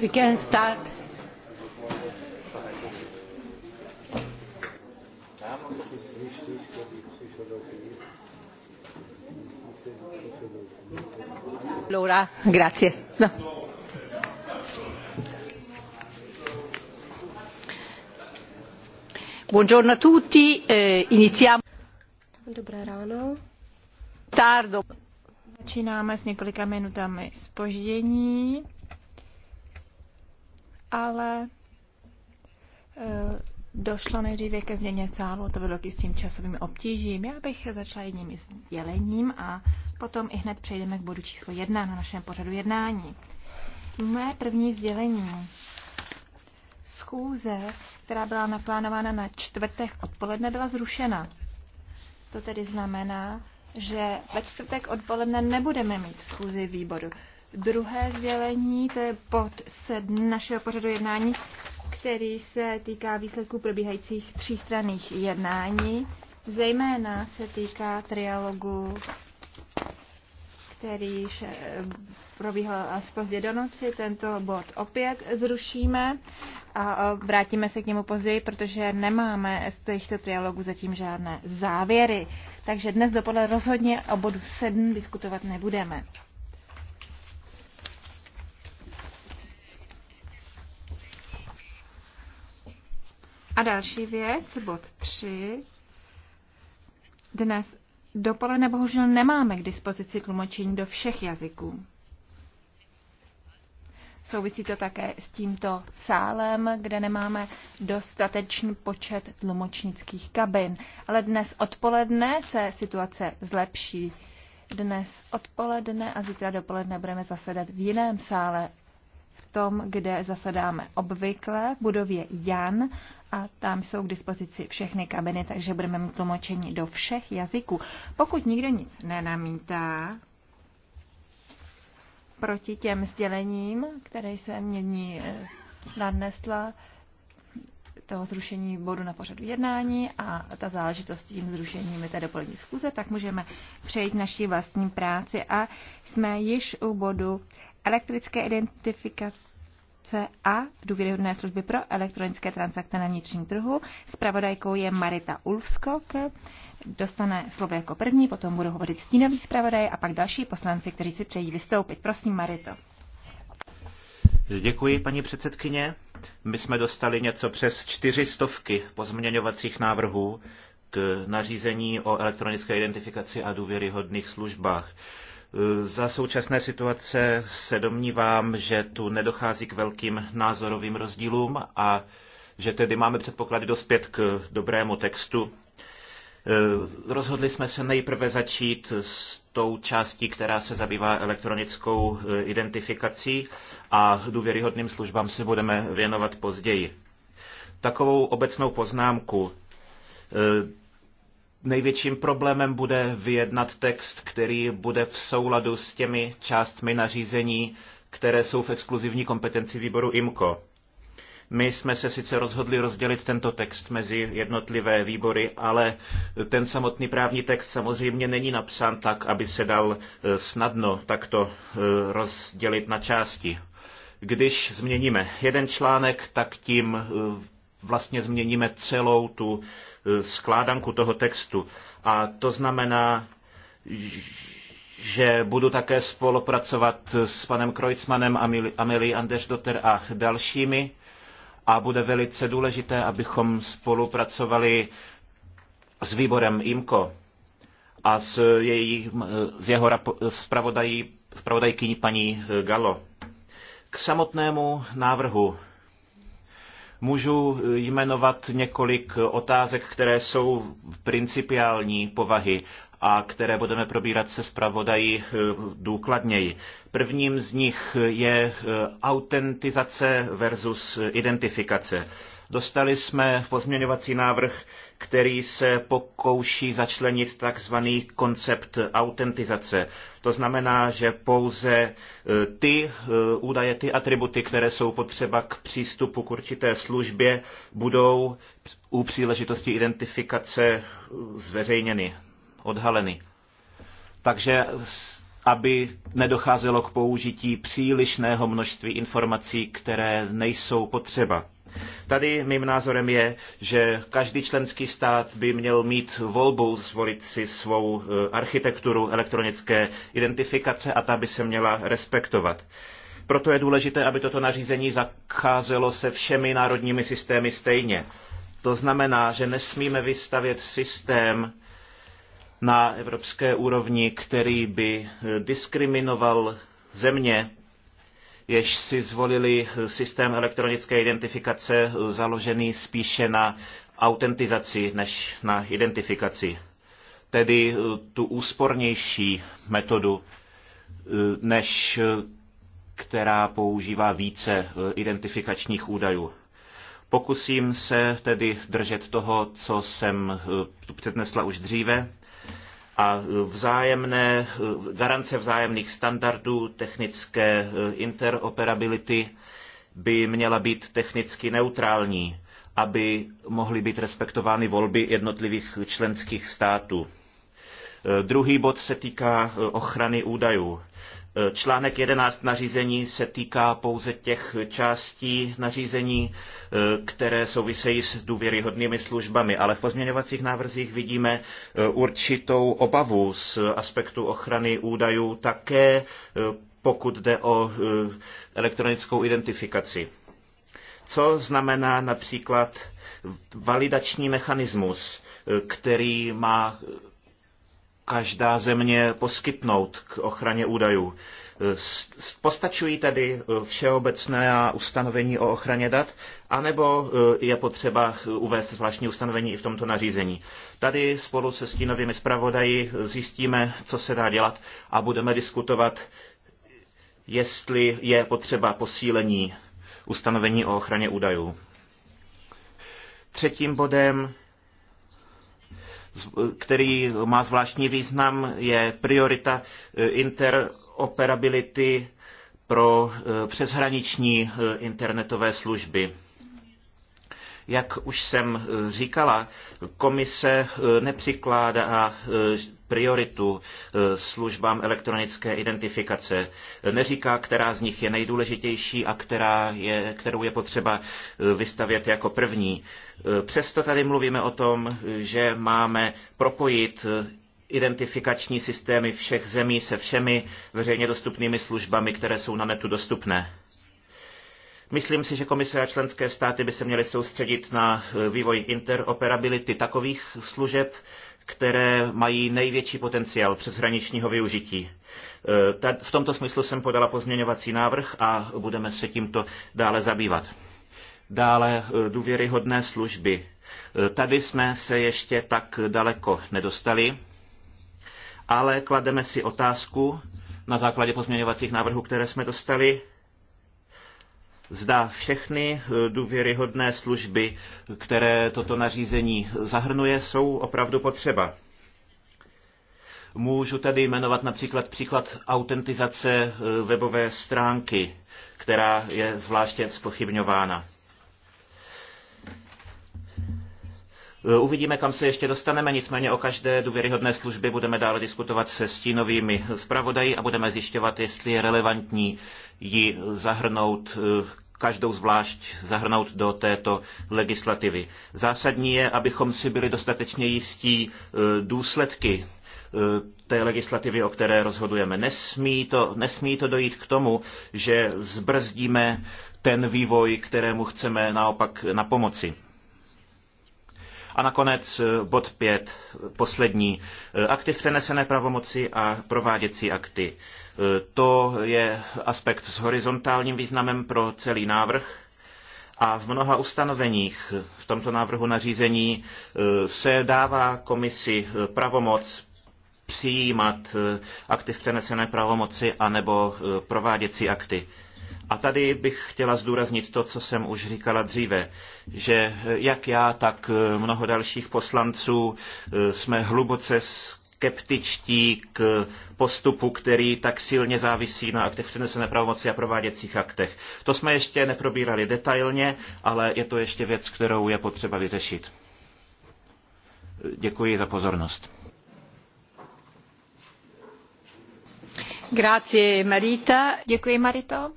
We can start. Laura, grazie. No. Buongiorno a tutti, eh, iniziamo. Dobré ráno. Tardo Začínáme s několika minutami spoždění, ale eh, došlo nejdříve ke změně sálu, to bylo k jistým časovým obtížím. Já bych začala jedním sdělením a potom i hned přejdeme k bodu číslo jedna na našem pořadu jednání. Moje první sdělení schůze, která byla naplánována na čtvrtek odpoledne, byla zrušena. To tedy znamená, že ve čtvrtek odpoledne nebudeme mít schůzi výboru. Druhé sdělení, to je bod našeho pořadu jednání, který se týká výsledků probíhajících třístranných jednání. Zejména se týká trialogu který eh, probíhal až pozdě do noci. Tento bod opět zrušíme a eh, vrátíme se k němu později, protože nemáme z těchto trialogů zatím žádné závěry. Takže dnes dopoledne rozhodně o bodu 7 diskutovat nebudeme. A další věc, bod 3. Dnes dopoledne bohužel nemáme k dispozici tlumočení do všech jazyků. Souvisí to také s tímto sálem, kde nemáme dostatečný počet tlumočnických kabin. Ale dnes odpoledne se situace zlepší. Dnes odpoledne a zítra dopoledne budeme zasedat v jiném sále tom, kde zasedáme obvykle, v budově Jan a tam jsou k dispozici všechny kabiny, takže budeme mít tlumočení do všech jazyků. Pokud nikdo nic nenamítá proti těm sdělením, které se mění eh, nadnesla, toho zrušení bodu na pořadu jednání a ta záležitost s tím zrušením je té dopolední schůze, tak můžeme přejít naší vlastní práci a jsme již u bodu elektrické identifikace CA a důvěryhodné služby pro elektronické transakce na vnitřním trhu. Spravodajkou je Marita Ulfskok. Dostane slovo jako první, potom budu hovořit stínový zpravodaj a pak další poslanci, kteří si přejí vystoupit. Prosím, Marito. Děkuji, paní předsedkyně. My jsme dostali něco přes čtyři stovky pozměňovacích návrhů k nařízení o elektronické identifikaci a důvěryhodných službách. Za současné situace se domnívám, že tu nedochází k velkým názorovým rozdílům a že tedy máme předpoklady dospět k dobrému textu. E, rozhodli jsme se nejprve začít s tou částí, která se zabývá elektronickou e, identifikací a důvěryhodným službám se budeme věnovat později. Takovou obecnou poznámku. E, Největším problémem bude vyjednat text, který bude v souladu s těmi částmi nařízení, které jsou v exkluzivní kompetenci výboru IMCO. My jsme se sice rozhodli rozdělit tento text mezi jednotlivé výbory, ale ten samotný právní text samozřejmě není napsán tak, aby se dal e, snadno takto e, rozdělit na části. Když změníme jeden článek, tak tím e, vlastně změníme celou tu Eh, skládanku toho textu. A to znamená, že budu také spolupracovat s panem Kreuzmanem, Amelí Andersdotter a dalšími a bude velice důležité, abychom spolupracovali s výborem IMCO a s, její, s jeho zpravodajkyní paní Galo. K samotnému návrhu Můžu eh, jmenovat několik otázek, které jsou principiální povahy a které budeme probírat se zpravodají eh, důkladněji. Prvním z nich je eh, autentizace versus identifikace. Dostali jsme pozměňovací návrh, který se pokouší začlenit takzvaný koncept autentizace. To znamená, že pouze e, ty e, údaje, ty atributy, které jsou potřeba k přístupu k určité službě, budou u příležitosti identifikace e, zveřejněny, odhaleny. Takže aby nedocházelo k použití přílišného množství informací, které nejsou potřeba. Tady mým názorem je, že každý členský stát by měl mít volbu zvolit si svou eh, architekturu elektronické identifikace a ta by se měla respektovat. Proto je důležité, aby toto nařízení zacházelo se všemi národními systémy stejně. To znamená, že nesmíme vystavět systém na evropské úrovni, který by eh, diskriminoval země, jež si zvolili systém elektronické identifikace založený spíše na autentizaci než na identifikaci. Tedy eh, tu úspornější metodu, eh, než eh, která používá více identifikačních údajů. Pokusím se tedy držet toho, co jsem tu přednesla už dříve a vzájemné, garance vzájemných standardů, technické eh, interoperability by měla být technicky neutrální, aby mohly být respektovány volby jednotlivých členských států. Eh, druhý bod se týká eh, ochrany údajů. Eh, článek 11 nařízení se týká pouze těch částí nařízení, eh, které souvisejí s důvěryhodnými službami, ale v pozměňovacích návrzích vidíme eh, určitou obavu z aspektu ochrany údajů také pokud jde o elektronickou identifikaci. Co znamená například validační mechanismus, který má každá země poskytnout k ochraně údajů. Postačují tedy všeobecné ustanovení o ochraně dat, anebo eh, je potřeba uvést zvláštní ustanovení i v tomto nařízení. Tady spolu se stínovými zpravodaji zjistíme, co se dá dělat a budeme diskutovat, jestli je potřeba posílení ustanovení o ochraně údajů. Třetím bodem který má zvláštní význam, je priorita e, interoperability pro e, přeshraniční e, internetové služby. Jak už jsem eh, říkala, komise eh, nepřikládá eh, prioritu službám elektronické identifikace. Neříká, která z nich je nejdůležitější a která je, kterou je potřeba vystavět jako první. Přesto tady mluvíme o tom, že máme propojit identifikační systémy všech zemí se všemi veřejně dostupnými službami, které jsou na netu dostupné. Myslím si, že komise a členské státy by se měly soustředit na eh, vývoj interoperability takových služeb, které mají největší potenciál přeshraničního využití. Eh, v tomto smyslu jsem podala pozměňovací návrh a budeme se tímto dále zabývat. Dále eh, důvěryhodné služby. Tady jsme se ještě tak daleko nedostali, ale klademe si otázku na základě pozměňovacích návrhů, které jsme dostali, zda všechny eh, důvěryhodné služby, které toto nařízení zahrnuje, jsou opravdu potřeba. Můžu tady jmenovat například příklad autentizace eh, webové stránky, která je zvláště spochybňována. Eh, uvidíme, kam se ještě dostaneme, nicméně o každé důvěryhodné služby budeme dále diskutovat se stínovými zpravodají a budeme zjišťovat, jestli je relevantní ji zahrnout eh, každou zvlášť zahrnout do této legislativy. Zásadní je, abychom si byli dostatečně jistí eh, důsledky té legislativy, o které rozhodujeme. Nesmí to, nesmí to dojít k tomu, že zbrzdíme ten vývoj, kterému chceme naopak na pomoci. A nakonec eh, bod 5, poslední. Eh, v přenesené pravomoci a prováděcí akty. Eh, to je aspekt s horizontálním významem pro celý návrh a v mnoha ustanoveních v tomto návrhu nařízení se dává komisi pravomoc přijímat v přenesené pravomoci anebo prováděcí akty. A tady bych chtěla zdůraznit to, co jsem už říkala dříve, že jak já, tak mnoho dalších poslanců eh, jsme hluboce skeptičtí k postupu, který tak silně závisí na aktech přenesené pravomoci a prováděcích aktech. To jsme ještě neprobírali detailně, ale je to ještě věc, kterou je potřeba vyřešit. Děkuji za pozornost. Grazie, Marita. Děkuji, Marito.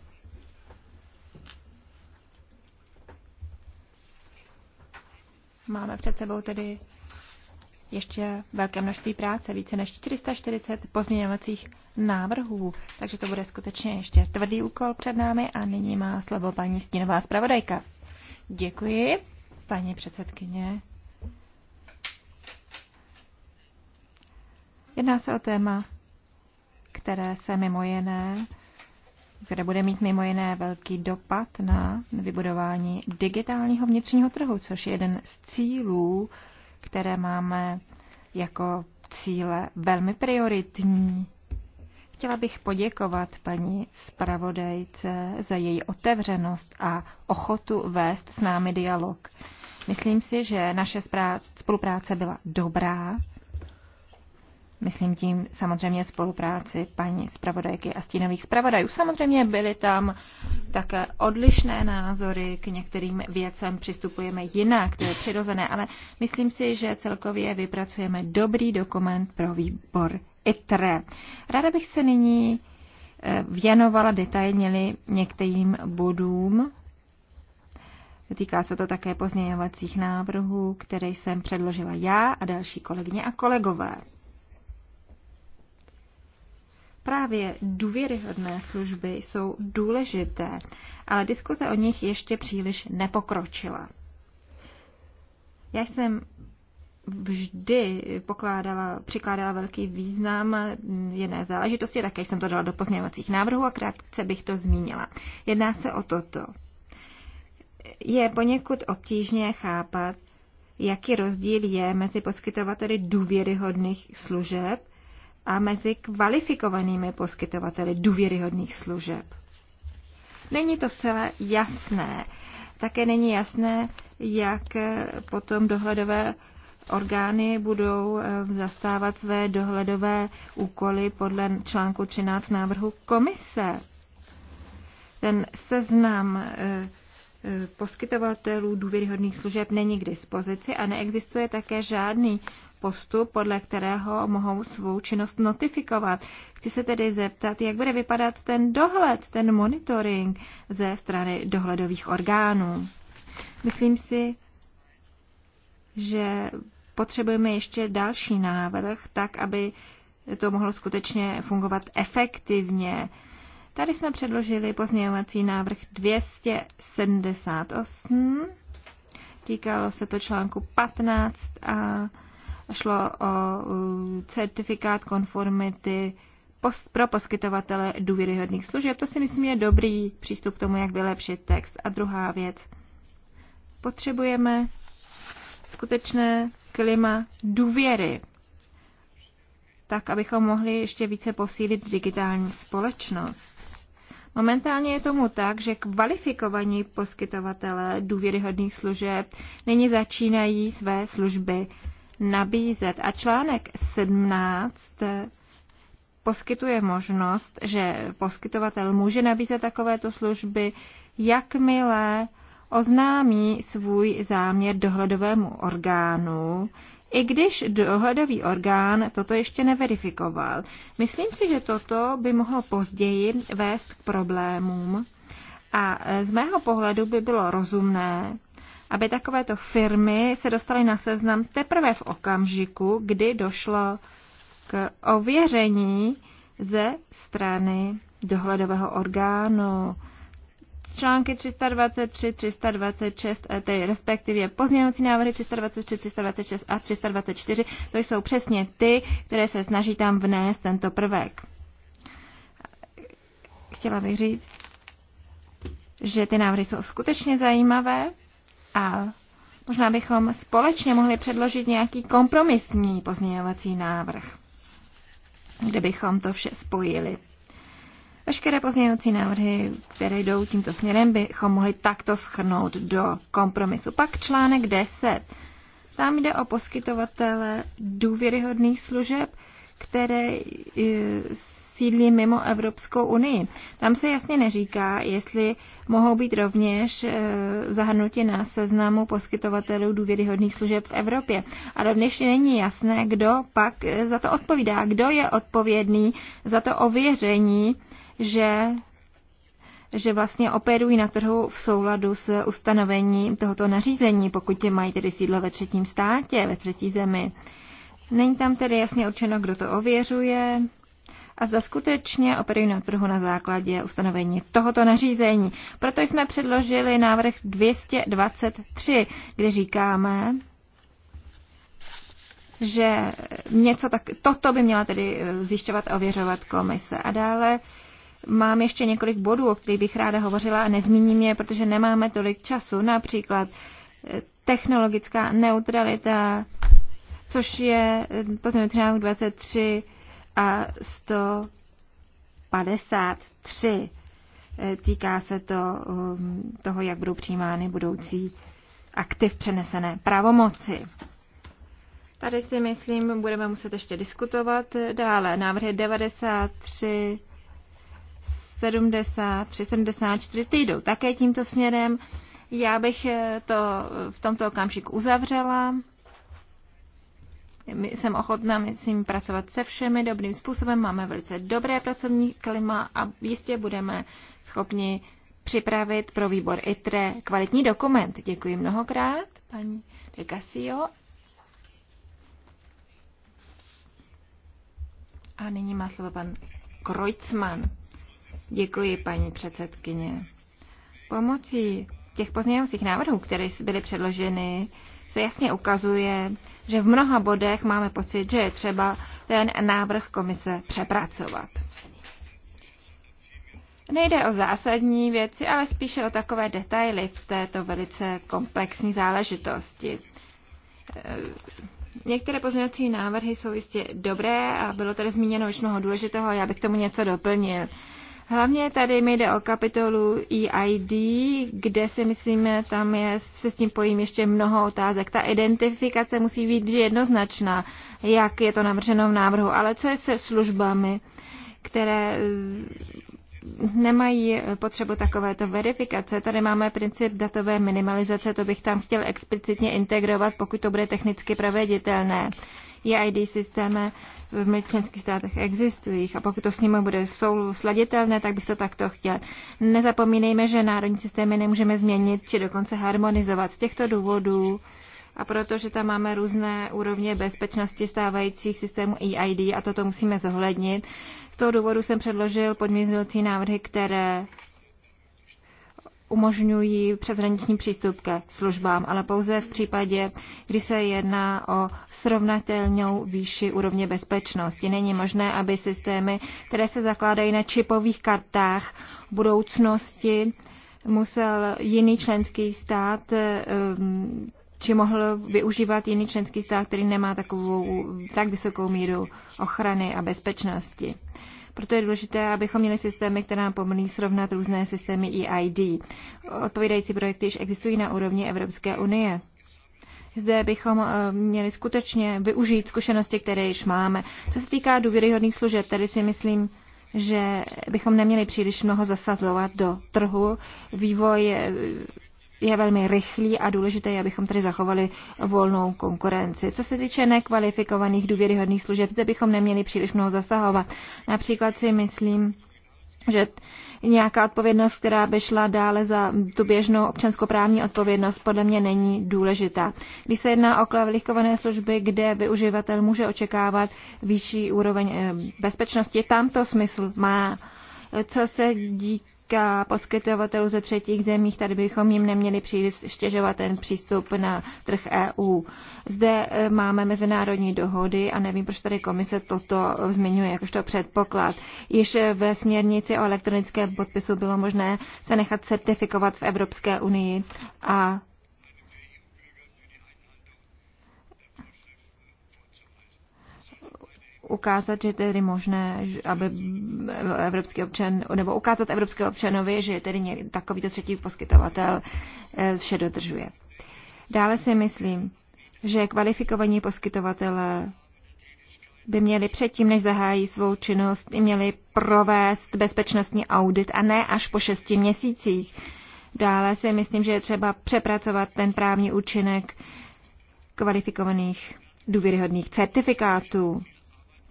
Máme před sebou tedy ještě velké množství práce, více než 440 pozměňovacích návrhů, takže to bude skutečně ještě tvrdý úkol před námi a nyní má slovo paní Stínová zpravodajka. Děkuji, paní předsedkyně. Jedná se o téma, které se mimo jiné které bude mít mimo jiné velký dopad na vybudování digitálního vnitřního trhu, což je jeden z cílů, které máme jako cíle velmi prioritní. Chtěla bych poděkovat paní zpravodajce za její otevřenost a ochotu vést s námi dialog. Myslím si, že naše spolupráce byla dobrá Myslím tím samozřejmě spolupráci paní zpravodajky a stínových zpravodajů. Samozřejmě byly tam také odlišné názory, k některým věcem přistupujeme jinak, to je přirozené, ale myslím si, že celkově vypracujeme dobrý dokument pro výbor ITRE. Ráda bych se nyní eh, věnovala detailně některým bodům. Týká se to také pozměňovacích návrhů, které jsem předložila já a další kolegyně a kolegové. Právě důvěryhodné služby jsou důležité, ale diskuze o nich ještě příliš nepokročila. Já jsem vždy pokládala, přikládala velký význam jedné záležitosti, také jsem to dala do pozměňovacích návrhů a krátce bych to zmínila. Jedná se o toto. Je poněkud obtížně chápat, jaký rozdíl je mezi poskytovateli důvěryhodných služeb a mezi kvalifikovanými poskytovateli důvěryhodných služeb. Není to zcela jasné. Také není jasné, jak potom dohledové orgány budou eh, zastávat své dohledové úkoly podle článku 13 návrhu komise. Ten seznam eh, eh, poskytovatelů důvěryhodných služeb není k dispozici a neexistuje také žádný postup, podle kterého mohou svou činnost notifikovat. Chci se tedy zeptat, jak bude vypadat ten dohled, ten monitoring ze strany dohledových orgánů. Myslím si, že potřebujeme ještě další návrh, tak aby to mohlo skutečně fungovat efektivně. Tady jsme předložili pozměňovací návrh 278. Týkalo se to článku 15 a šlo o certifikát konformity pro poskytovatele důvěryhodných služeb. To si myslím je dobrý přístup k tomu, jak vylepšit text. A druhá věc. Potřebujeme skutečné klima důvěry, tak abychom mohli ještě více posílit digitální společnost. Momentálně je tomu tak, že kvalifikovaní poskytovatelé důvěryhodných služeb nyní začínají své služby nabízet. A článek 17 poskytuje možnost, že poskytovatel může nabízet takovéto služby, jakmile oznámí svůj záměr dohledovému orgánu, i když dohledový orgán toto ještě neverifikoval. Myslím si, že toto by mohlo později vést k problémům a z mého pohledu by bylo rozumné, aby takovéto firmy se dostaly na seznam teprve v okamžiku, kdy došlo k ověření ze strany dohledového orgánu. Články 323, 326, eh, tedy respektive pozměňovací návrhy 323, 326 a 324, to jsou přesně ty, které se snaží tam vnést tento prvek. Chtěla bych říct, že ty návrhy jsou skutečně zajímavé a možná bychom společně mohli předložit nějaký kompromisní pozměňovací návrh, kde bychom to vše spojili. Veškeré pozměňovací návrhy, které jdou tímto směrem, bychom mohli takto schrnout do kompromisu. Pak článek 10. Tam jde o poskytovatele důvěryhodných služeb, které eh, sídlí mimo Evropskou unii. Tam se jasně neříká, jestli mohou být rovněž eh, zahrnuti na seznamu poskytovatelů důvěryhodných služeb v Evropě. A rovněž není jasné, kdo pak eh, za to odpovídá, kdo je odpovědný za to ověření, že že vlastně operují na trhu v souladu s ustanovením tohoto nařízení, pokud tě mají tedy sídlo ve třetím státě, ve třetí zemi. Není tam tedy jasně určeno, kdo to ověřuje, a za skutečně operují na trhu na základě ustanovení tohoto nařízení. Proto jsme předložili návrh 223, kde říkáme, že něco tak, toto by měla tedy eh, zjišťovat a ověřovat komise. A dále mám ještě několik bodů, o kterých bych ráda hovořila a nezmíním je, protože nemáme tolik času. Například eh, technologická neutralita, což je eh, pozměnit 23 a 153. Týká se to um, toho, jak budou přijímány budoucí aktiv přenesené pravomoci. Tady si myslím, budeme muset ještě diskutovat dále. Návrhy 93, 73, 74, ty jdou také tímto směrem. Já bych to v tomto okamžiku uzavřela jsem ochotná, myslím, pracovat se všemi dobrým způsobem. Máme velice dobré pracovní klima a jistě budeme schopni připravit pro výbor ITRE kvalitní dokument. Děkuji mnohokrát, paní De Casio. A nyní má slovo pan Kreutzmann. Děkuji, paní předsedkyně. Pomocí těch pozměňovacích návrhů, které byly předloženy, se jasně ukazuje, že v mnoha bodech máme pocit, že je třeba ten návrh komise přepracovat. Nejde o zásadní věci, ale spíše o takové detaily v této velice komplexní záležitosti. E, některé pozměňovací návrhy jsou jistě dobré a bylo tady zmíněno už mnoho důležitého, já bych tomu něco doplnil. Hlavně tady mi jde o kapitolu EID, kde si myslím, tam je, se s tím pojím ještě mnoho otázek. Ta identifikace musí být jednoznačná, jak je to navrženo v návrhu. Ale co je se službami, které eh, nemají potřebu takovéto verifikace. Tady máme princip datové minimalizace, to bych tam chtěl explicitně integrovat, pokud to bude technicky proveditelné. EID systéme v medicínských státech existují. A pokud to s nimi bude v soulu sladitelné, tak bych to takto chtěl. Nezapomínejme, že národní systémy nemůžeme změnit či dokonce harmonizovat. Z těchto důvodů a protože tam máme různé úrovně bezpečnosti stávajících systémů EID a toto musíme zohlednit, z toho důvodu jsem předložil podmizující návrhy, které umožňují přeshraniční přístup ke službám, ale pouze v případě, kdy se jedná o srovnatelnou výši úrovně bezpečnosti. Není možné, aby systémy, které se zakládají na čipových kartách v budoucnosti, musel jiný členský stát ehm, či mohl využívat jiný členský stát, který nemá takovou tak vysokou míru ochrany a bezpečnosti. Proto je důležité, abychom měli systémy, které nám pomohly srovnat různé systémy EID. Odpovídající projekty již existují na úrovni Evropské unie. Zde bychom eh, měli skutečně využít zkušenosti, které již máme. Co se týká důvěryhodných služeb, tady si myslím, že bychom neměli příliš mnoho zasazovat do trhu. Vývoj eh, je velmi rychlý a důležité abychom tady zachovali volnou konkurenci. Co se týče nekvalifikovaných důvěryhodných služeb, zde bychom neměli příliš mnoho zasahovat. Například si myslím, že nějaká odpovědnost, která by šla dále za tu běžnou občanskoprávní odpovědnost, podle mě není důležitá. Když se jedná o kvalifikované služby, kde využivatel může očekávat vyšší úroveň eh, bezpečnosti, tam to smysl má. Co se dí, k poskytovatelů ze třetích zemích, tady bychom jim neměli příliš stěžovat ten přístup na trh EU. Zde e, máme mezinárodní dohody a nevím, proč tady komise toto zmiňuje jakožto předpoklad. Již ve směrnici o elektronickém podpisu bylo možné se nechat certifikovat v Evropské unii a ukázat, že tedy možné, aby evropský občan, nebo ukázat evropského občanovi, že je tedy takovýto třetí poskytovatel eh, vše dodržuje. Dále si myslím, že kvalifikovaní poskytovatelé by měli předtím, než zahájí svou činnost, i měli provést bezpečnostní audit a ne až po šesti měsících. Dále si myslím, že je třeba přepracovat ten právní účinek kvalifikovaných důvěryhodných certifikátů.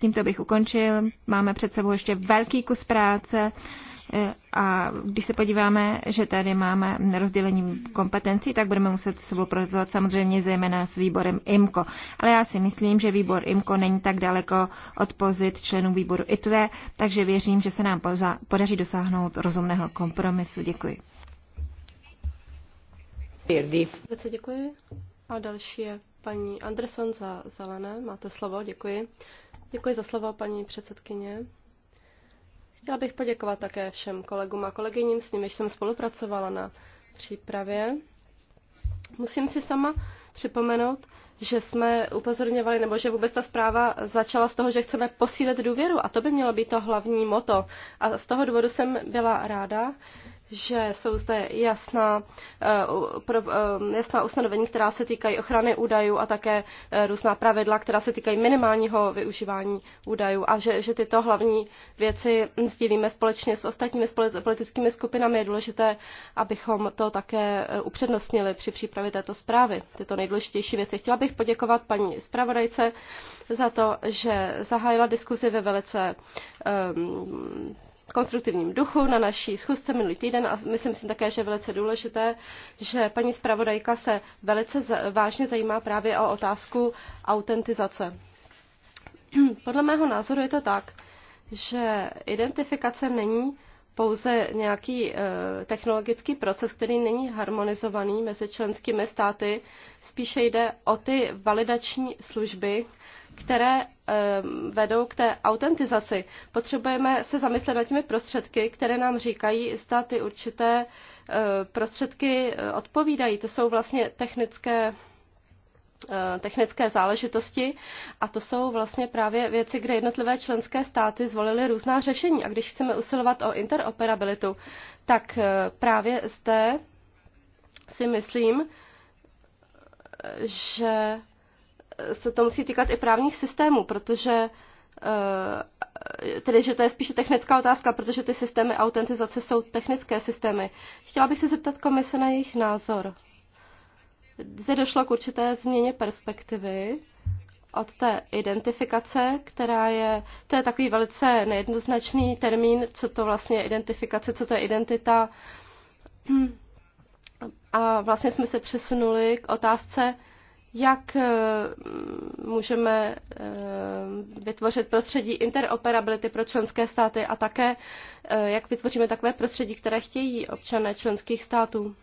Tímto bych ukončil. Máme před sebou ještě velký kus práce. E, a když se podíváme, že tady máme rozdělení kompetencí, tak budeme muset spolupracovat samozřejmě zejména s výborem IMCO. Ale já si myslím, že výbor IMCO není tak daleko od pozit členů výboru ITVE, takže věřím, že se nám podaří dosáhnout rozumného kompromisu. Děkuji. Velice děkuji. A další je paní Anderson za zelené. Máte slovo, děkuji. Děkuji za slovo, paní předsedkyně. Chtěla bych poděkovat také všem kolegům a kolegyním, s nimiž jsem spolupracovala na přípravě. Musím si sama připomenout, že jsme upozorňovali, nebo že vůbec ta zpráva začala z toho, že chceme posílit důvěru a to by mělo být to hlavní moto. A z toho důvodu jsem byla ráda, že jsou zde jasná, eh, eh, jasná ustanovení, která se týkají ochrany údajů a také eh, různá pravidla, která se týkají minimálního využívání údajů a že, že tyto hlavní věci sdílíme společně s ostatními politickými skupinami. Je důležité, abychom to také upřednostnili při přípravě této zprávy, tyto nejdůležitější věci. Chtěla bych poděkovat paní zpravodajce za to, že zahájila diskuzi ve velice um, konstruktivním duchu na naší schůzce minulý týden a myslím si také, že je velice důležité, že paní zpravodajka se velice vážně zajímá právě o otázku autentizace. Podle mého názoru je to tak, že identifikace není pouze nějaký eh, technologický proces, který není harmonizovaný mezi členskými státy. Spíše jde o ty validační služby, které eh, vedou k té autentizaci. Potřebujeme se zamyslet nad těmi prostředky, které nám říkají, zda ty určité eh, prostředky odpovídají. To jsou vlastně technické Eh, technické záležitosti a to jsou vlastně právě věci, kde jednotlivé členské státy zvolily různá řešení. A když chceme usilovat o interoperabilitu, tak eh, právě zde si myslím, že se to musí týkat i právních systémů, protože eh, tedy, že to je spíše technická otázka, protože ty systémy autentizace jsou technické systémy. Chtěla bych se zeptat komise na jejich názor zde došlo k určité změně perspektivy od té identifikace, která je, to je takový velice nejednoznačný termín, co to vlastně je identifikace, co to je identita. A vlastně jsme se přesunuli k otázce, jak eh, můžeme eh, vytvořit prostředí interoperability pro členské státy a také eh, jak vytvoříme takové prostředí, které chtějí občané členských států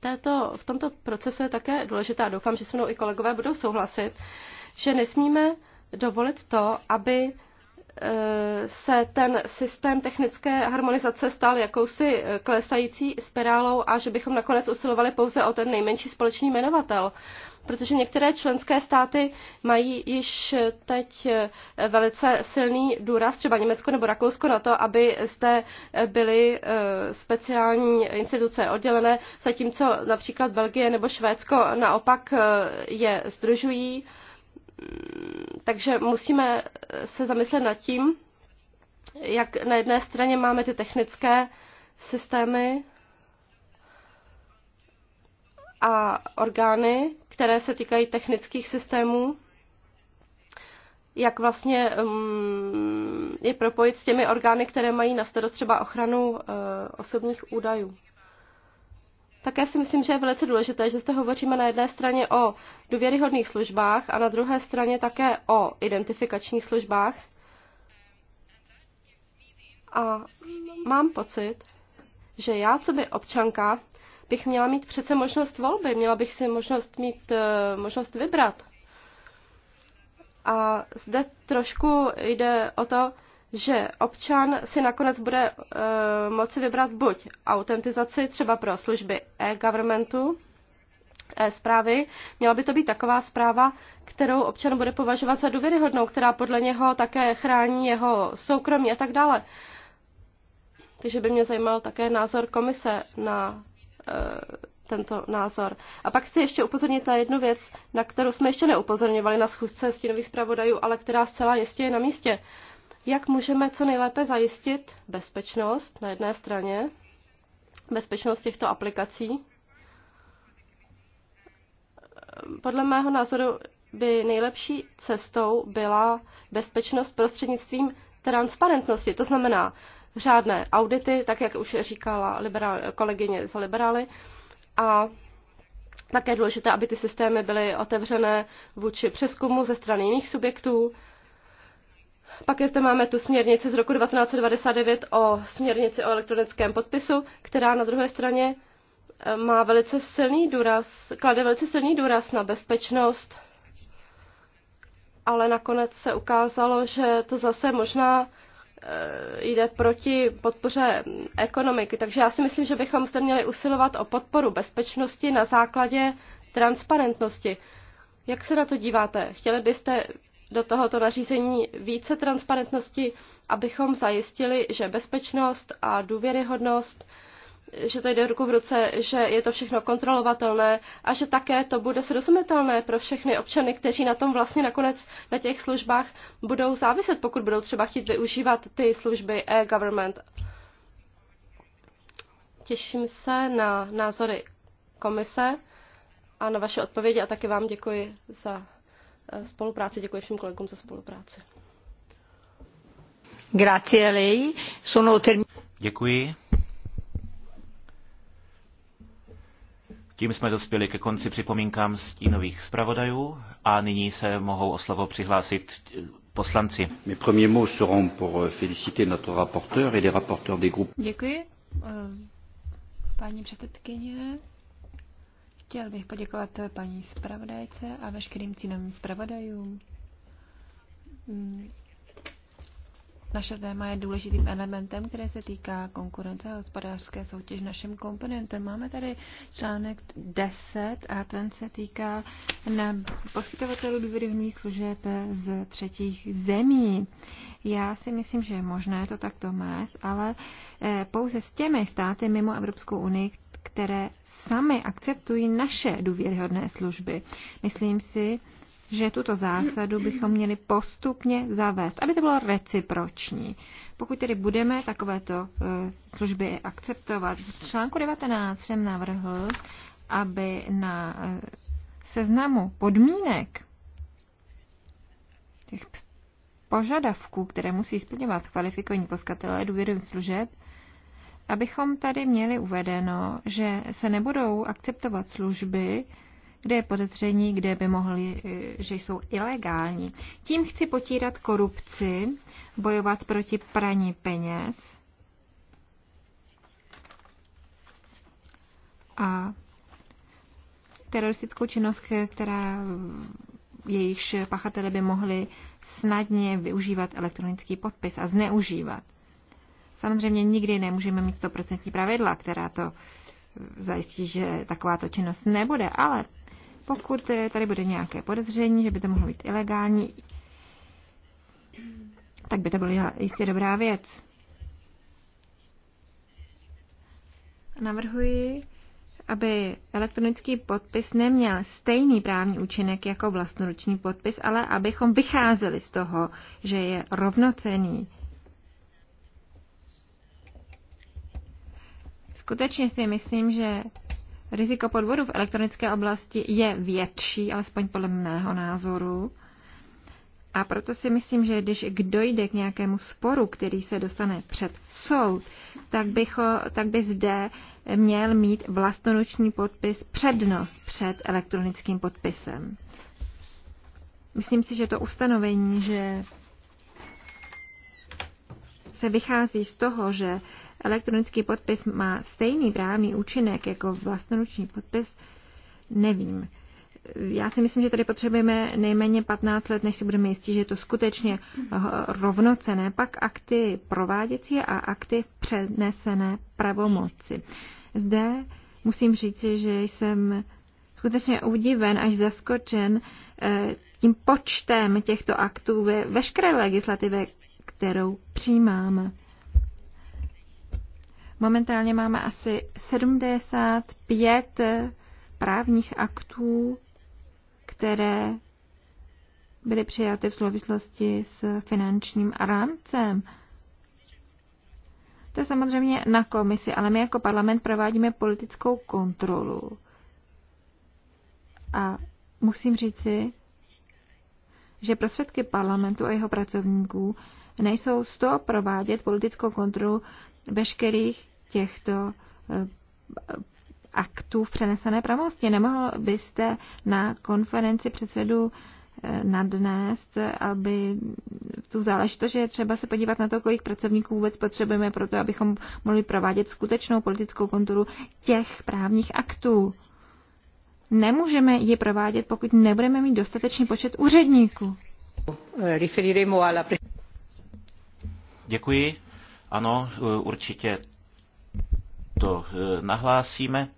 této, v tomto procesu je také důležitá. doufám, že se mnou i kolegové budou souhlasit, že nesmíme dovolit to, aby se ten systém technické harmonizace stal jakousi eh, klesající spirálou a že bychom nakonec usilovali pouze o ten nejmenší společný jmenovatel. Protože některé členské státy mají již eh, teď eh, velice silný důraz, třeba Německo nebo Rakousko, na to, aby zde byly speciální instituce oddělené, zatímco například Belgie nebo Švédsko naopak je združují takže musíme se zamyslet nad tím, jak na jedné straně máme ty technické systémy a orgány, které se týkají technických systémů, jak vlastně um, je propojit s těmi orgány, které mají na starost třeba ochranu uh, osobních údajů. Také si myslím, že je velice důležité, že zde hovoříme na jedné straně o důvěryhodných službách a na druhé straně také o identifikačních službách. A mám pocit, že já, co by občanka, bych měla mít přece možnost volby, měla bych si možnost mít eh, možnost vybrat. A zde trošku jde o to, že občan si nakonec bude e, moci vybrat buď autentizaci třeba pro služby e-governmentu, e-zprávy. Měla by to být taková zpráva, kterou občan bude považovat za důvěryhodnou, která podle něho také chrání jeho soukromí a tak dále. Takže by mě zajímal také názor komise na e, tento názor. A pak chci ještě upozornit na jednu věc, na kterou jsme ještě neupozorňovali na schůzce stínových zpravodajů, ale která zcela jistě je na místě. E, jak můžeme co nejlépe zajistit bezpečnost na jedné straně, bezpečnost těchto aplikací. Podle mého názoru by nejlepší cestou byla bezpečnost prostřednictvím transparentnosti, to znamená řádné audity, tak jak už říkala liberál, kolegyně za liberály, a také důležité, aby ty systémy byly otevřené vůči přeskumu ze strany jiných subjektů, pak zde máme tu směrnici z roku 1999 o směrnici o elektronickém podpisu, která na druhé straně eh, má velice silný důraz, klade velice silný důraz na bezpečnost, ale nakonec se ukázalo, že to zase možná eh, jde proti podpoře ekonomiky. Takže já si myslím, že bychom zde měli usilovat o podporu bezpečnosti na základě transparentnosti. Jak se na to díváte? Chtěli byste do tohoto nařízení více transparentnosti, abychom zajistili, že bezpečnost a důvěryhodnost, že to jde ruku v ruce, že je to všechno kontrolovatelné a že také to bude srozumitelné pro všechny občany, kteří na tom vlastně nakonec na těch službách budou záviset, pokud budou třeba chtít využívat ty služby e-government. Těším se na názory komise a na vaše odpovědi a taky vám děkuji za Eh, spolupráci. Děkuji všem kolegům za spolupráci. Grazie lei. Sono Děkuji. Tím jsme dospěli ke konci připomínkám stínových zpravodajů a nyní se mohou o slovo přihlásit eh, poslanci. Eh, Děkuji, paní předsedkyně. Chtěl bych poděkovat paní zpravodajce a veškerým cínovým zpravodajům. Mm. Naše téma je důležitým elementem, které se týká konkurence a hospodářské soutěž našem komponentem. Máme tady článek 10 a ten se týká na poskytovatelů důvěryvných služeb z třetích zemí. Já si myslím, že je možné to takto mést, ale eh, pouze s těmi státy mimo Evropskou unii, které sami akceptují naše důvěryhodné služby. Myslím si, že tuto zásadu bychom měli postupně zavést, aby to bylo reciproční. Pokud tedy budeme takovéto e, služby akceptovat. V článku 19 jsem navrhl, aby na e, seznamu podmínek těch požadavků, které musí splňovat kvalifikovaní poskatelé důvěrových služeb, abychom tady měli uvedeno, že se nebudou akceptovat služby, kde je podezření, kde by mohli, eh, že jsou ilegální. Tím chci potírat korupci, bojovat proti praní peněz a teroristickou činnost, která eh, jejichž pachatele by mohli snadně využívat elektronický podpis a zneužívat. Samozřejmě nikdy nemůžeme mít 100% pravidla, která to zajistí, že takováto činnost nebude, ale pokud tady bude nějaké podezření, že by to mohlo být ilegální, tak by to byla jistě dobrá věc. Navrhuji, aby elektronický podpis neměl stejný právní účinek jako vlastnoruční podpis, ale abychom vycházeli z toho, že je rovnocený. Skutečně si myslím, že riziko podvodu v elektronické oblasti je větší, alespoň podle mého názoru. A proto si myslím, že když kdo k nějakému sporu, který se dostane před soud, tak, bycho, tak by zde měl mít vlastnoruční podpis přednost před elektronickým podpisem. Myslím si, že to ustanovení, že se vychází z toho, že elektronický podpis má stejný právní účinek jako vlastnoruční podpis, nevím. Já si myslím, že tady potřebujeme nejméně 15 let, než si budeme jistit, že je to skutečně rovnocené. Pak akty prováděcí a akty přenesené pravomoci. Zde musím říci, že jsem skutečně udiven až zaskočen eh, tím počtem těchto aktů ve veškeré legislativě, kterou přijímáme. Momentálně máme asi 75 právních aktů, které byly přijaty v souvislosti s finančním rámcem. To je samozřejmě na komisi, ale my jako parlament provádíme politickou kontrolu. A musím říci, že prostředky parlamentu a jeho pracovníků nejsou z toho provádět politickou kontrolu veškerých těchto eh, aktů v přenesené pravosti. Nemohl byste na konferenci předsedu eh, nadnést, aby tu záležitost, že je třeba se podívat na to, kolik pracovníků vůbec potřebujeme pro to, abychom mohli provádět skutečnou politickou kontrolu těch právních aktů. Nemůžeme ji provádět, pokud nebudeme mít dostatečný počet úředníků. Eh, Děkuji. Ano, e, určitě to e, nahlásíme.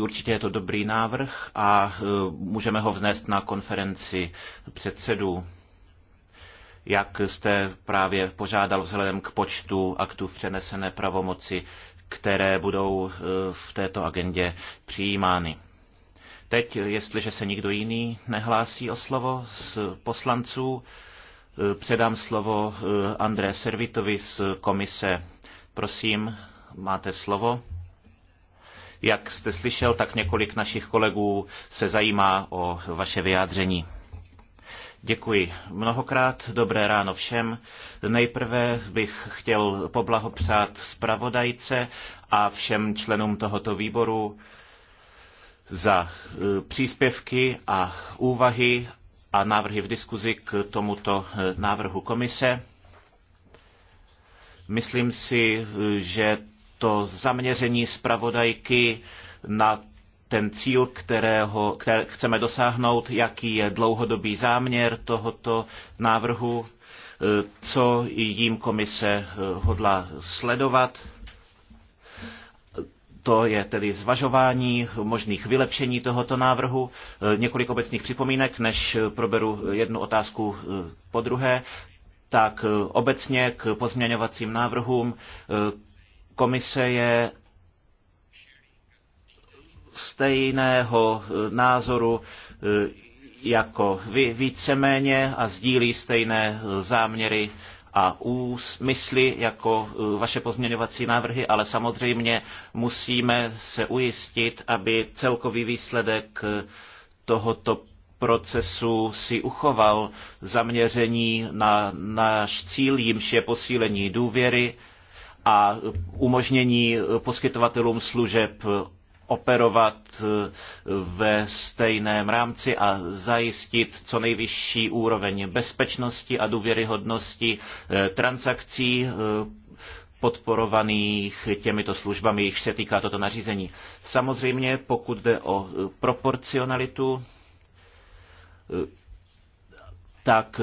Určitě je to dobrý návrh a e, můžeme ho vznést na konferenci předsedů jak jste právě požádal vzhledem k počtu aktů v přenesené pravomoci, které budou v této agendě přijímány. Teď, jestliže se nikdo jiný nehlásí o slovo z poslanců, Předám slovo eh, André Servitovi z komise. Prosím, máte slovo. Jak jste slyšel, tak několik našich kolegů se zajímá o vaše vyjádření. Děkuji mnohokrát, dobré ráno všem. Nejprve bych chtěl poblahopřát zpravodajce a všem členům tohoto výboru za eh, příspěvky a úvahy a návrhy v diskuzi k tomuto eh, návrhu komise. Myslím si, eh, že to zaměření zpravodajky na ten cíl, kterého které chceme dosáhnout, jaký je dlouhodobý záměr tohoto návrhu, eh, co jím komise hodla sledovat to je tedy zvažování možných vylepšení tohoto návrhu. E, několik obecných připomínek, než proberu jednu otázku e, po druhé. Tak e, obecně k pozměňovacím návrhům. Komise je stejného názoru jako vy víceméně a sdílí stejné záměry a úsmysly jako e, vaše pozměňovací návrhy, ale samozřejmě musíme se ujistit, aby celkový výsledek e, tohoto procesu si uchoval zaměření na náš cíl, jimž je posílení důvěry a umožnění e, poskytovatelům služeb operovat eh, ve stejném rámci a zajistit co nejvyšší úroveň bezpečnosti a důvěryhodnosti eh, transakcí eh, podporovaných těmito službami, jichž se týká toto nařízení. Samozřejmě, pokud jde o proporcionalitu, tak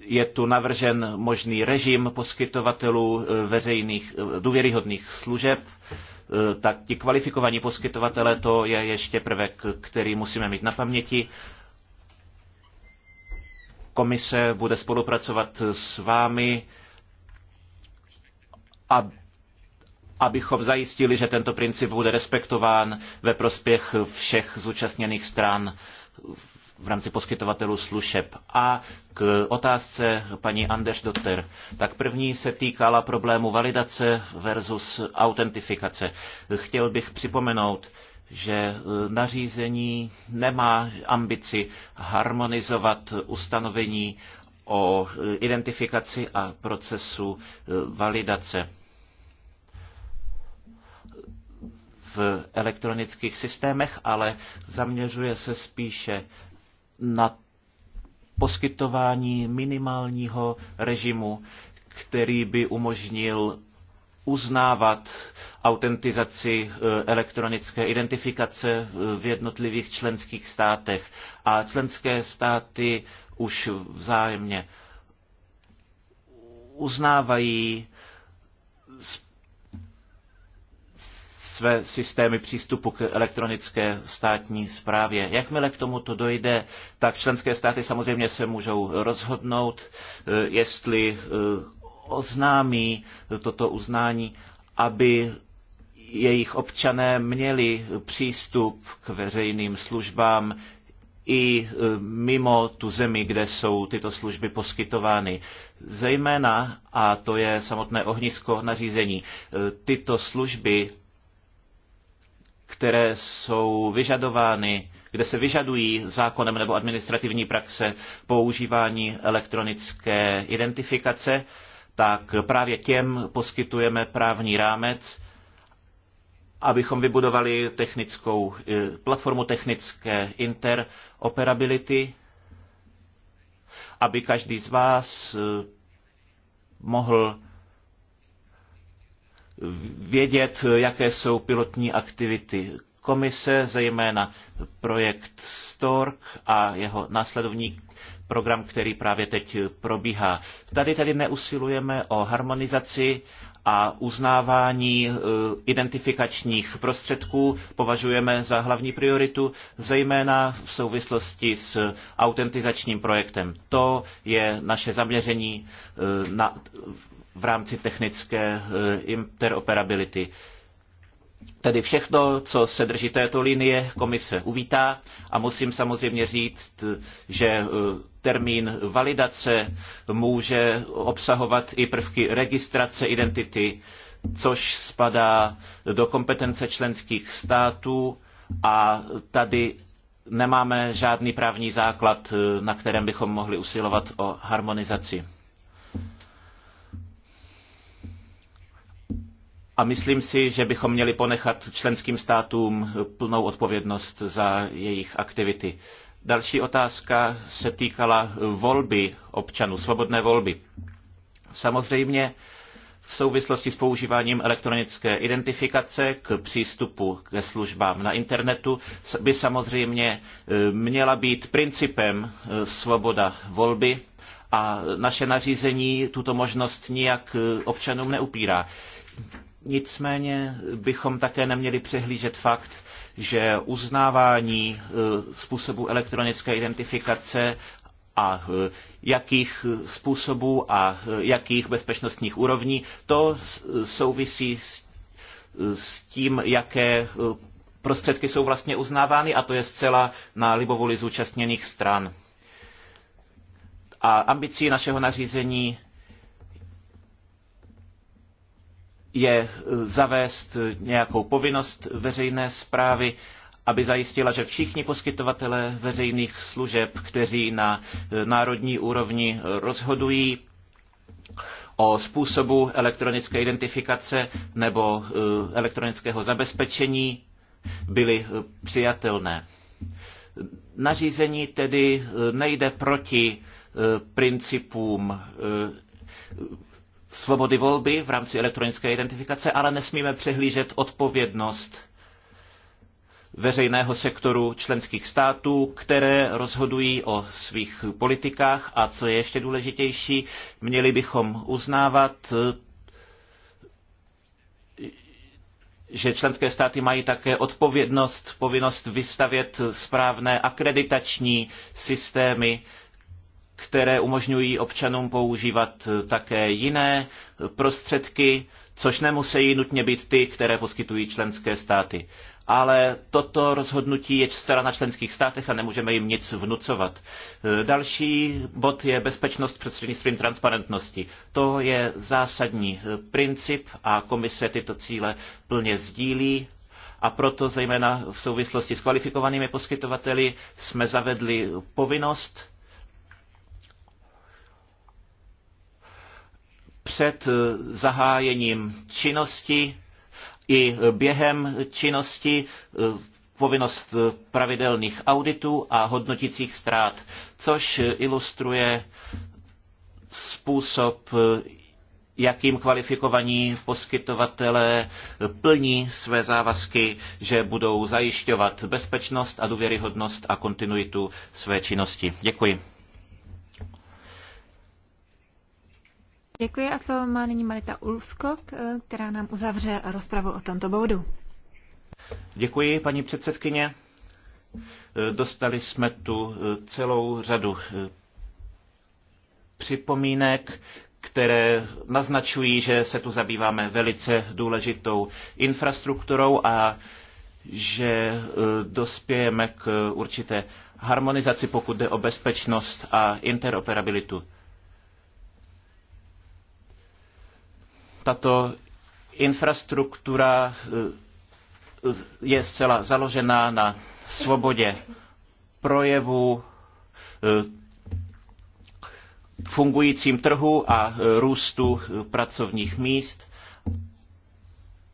je tu navržen možný režim poskytovatelů veřejných důvěryhodných služeb, Eh, tak ti kvalifikovaní poskytovatele to je ještě prvek, který musíme mít na paměti. Komise bude spolupracovat s vámi, abychom zajistili, že tento princip bude respektován ve prospěch všech zúčastněných stran v rámci poskytovatelů služeb. A k otázce paní Anders Dotter. Tak první se týkala problému validace versus autentifikace. Chtěl bych připomenout, že e, nařízení nemá ambici harmonizovat ustanovení o e, identifikaci a procesu e, validace v elektronických systémech, ale zaměřuje se spíše na poskytování minimálního režimu, který by umožnil uznávat autentizaci eh, elektronické identifikace eh, v jednotlivých členských státech. A členské státy už vzájemně uznávají své systémy přístupu k elektronické státní správě. Jakmile k tomuto dojde, tak členské státy samozřejmě se můžou rozhodnout, eh, jestli eh, oznámí toto uznání, aby jejich občané měli přístup k veřejným službám i eh, mimo tu zemi, kde jsou tyto služby poskytovány. Zejména, a to je samotné ohnisko nařízení, tyto služby které jsou vyžadovány, kde se vyžadují zákonem nebo administrativní praxe používání elektronické identifikace, tak právě těm poskytujeme právní rámec, abychom vybudovali technickou eh, platformu technické interoperability, aby každý z vás eh, mohl vědět, jaké jsou pilotní aktivity komise, zejména projekt Stork a jeho následovník program, který právě teď probíhá. Tady tedy neusilujeme o harmonizaci a uznávání eh, identifikačních prostředků považujeme za hlavní prioritu, zejména v souvislosti s autentizačním projektem. To je naše zaměření eh, na v rámci technické eh, interoperability. Tedy všechno, co se drží této linie, komise uvítá a musím samozřejmě říct, že eh, termín validace může obsahovat i prvky registrace identity, což spadá do kompetence členských států a tady nemáme žádný právní základ, eh, na kterém bychom mohli usilovat o harmonizaci. A myslím si, že bychom měli ponechat členským státům plnou odpovědnost za jejich aktivity. Další otázka se týkala volby občanů, svobodné volby. Samozřejmě v souvislosti s používáním elektronické identifikace k přístupu ke službám na internetu by samozřejmě eh, měla být principem eh, svoboda volby a naše nařízení tuto možnost nijak eh, občanům neupírá. Nicméně bychom také neměli přehlížet fakt, že uznávání eh, způsobu elektronické identifikace a eh, jakých způsobů a eh, jakých bezpečnostních úrovní, to souvisí s, tím, jaké prostředky jsou vlastně uznávány a to je zcela na libovoli zúčastněných stran. A ambicí našeho nařízení je eh, zavést eh, nějakou povinnost veřejné zprávy, aby zajistila, že všichni poskytovatelé veřejných služeb, kteří na eh, národní úrovni rozhodují o způsobu elektronické identifikace nebo elektronického zabezpečení, byly přijatelné. Nařízení tedy nejde proti principům svobody volby v rámci elektronické identifikace, ale nesmíme přehlížet odpovědnost veřejného sektoru členských států, které rozhodují o svých politikách a co je ještě důležitější, měli bychom uznávat že členské státy mají také odpovědnost, povinnost vystavět správné akreditační systémy které umožňují občanům používat také jiné prostředky, což nemusí nutně být ty, které poskytují členské státy. Ale toto rozhodnutí je zcela na členských státech a nemůžeme jim nic vnucovat. Další bod je bezpečnost prostřednictvím transparentnosti. To je zásadní princip a komise tyto cíle plně sdílí a proto zejména v souvislosti s kvalifikovanými poskytovateli jsme zavedli povinnost před eh, zahájením činnosti i eh, během činnosti eh, povinnost pravidelných auditů a hodnotících ztrát, což ilustruje způsob, jakým kvalifikovaní poskytovatelé plní své závazky, že budou zajišťovat bezpečnost a důvěryhodnost a kontinuitu své činnosti. Děkuji. Děkuji a slovo má nyní Marita Ulfskok, eh, která nám uzavře rozpravu o tomto bodu. Děkuji, paní předsedkyně. Eh, dostali jsme tu eh, celou řadu připomínek, které naznačují, že se tu zabýváme velice důležitou infrastrukturou a že dospějeme k určité harmonizaci, pokud jde o bezpečnost a interoperabilitu. Tato infrastruktura eh, je zcela založená na svobodě projevu, eh, fungujícím trhu a eh, růstu pracovních míst.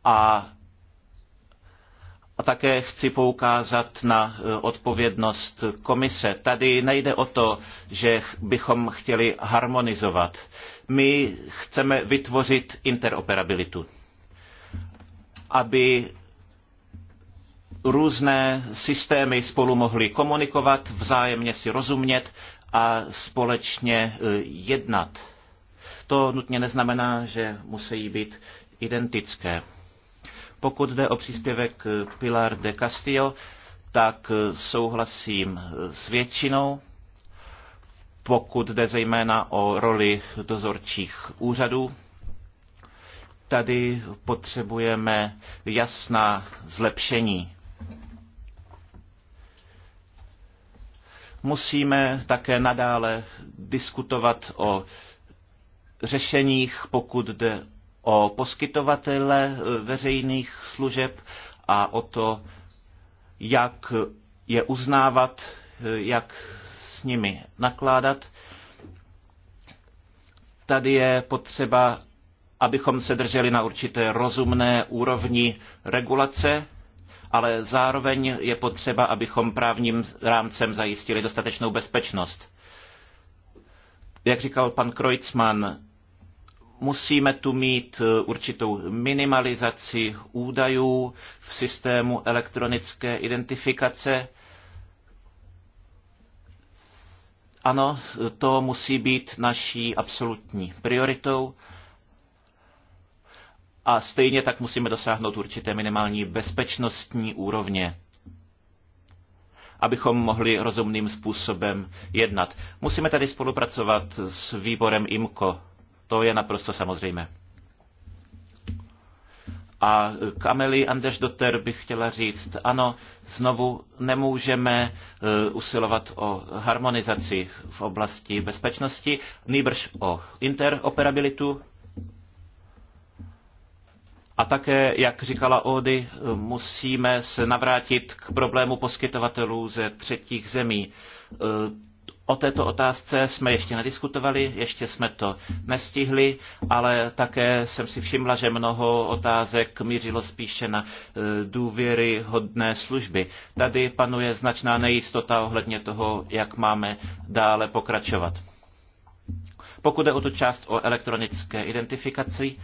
A, a také chci poukázat na odpovědnost komise. Tady nejde o to, že bychom chtěli harmonizovat. My chceme vytvořit interoperabilitu, aby různé systémy spolu mohly komunikovat, vzájemně si rozumět a společně e, jednat. To nutně neznamená, že musí být identické. Pokud jde o příspěvek e, Pilar de Castillo, tak e, souhlasím s většinou pokud jde zejména o roli dozorčích úřadů. Tady potřebujeme jasná zlepšení. Musíme také nadále diskutovat o řešeních, pokud jde o poskytovatele eh, veřejných služeb a o to, jak je uznávat, eh, jak s nimi nakládat. Tady je potřeba, abychom se drželi na určité rozumné úrovni regulace, ale zároveň je potřeba, abychom právním rámcem zajistili dostatečnou bezpečnost. Jak říkal pan Kreutzmann, musíme tu mít určitou minimalizaci údajů v systému elektronické identifikace, Ano, to musí být naší absolutní prioritou a stejně tak musíme dosáhnout určité minimální bezpečnostní úrovně, abychom mohli rozumným způsobem jednat. Musíme tady spolupracovat s výborem IMCO. To je naprosto samozřejmé. A k Amelie Andersdotter bych chtěla říct, ano, znovu nemůžeme eh, usilovat o harmonizaci v oblasti bezpečnosti, nýbrž o interoperabilitu. A také, jak říkala Ody, musíme se navrátit k problému poskytovatelů ze třetích zemí eh, O této otázce jsme ještě nediskutovali, ještě jsme to nestihli, ale také jsem si všimla, že mnoho otázek mířilo spíše na e, důvěry hodné služby. Tady panuje značná nejistota ohledně toho, jak máme dále pokračovat. Pokud je o tu část o elektronické identifikaci,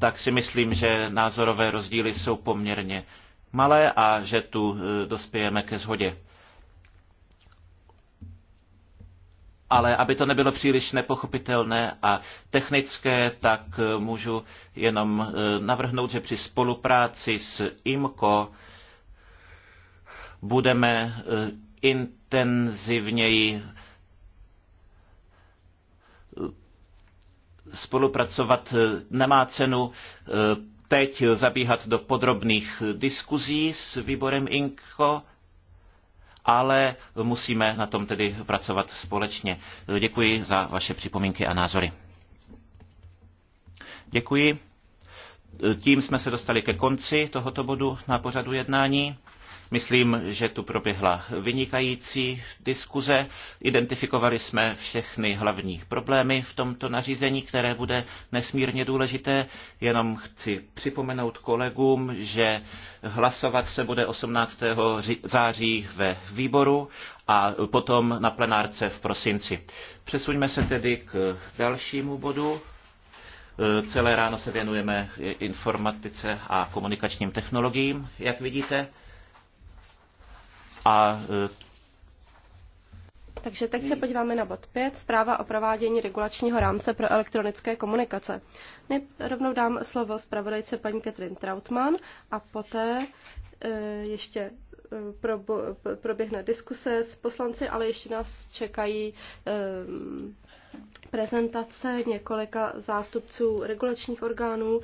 tak si myslím, že názorové rozdíly jsou poměrně malé a že tu e, dospějeme ke shodě. ale aby to nebylo příliš nepochopitelné a technické, tak eh, můžu jenom eh, navrhnout, že při spolupráci s IMCO budeme eh, intenzivněji spolupracovat. Nemá cenu teď zabíhat do podrobných diskuzí s výborem INCO, ale musíme na tom tedy pracovat společně. Děkuji za vaše připomínky a názory. Děkuji. Tím jsme se dostali ke konci tohoto bodu na pořadu jednání. Myslím, že tu proběhla vynikající diskuze. Identifikovali jsme všechny hlavní problémy v tomto nařízení, které bude nesmírně důležité. Jenom chci připomenout kolegům, že hlasovat se bude 18. září ve výboru a potom na plenárce v prosinci. Přesuňme se tedy k dalšímu bodu. Celé ráno se věnujeme informatice a komunikačním technologiím, jak vidíte. A e, takže teď se podíváme na bod 5, zpráva o provádění regulačního rámce pro elektronické komunikace. rovnou dám slovo zpravodajce paní Katrin Trautmann a poté e, ještě e, proběhne diskuse s poslanci, ale ještě nás čekají e, prezentace několika zástupců regulačních orgánů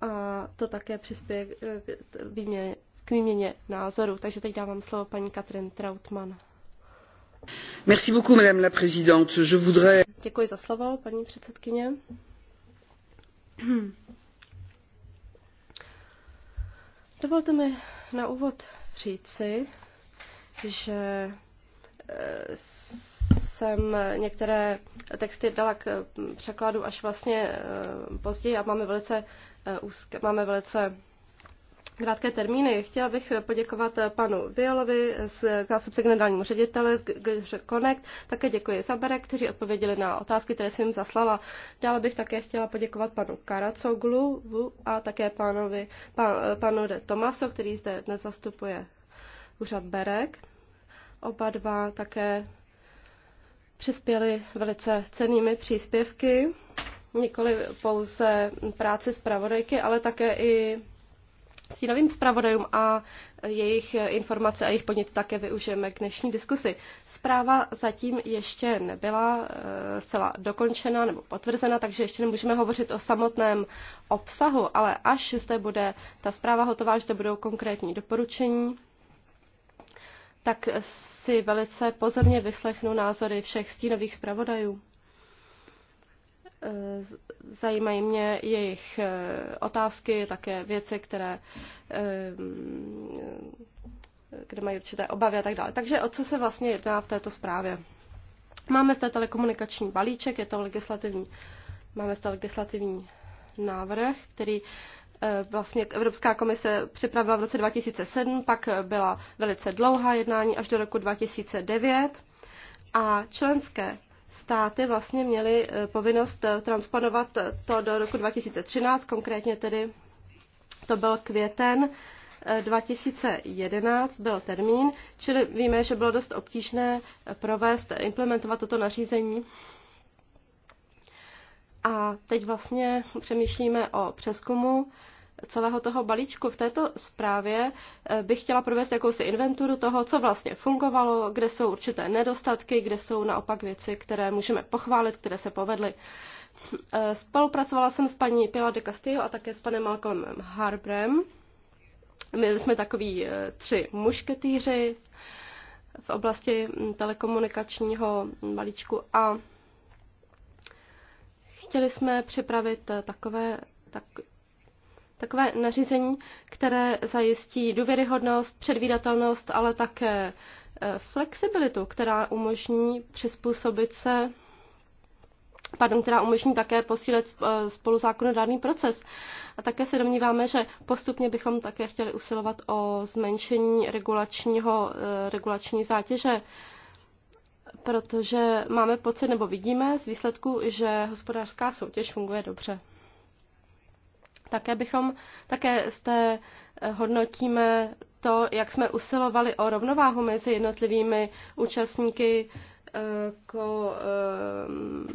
a to také přispěje k výměně výměně názoru. Takže teď dávám slovo paní Katrin Trautmann. Merci beaucoup, madame la présidente. Je voudrais... Děkuji za slovo, paní předsedkyně. Dovolte mi na úvod říci, že eh, jsem některé texty dala k hm, překladu až vlastně eh, později a máme velice, eh, úzké, máme velice krátké termíny. Chtěla bych poděkovat panu Violovi z zástupce generálnímu ředitele z GŽ Connect. Také děkuji Zabere, kteří odpověděli na otázky, které jsem jim zaslala. Dále bych také chtěla poděkovat panu Karacoglu a také panovi, pan, panu de Tomaso, který zde dnes zastupuje úřad Berek. Oba dva také přispěli velice cenými příspěvky, nikoli pouze práci zpravodajky, ale také i stínovým zpravodajům a jejich informace a jejich podněty také využijeme k dnešní diskusi. Zpráva zatím ještě nebyla eh, zcela dokončena nebo potvrzena, takže ještě nemůžeme hovořit o samotném obsahu, ale až zde bude ta zpráva hotová, zde budou konkrétní doporučení, tak si velice pozorně vyslechnu názory všech stínových zpravodajů. Zajímají mě jejich eh, otázky, také věci, které, eh, kde mají určité obavy a tak dále. Takže o co se vlastně jedná v této zprávě? Máme zde telekomunikační balíček, je to legislativní, máme zde legislativní návrh, který eh, vlastně Evropská komise připravila v roce 2007, pak byla velice dlouhá jednání až do roku 2009 a členské státy vlastně měly eh, povinnost eh, transponovat to do roku 2013, konkrétně tedy to byl květen 2011 eh, byl termín, čili víme, že bylo dost obtížné provést, implementovat toto nařízení. A teď vlastně přemýšlíme o přeskumu celého toho balíčku. V této zprávě eh, bych chtěla provést jakousi inventuru toho, co vlastně fungovalo, kde jsou určité nedostatky, kde jsou naopak věci, které můžeme pochválit, které se povedly. Eh, spolupracovala jsem s paní Pila de Castillo a také s panem Malcolmem Harbrem. Měli jsme takový eh, tři mušketýři v oblasti hm, telekomunikačního hm, balíčku a chtěli jsme připravit takové, tak, takové nařízení, které zajistí důvěryhodnost, předvídatelnost, ale také eh, flexibilitu, která umožní přizpůsobit se pardon, která umožní také posílit eh, zákonodárný proces. A také se domníváme, že postupně bychom také chtěli usilovat o zmenšení regulačního, eh, regulační zátěže, protože máme pocit nebo vidíme z výsledku, že hospodářská soutěž funguje dobře. Také bychom, také jste, eh, hodnotíme to, jak jsme usilovali o rovnováhu mezi jednotlivými účastníky jako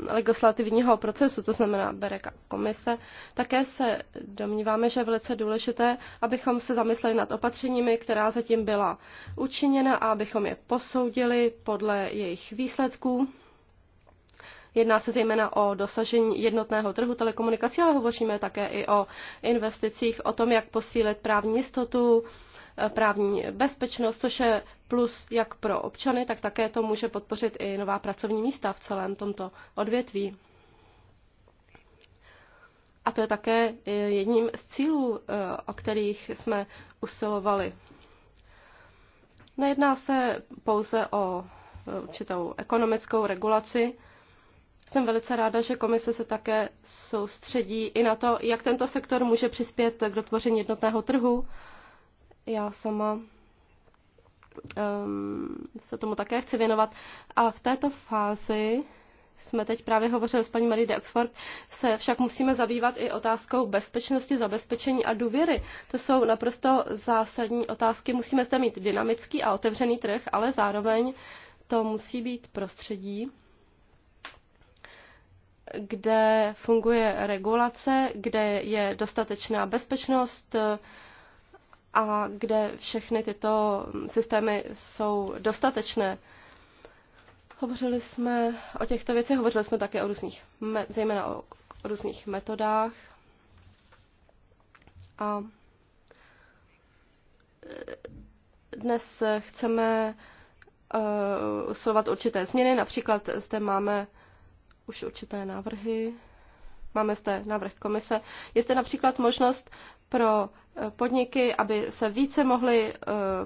legislativního procesu, to znamená Bereka komise, také se domníváme, že je velice důležité, abychom se zamysleli nad opatřeními, která zatím byla učiněna a abychom je posoudili podle jejich výsledků. Jedná se zejména o dosažení jednotného trhu telekomunikací, ale hovoříme také i o investicích, o tom, jak posílit právní jistotu, eh, právní bezpečnost, což je plus jak pro občany, tak také to může podpořit i nová pracovní místa v celém tomto odvětví. A to je také eh, jedním z cílů, eh, o kterých jsme usilovali. Nejedná se pouze o určitou ekonomickou regulaci, jsem velice ráda, že komise se také soustředí i na to, jak tento sektor může přispět k dotvoření jednotného trhu. Já sama um, se tomu také chci věnovat. A v této fázi jsme teď právě hovořili s paní Marie de Oxford, se však musíme zabývat i otázkou bezpečnosti, zabezpečení a důvěry. To jsou naprosto zásadní otázky. Musíme zde mít dynamický a otevřený trh, ale zároveň to musí být prostředí, kde funguje regulace, kde je dostatečná bezpečnost eh, a kde všechny tyto systémy jsou dostatečné. Hovořili jsme o těchto věcech, hovořili jsme také o různých, zejména o různých metodách. A eh, dnes chceme eh, usilovat určité změny, například zde máme už určité návrhy. Máme zde návrh komise. Je zde například možnost pro eh, podniky, aby se více mohly eh,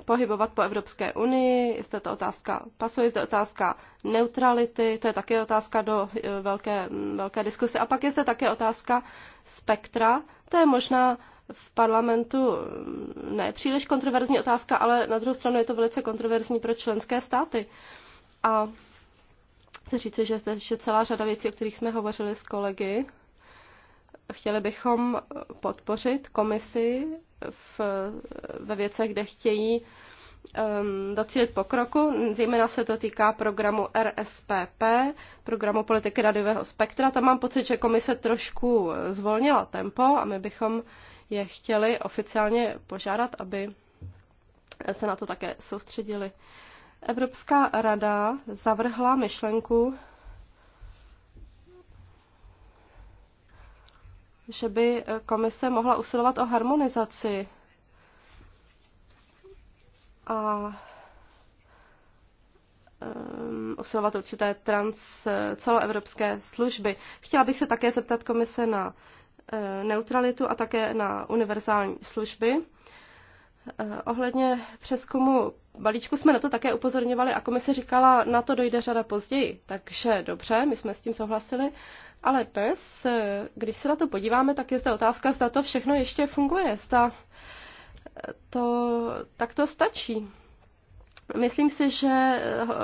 pohybovat po Evropské unii. Je zde to otázka pasu, je zde otázka neutrality, to je také otázka do eh, velké, mm, velké diskuse. A pak je zde také otázka spektra. To je možná v parlamentu mm, ne příliš kontroverzní otázka, ale na druhou stranu je to velice kontroverzní pro členské státy. A chci říct, že je celá řada věcí, o kterých jsme hovořili s kolegy. Chtěli bychom podpořit komisi v, ve věcech, kde chtějí um, docílit pokroku. Zejména se to týká programu RSPP, programu politiky radiového spektra. Tam mám pocit, že komise trošku zvolnila tempo a my bychom je chtěli oficiálně požádat, aby se na to také soustředili. Uh, Evropská rada zavrhla myšlenku, že by komise mohla usilovat o harmonizaci. A ehm, usilovat určité trans, celoevropské služby. Chtěla bych se také zeptat komise na eh, neutralitu a také na univerzální služby. Eh, ohledně přeskumu balíčku jsme na to také upozorňovali a komise říkala, na to dojde řada později. Takže dobře, my jsme s tím souhlasili. Ale dnes, eh, když se na to podíváme, tak je zde otázka, zda to všechno ještě funguje, zda eh, to takto stačí. Myslím si, že eh,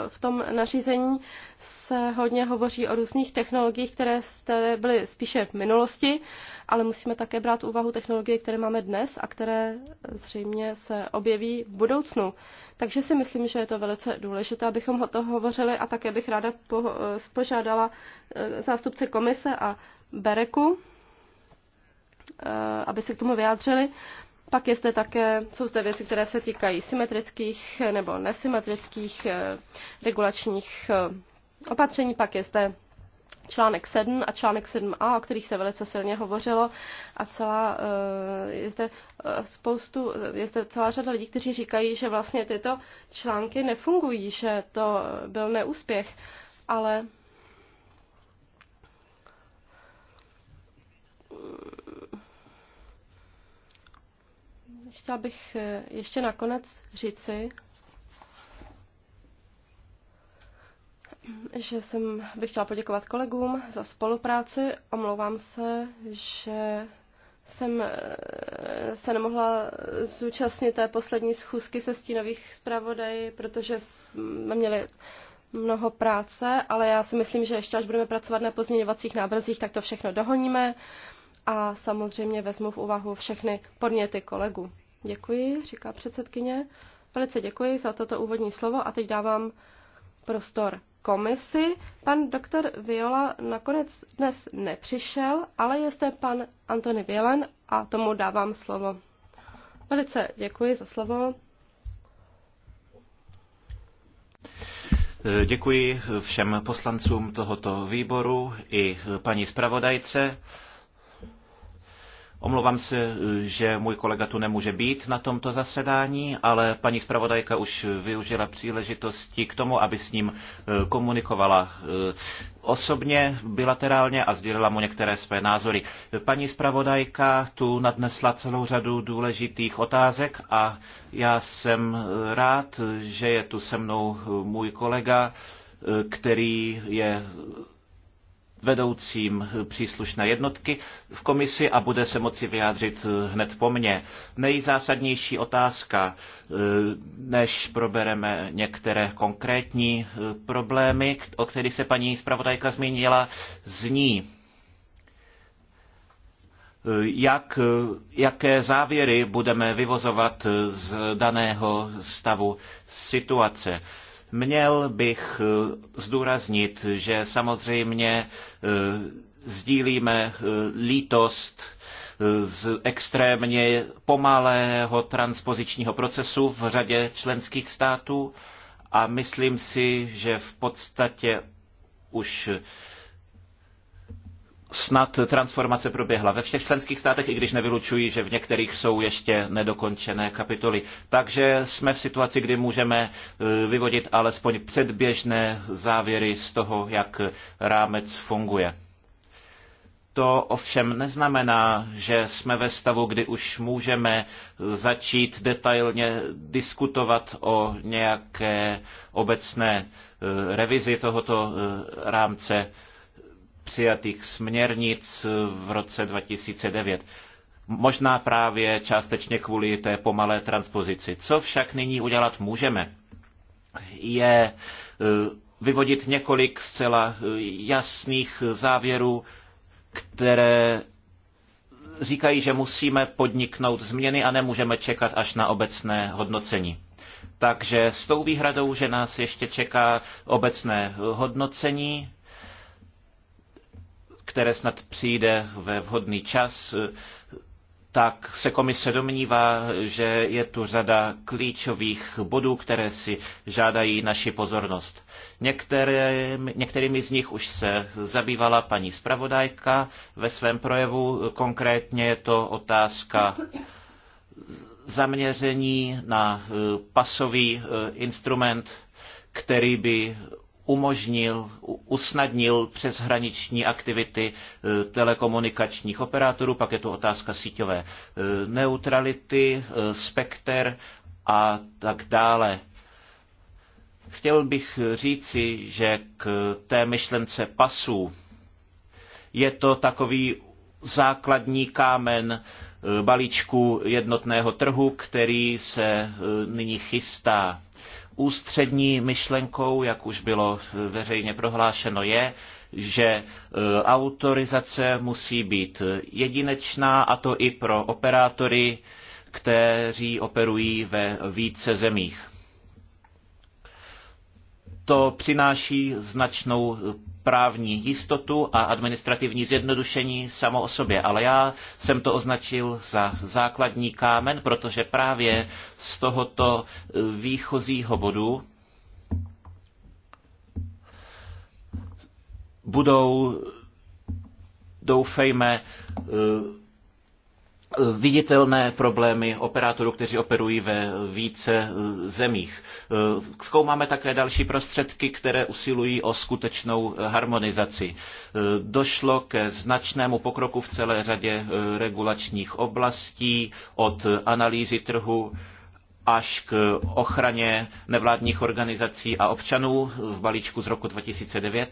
v tom nařízení se hodně hovoří o různých technologiích, které byly spíše v minulosti, ale musíme také brát v úvahu technologie, které máme dnes a které eh, zřejmě se objeví v budoucnu. Takže si myslím, že je to velice důležité, abychom o toho hovořili a také bych ráda eh, požádala zástupce komise a Bereku, aby se k tomu vyjádřili, pak je zde také, jsou zde věci, které se týkají symetrických nebo nesymetrických eh, regulačních eh, opatření. Pak je zde článek 7 a článek 7a, o kterých se velice silně hovořilo a celá, eh, je zde spoustu, je zde celá řada lidí, kteří říkají, že vlastně tyto články nefungují, že to byl neúspěch, ale Chtěla bych eh, ještě nakonec říci, že jsem bych chtěla poděkovat kolegům za spolupráci. Omlouvám se, že jsem eh, se nemohla zúčastnit té poslední schůzky se stínových zpravodají, protože jsme měli mnoho práce, ale já si myslím, že ještě až budeme pracovat na pozměňovacích návrzích, tak to všechno dohoníme a samozřejmě vezmu v úvahu všechny podněty kolegů. Děkuji, říká předsedkyně. Velice děkuji za toto úvodní slovo a teď dávám prostor komisi. Pan doktor Viola nakonec dnes nepřišel, ale je zde pan Antony Vělen a tomu dávám slovo. Velice děkuji za slovo. Děkuji všem poslancům tohoto výboru i paní zpravodajce. Omlouvám se, že můj kolega tu nemůže být na tomto zasedání, ale paní zpravodajka už využila příležitosti k tomu, aby s ním eh, komunikovala eh, osobně, bilaterálně a sdělila mu některé své názory. Paní zpravodajka tu nadnesla celou řadu důležitých otázek a já jsem eh, rád, že je tu se mnou můj kolega, který je vedoucím příslušné jednotky v komisi a bude se moci vyjádřit hned po mně. Nejzásadnější otázka, e, než probereme některé konkrétní e, problémy, o kterých se paní zpravodajka zmínila, zní, e, jak, jaké závěry budeme vyvozovat z daného stavu situace. Měl bych eh, zdůraznit, že samozřejmě eh, sdílíme eh, lítost z extrémně pomalého transpozičního procesu v řadě členských států a myslím si, že v podstatě už snad transformace proběhla ve všech členských státech, i když nevylučují, že v některých jsou ještě nedokončené kapitoly. Takže jsme v situaci, kdy můžeme eh, vyvodit alespoň předběžné závěry z toho, jak rámec funguje. To ovšem neznamená, že jsme ve stavu, kdy už můžeme eh, začít detailně diskutovat o nějaké obecné eh, revizi tohoto rámce přijatých směrnic v roce 2009. Možná právě částečně kvůli té pomalé transpozici. Co však nyní udělat můžeme, je e, vyvodit několik zcela e, jasných závěrů, které říkají, že musíme podniknout změny a nemůžeme čekat až na obecné hodnocení. Takže s tou výhradou, že nás ještě čeká obecné hodnocení, které snad přijde ve vhodný čas, tak se komise domnívá, že je tu řada klíčových bodů, které si žádají naši pozornost. Některé, některými z nich už se zabývala paní zpravodajka ve svém projevu. Konkrétně je to otázka zaměření na pasový eh, instrument, který by umožnil, usnadnil přeshraniční aktivity e, telekomunikačních operátorů, pak je tu otázka síťové e, neutrality, e, spekter a tak dále. Chtěl bych říci, že k té myšlence pasů je to takový základní kámen balíčku jednotného trhu, který se nyní chystá Ústřední myšlenkou, jak už bylo veřejně prohlášeno, je, že e, autorizace musí být jedinečná, a to i pro operátory, kteří operují ve více zemích. To přináší značnou právní jistotu a administrativní zjednodušení samo o sobě, ale já jsem to označil za základní kámen, protože právě z tohoto e, výchozího bodu budou, doufejme, e, viditelné problémy operátorů, kteří operují ve více e, zemích. E, zkoumáme také další prostředky, které usilují o skutečnou e, harmonizaci. Došlo ke značnému pokroku v celé řadě regulačních oblastí od analýzy trhu až k ochraně nevládních organizací a občanů v balíčku z roku 2009,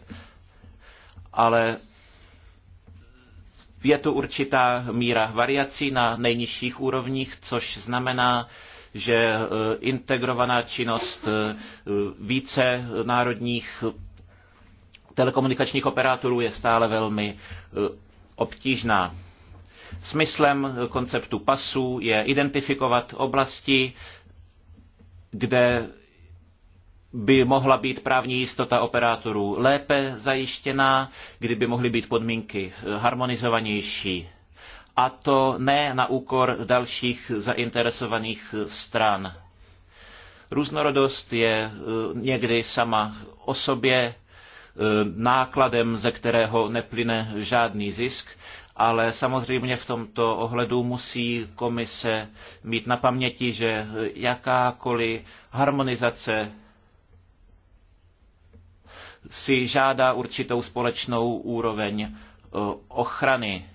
ale je tu určitá míra variací na nejnižších úrovních, což znamená, že e, integrovaná činnost e, více národních telekomunikačních operátorů je stále velmi e, obtížná. Smyslem konceptu pasů je identifikovat oblasti, kde by mohla být právní jistota operátorů lépe zajištěná, kdyby mohly být podmínky eh, harmonizovanější. A to ne na úkor dalších zainteresovaných eh, stran. Různorodost je eh, někdy sama o sobě nákladem, ze kterého neplyne žádný zisk, ale samozřejmě v tomto ohledu musí komise mít na paměti, že jakákoliv harmonizace si žádá určitou společnou úroveň eh, ochrany.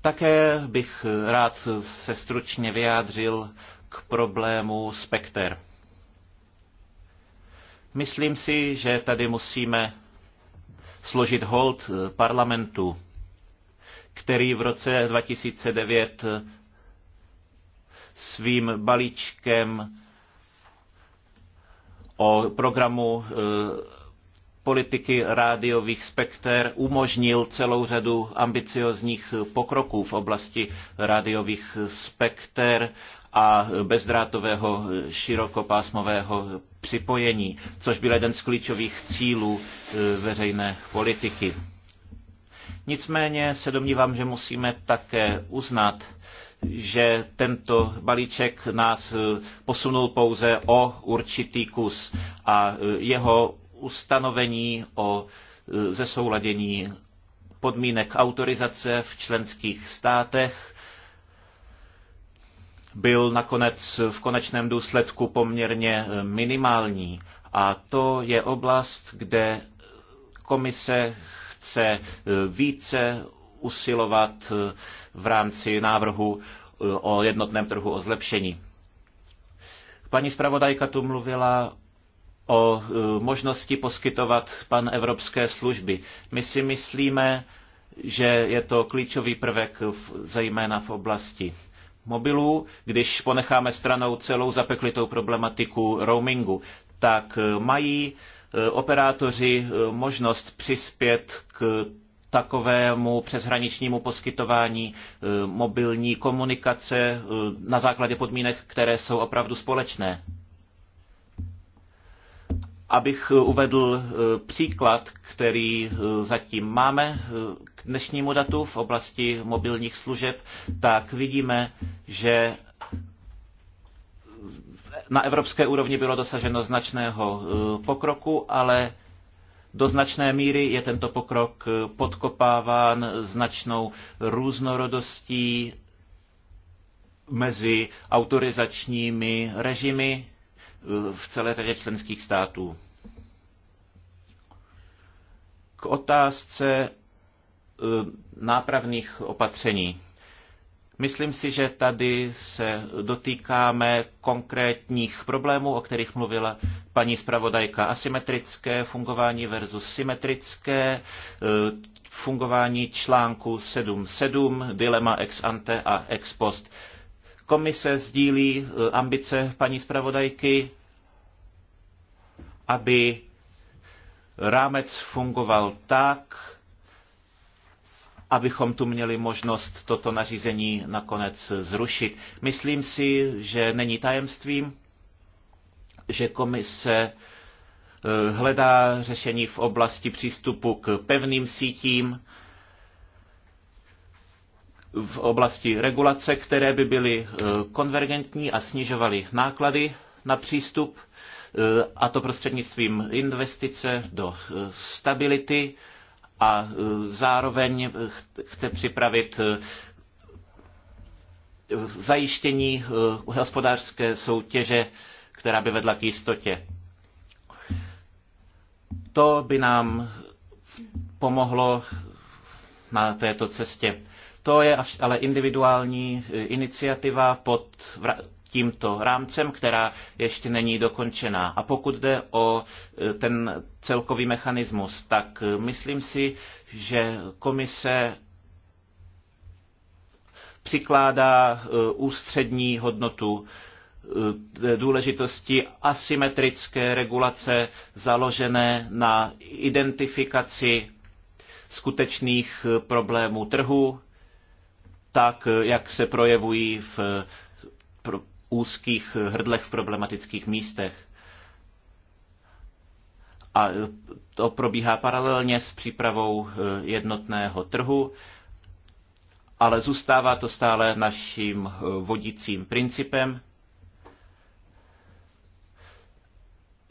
Také bych eh, rád se stručně vyjádřil k problému spekter. Myslím si, že tady musíme složit hold eh, parlamentu, který v roce 2009 svým balíčkem o programu eh, politiky rádiových spekter umožnil celou řadu ambiciozních pokroků v oblasti rádiových spekter a bezdrátového širokopásmového připojení, což byl jeden z klíčových cílů eh, veřejné politiky. Nicméně se domnívám, že musíme také uznat, že tento balíček nás eh, posunul pouze o určitý kus a eh, jeho ustanovení o eh, zesouladění podmínek autorizace v členských státech byl nakonec v konečném důsledku poměrně minimální. A to je oblast, kde komise chce více usilovat eh, v rámci návrhu eh, o jednotném trhu o zlepšení. Paní zpravodajka tu mluvila o eh, možnosti poskytovat pan Evropské služby. My si myslíme, že je to klíčový prvek v, zejména v oblasti mobilů, když ponecháme stranou celou zapeklitou problematiku roamingu, tak mají operátoři možnost přispět k takovému přeshraničnímu poskytování e, mobilní komunikace e, na základě podmínek, které jsou opravdu společné. Abych uvedl e, příklad, který zatím máme k dnešnímu datu v oblasti mobilních služeb, tak vidíme, že na evropské úrovni bylo dosaženo značného pokroku, ale do značné míry je tento pokrok eh, podkopáván značnou různorodostí mezi autorizačními režimy eh, v celé řadě členských států. K otázce eh, nápravných opatření. Myslím si, že tady se dotýkáme konkrétních problémů, o kterých mluvila paní zpravodajka. Asymetrické fungování versus symetrické, e, fungování článku 7.7, dilema ex ante a ex post. Komise sdílí e, ambice paní zpravodajky, aby rámec fungoval tak, abychom tu měli možnost toto nařízení nakonec zrušit. Myslím si, že není tajemstvím, že komise eh, hledá řešení v oblasti přístupu k pevným sítím, v oblasti regulace, které by byly eh, konvergentní a snižovaly náklady na přístup, eh, a to prostřednictvím investice do stability, a e, zároveň chce připravit e, zajištění e, hospodářské soutěže, která by vedla k jistotě. To by nám pomohlo na této cestě. To je ale individuální iniciativa pod tímto rámcem, která ještě není dokončená. A pokud jde o e, ten celkový mechanismus, tak e, myslím si, že komise přikládá e, ústřední hodnotu důležitosti asymetrické regulace založené na identifikaci skutečných problémů trhu, tak jak se projevují v úzkých hrdlech v problematických místech. A to probíhá paralelně s přípravou eh, jednotného trhu, ale zůstává to stále naším eh, vodícím principem,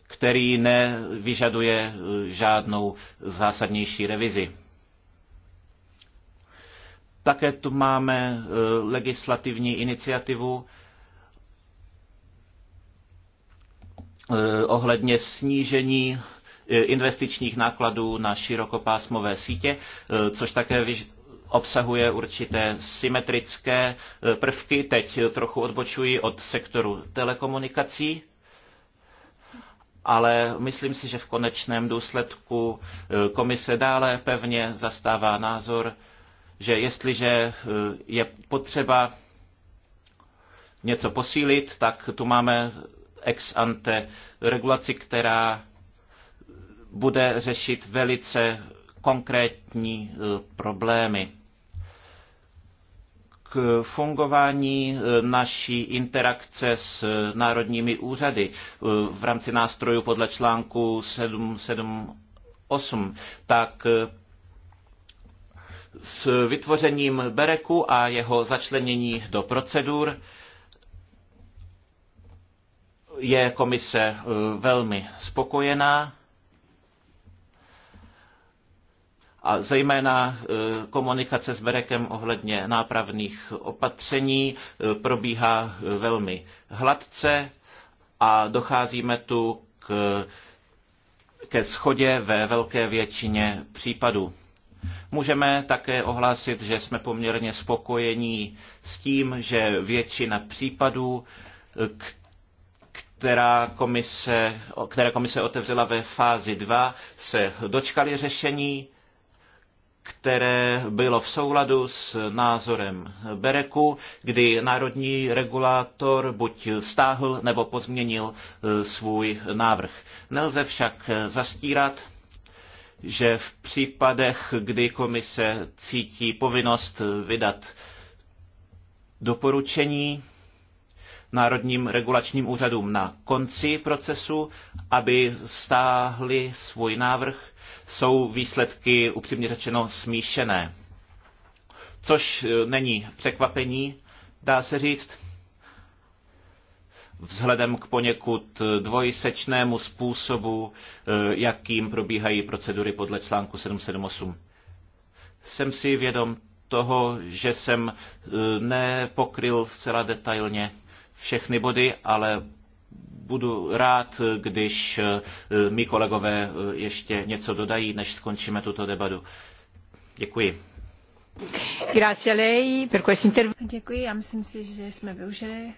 který nevyžaduje eh, žádnou zásadnější revizi. Také tu máme legislativní iniciativu, Eh, ohledně snížení eh, investičních nákladů na širokopásmové sítě, eh, což také obsahuje určité symetrické prvky. Teď trochu odbočuji od sektoru telekomunikací, ale myslím si, že v konečném důsledku komise dále pevně zastává názor, že jestliže je potřeba něco posílit, tak tu máme ex ante, regulaci, která bude řešit velice konkrétní e, problémy k fungování e, naší interakce s národními úřady e, v rámci nástrojů podle článku 778, tak s vytvořením Bereku a jeho začlenění do procedur je komise eh, velmi spokojená a zejména eh, komunikace s Berekem ohledně nápravných opatření eh, probíhá velmi hladce a docházíme tu k, ke schodě ve velké většině případů. Můžeme také ohlásit, že jsme poměrně spokojení s tím, že většina případů, která komise, které komise otevřela ve fázi 2, se dočkali řešení, které bylo v souladu s názorem Bereku, kdy národní regulátor buď stáhl nebo pozměnil e, svůj návrh. Nelze však zastírat, že v případech, kdy komise cítí povinnost vydat doporučení, národním regulačním úřadům na konci procesu, aby stáhli svůj návrh, jsou výsledky upřímně řečeno smíšené. Což e, není překvapení, dá se říct, vzhledem k poněkud e, dvojsečnému způsobu, e, jakým probíhají procedury podle článku 778. Jsem si vědom toho, že jsem nepokryl zcela detailně všechny body, ale budu rád, když eh, mi kolegové eh, ještě něco dodají, než skončíme tuto debatu. Děkuji. Děkuji, já myslím si, že jsme využili.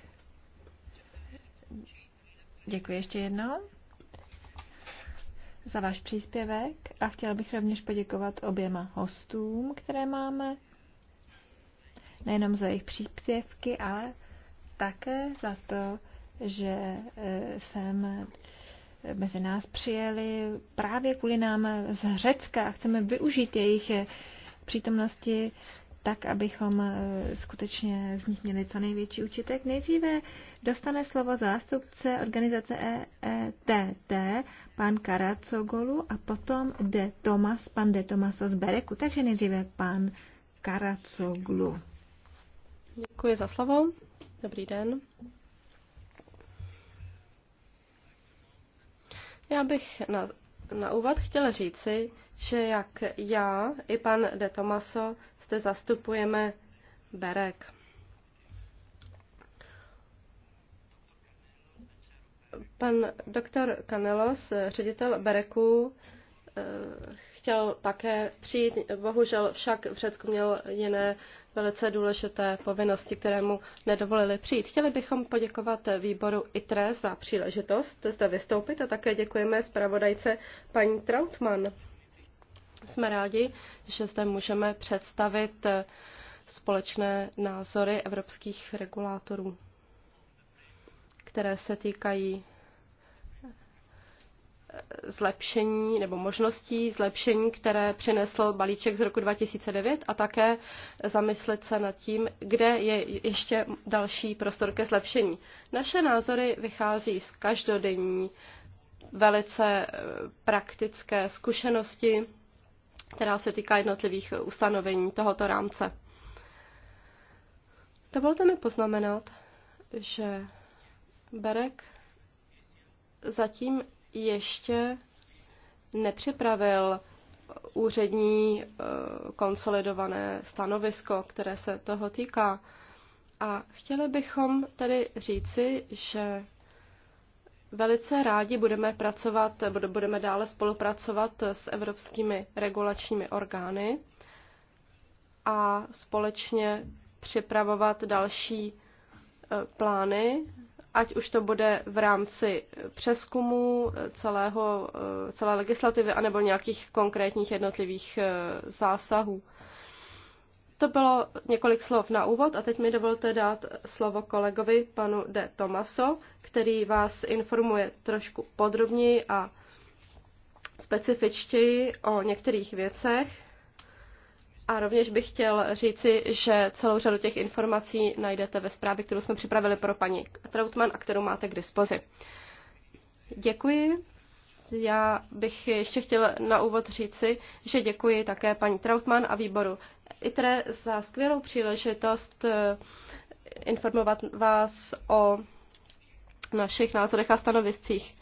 Děkuji ještě jednou za váš příspěvek a chtěla bych rovněž poděkovat oběma hostům, které máme, nejenom za jejich příspěvky, ale také za to, že jsem eh, mezi nás přijeli právě kvůli nám z Řecka a chceme využít jejich eh, přítomnosti tak, abychom eh, skutečně z nich měli co největší učitek. Nejdříve dostane slovo zástupce organizace EETT, pan Karacogolu, a potom de Tomas, pan de Tomaso z Bereku. Takže nejdříve pan Karacoglu. Děkuji za slovo. Dobrý den. Já bych na, na úvod chtěla říci, že jak já i pan De Tomaso zde zastupujeme Berek. Pan doktor Kanelos, ředitel Bereku, eh, chtěl také přijít, bohužel však v Řecku měl jiné velice důležité povinnosti, které mu nedovolili přijít. Chtěli bychom poděkovat výboru ITRE za příležitost zde vystoupit a také děkujeme zpravodajce paní Trautmann. Jsme rádi, že zde můžeme představit společné názory evropských regulátorů, které se týkají zlepšení nebo možností zlepšení, které přinesl balíček z roku 2009 a také zamyslet se nad tím, kde je ještě další prostor ke zlepšení. Naše názory vychází z každodenní velice eh, praktické zkušenosti, která se týká jednotlivých ustanovení tohoto rámce. Dovolte mi poznamenat, že Berek zatím ještě nepřipravil úřední eh, konsolidované stanovisko, které se toho týká. A chtěli bychom tedy říci, že velice rádi budeme pracovat, budeme dále spolupracovat s evropskými regulačními orgány a společně připravovat další eh, plány ať už to bude v rámci přeskumu celého, eh, celé legislativy anebo nějakých konkrétních jednotlivých eh, zásahů. To bylo několik slov na úvod a teď mi dovolte dát slovo kolegovi panu De Tomaso, který vás informuje trošku podrobněji a specifičtěji o některých věcech. A rovněž bych chtěl říci, že celou řadu těch informací najdete ve zprávě, kterou jsme připravili pro paní Trautmann a kterou máte k dispozi. Děkuji. Já bych ještě chtěl na úvod říci, že děkuji také paní Trautmann a výboru ITRE za skvělou příležitost eh, informovat vás o našich názorech a stanoviscích.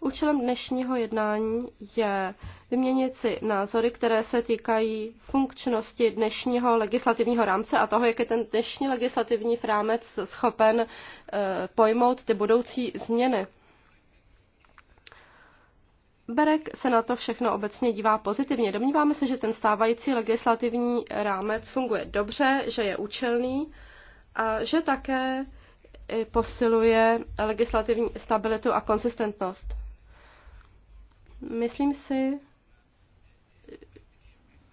Účelem dnešního jednání je vyměnit si názory, které se týkají funkčnosti dnešního legislativního rámce a toho, jak je ten dnešní legislativní rámec schopen eh, pojmout ty budoucí změny. Berek se na to všechno obecně dívá pozitivně. Domníváme se, že ten stávající legislativní rámec funguje dobře, že je účelný a že také posiluje legislativní stabilitu a konsistentnost. Myslím si,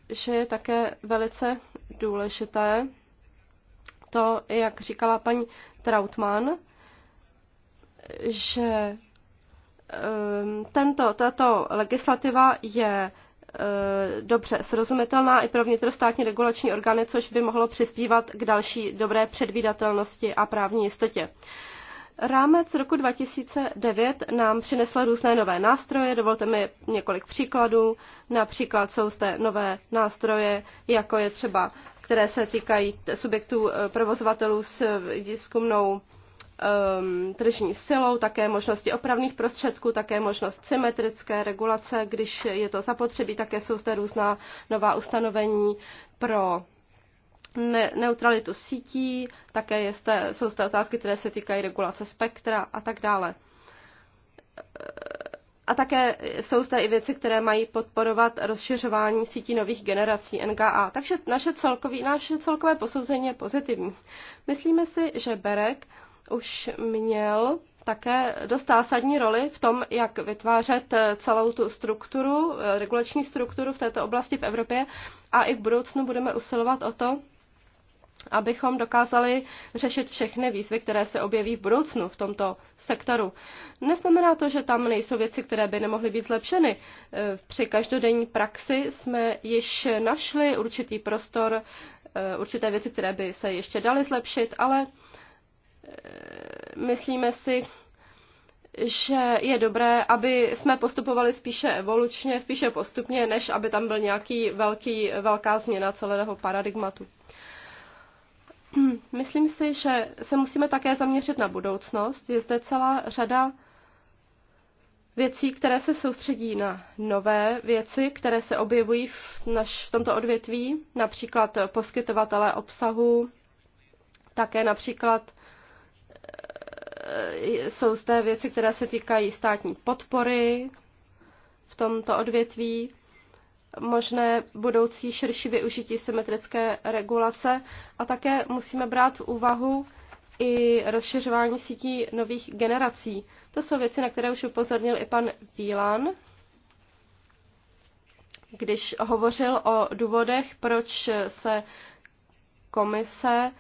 že je také velice důležité to, jak říkala paní Trautmann, že ehm, tento, tato legislativa je eh, dobře srozumitelná i pro vnitrostátní regulační orgány, což by mohlo přispívat k další dobré předvídatelnosti a právní jistotě. Rámec roku 2009 nám přinesl různé nové nástroje, dovolte mi několik příkladů. Například jsou zde nové nástroje, jako je třeba, které se týkají subjektů eh, provozovatelů s výzkumnou um, tržní silou, také možnosti opravných prostředků, také možnost symetrické regulace, když je to zapotřebí, také jsou zde různá nová ustanovení pro ne- neutralitu sítí, také je zde, jsou zde otázky, které se týkají regulace spektra a tak dále. A také jsou zde i věci, které mají podporovat rozšiřování sítí nových generací NGA. Takže naše, celkový, naše celkové posouzení je pozitivní. Myslíme si, že Berek už měl také dost zásadní roli v tom, jak vytvářet celou tu strukturu, regulační strukturu v této oblasti v Evropě a i v budoucnu budeme usilovat o to, abychom dokázali řešit všechny výzvy, které se objeví v budoucnu v tomto sektoru. Neznamená to, že tam nejsou věci, které by nemohly být zlepšeny. E, při každodenní praxi jsme již našli určitý prostor, e, určité věci, které by se ještě daly zlepšit, ale e, myslíme si, že je dobré, aby jsme postupovali spíše evolučně, spíše postupně, než aby tam byl nějaký velký, velká změna celého paradigmatu. Hmm, myslím si, že se musíme také zaměřit na budoucnost. Je zde celá řada věcí, které se soustředí na nové věci, které se objevují v, naš, v tomto odvětví, například poskytovatelé obsahu, také například eh, jsou zde věci, které se týkají státní podpory v tomto odvětví možné budoucí širší využití symetrické regulace a také musíme brát v úvahu i rozšiřování sítí nových generací. To jsou věci, na které už upozornil i pan Vílan, když hovořil o důvodech, proč se komise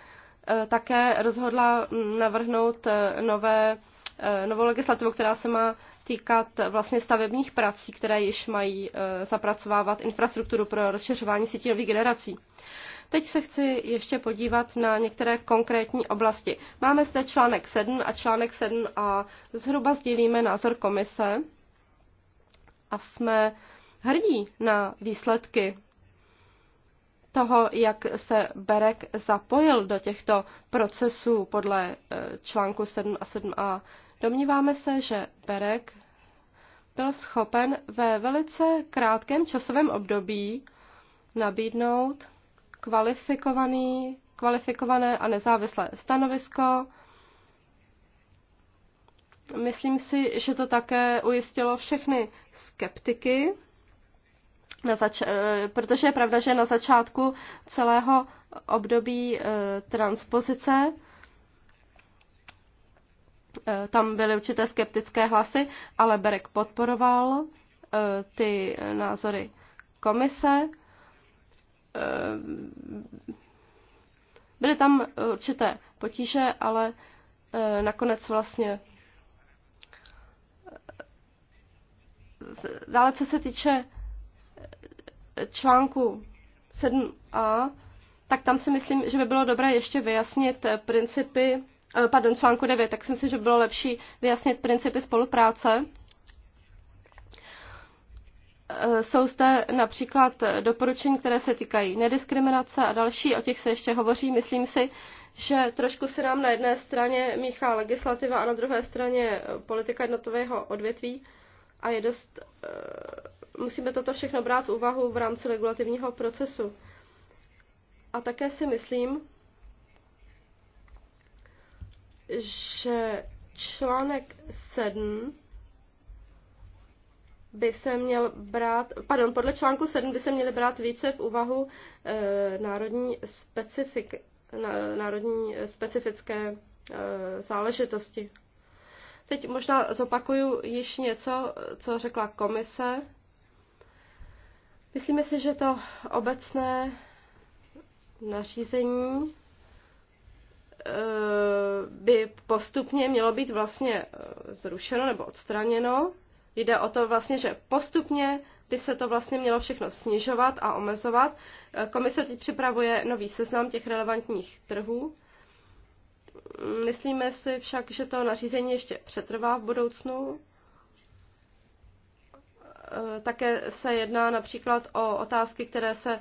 eh, také rozhodla navrhnout eh, nové, eh, novou legislativu, která se má týkat vlastně stavebních prací, které již mají e, zapracovávat infrastrukturu pro rozšiřování sítí nových generací. Teď se chci ještě podívat na některé konkrétní oblasti. Máme zde článek 7 a článek 7 a zhruba sdílíme názor komise a jsme hrdí na výsledky toho, jak se Berek zapojil do těchto procesů podle e, článku 7 a 7a. Domníváme se, že Berek byl schopen ve velice krátkém časovém období nabídnout kvalifikovaný, kvalifikované a nezávislé stanovisko. Myslím si, že to také ujistilo všechny skeptiky, na zač- eh, protože je pravda, že na začátku celého období eh, transpozice Eh, tam byly určité skeptické hlasy, ale Berek podporoval eh, ty názory komise. Eh, byly tam určité potíže, ale nakonec vlastně dále, co se týče článku 7a, tak tam si myslím, že by bylo dobré ještě vyjasnit principy Eh, pardon, článku 9, tak jsem si, že bylo lepší vyjasnit principy spolupráce. Eh, jsou zde například doporučení, které se týkají nediskriminace a další, o těch se ještě hovoří. Myslím si, že trošku se nám na jedné straně míchá legislativa a na druhé straně eh, politika jednotového odvětví a je dost, musíme toto všechno brát v úvahu v rámci regulativního procesu. A také si myslím, že článek 7 by se měl brát, pardon, podle článku 7 by se měly brát více v úvahu e, národní, specifik, na, národní specifické e, záležitosti. Teď možná zopakuju již něco, co řekla komise. Myslíme si, že to obecné nařízení Eh, by postupně mělo být vlastně eh, zrušeno nebo odstraněno. Jde o to vlastně, že postupně by se to vlastně mělo všechno snižovat a omezovat. Eh, komise teď připravuje nový seznam těch relevantních trhů. Myslíme si však, že to nařízení ještě přetrvá v budoucnu. Také se jedná například o otázky, které se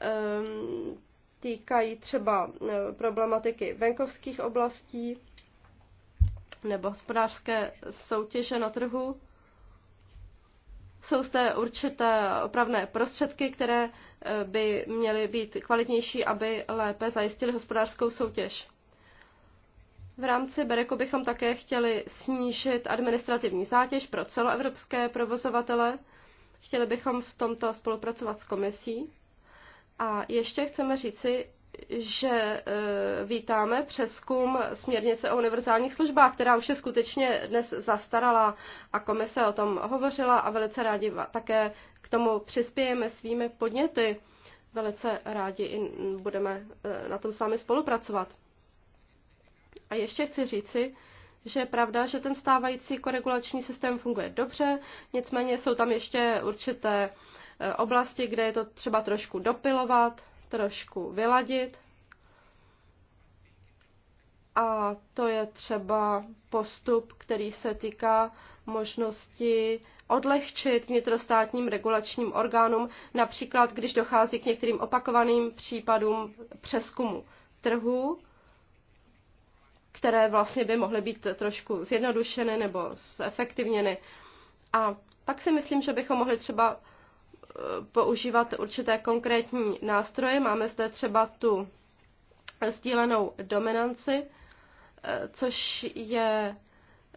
ehm, týkají třeba e, problematiky venkovských oblastí nebo hospodářské soutěže na trhu. Jsou zde určité opravné prostředky, které e, by měly být kvalitnější, aby lépe zajistili hospodářskou soutěž. V rámci Bereku bychom také chtěli snížit administrativní zátěž pro celoevropské provozovatele. Chtěli bychom v tomto spolupracovat s komisí. A ještě chceme říci, že e, vítáme přeskum směrnice o univerzálních službách, která už je skutečně dnes zastarala a komise o tom hovořila a velice rádi také k tomu přispějeme svými podněty. Velice rádi i budeme e, na tom s vámi spolupracovat. A ještě chci říci, že je pravda, že ten stávající koregulační systém funguje dobře, nicméně jsou tam ještě určité Eh, oblasti, kde je to třeba trošku dopilovat, trošku vyladit. A to je třeba postup, který se týká možnosti odlehčit vnitrostátním regulačním orgánům, například když dochází k některým opakovaným případům přeskumu trhu, které vlastně by mohly být trošku zjednodušeny nebo zefektivněny. A pak si myslím, že bychom mohli třeba používat určité konkrétní nástroje. Máme zde třeba tu sdílenou dominanci, eh, což je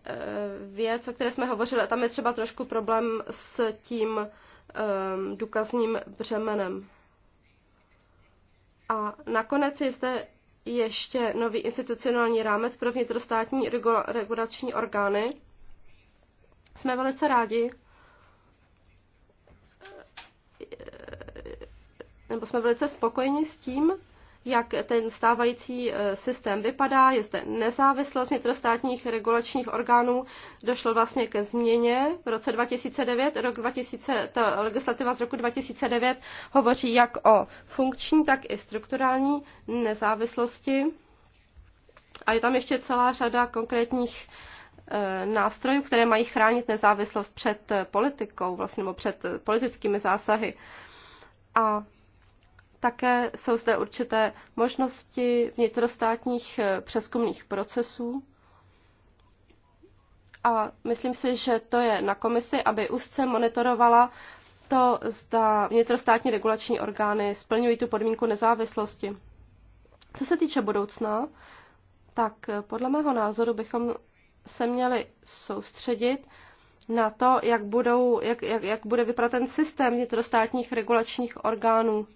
eh, věc, o které jsme hovořili. A tam je třeba trošku problém s tím ehm, důkazním břemenem. A nakonec je zde ještě nový institucionální rámec pro vnitrostátní regulační orgány. Jsme velice rádi, nebo jsme velice spokojeni s tím, jak ten stávající e, systém vypadá. Je zde nezávislost vnitrostátních regulačních orgánů. Došlo vlastně ke změně v roce 2009. Rok 2000, ta legislativa z roku 2009 hovoří jak o funkční, tak i strukturální nezávislosti. A je tam ještě celá řada konkrétních e, nástrojů, které mají chránit nezávislost před e, politikou, vlastně, nebo před politickými zásahy. A také jsou zde určité možnosti vnitrostátních eh, přeskumných procesů. A myslím si, že to je na komisi, aby úzce monitorovala to, zda vnitrostátní regulační orgány splňují tu podmínku nezávislosti. Co se týče budoucna, tak eh, podle mého názoru bychom se měli soustředit na to, jak, budou, jak, jak, jak bude vypadat ten systém vnitrostátních regulačních orgánů.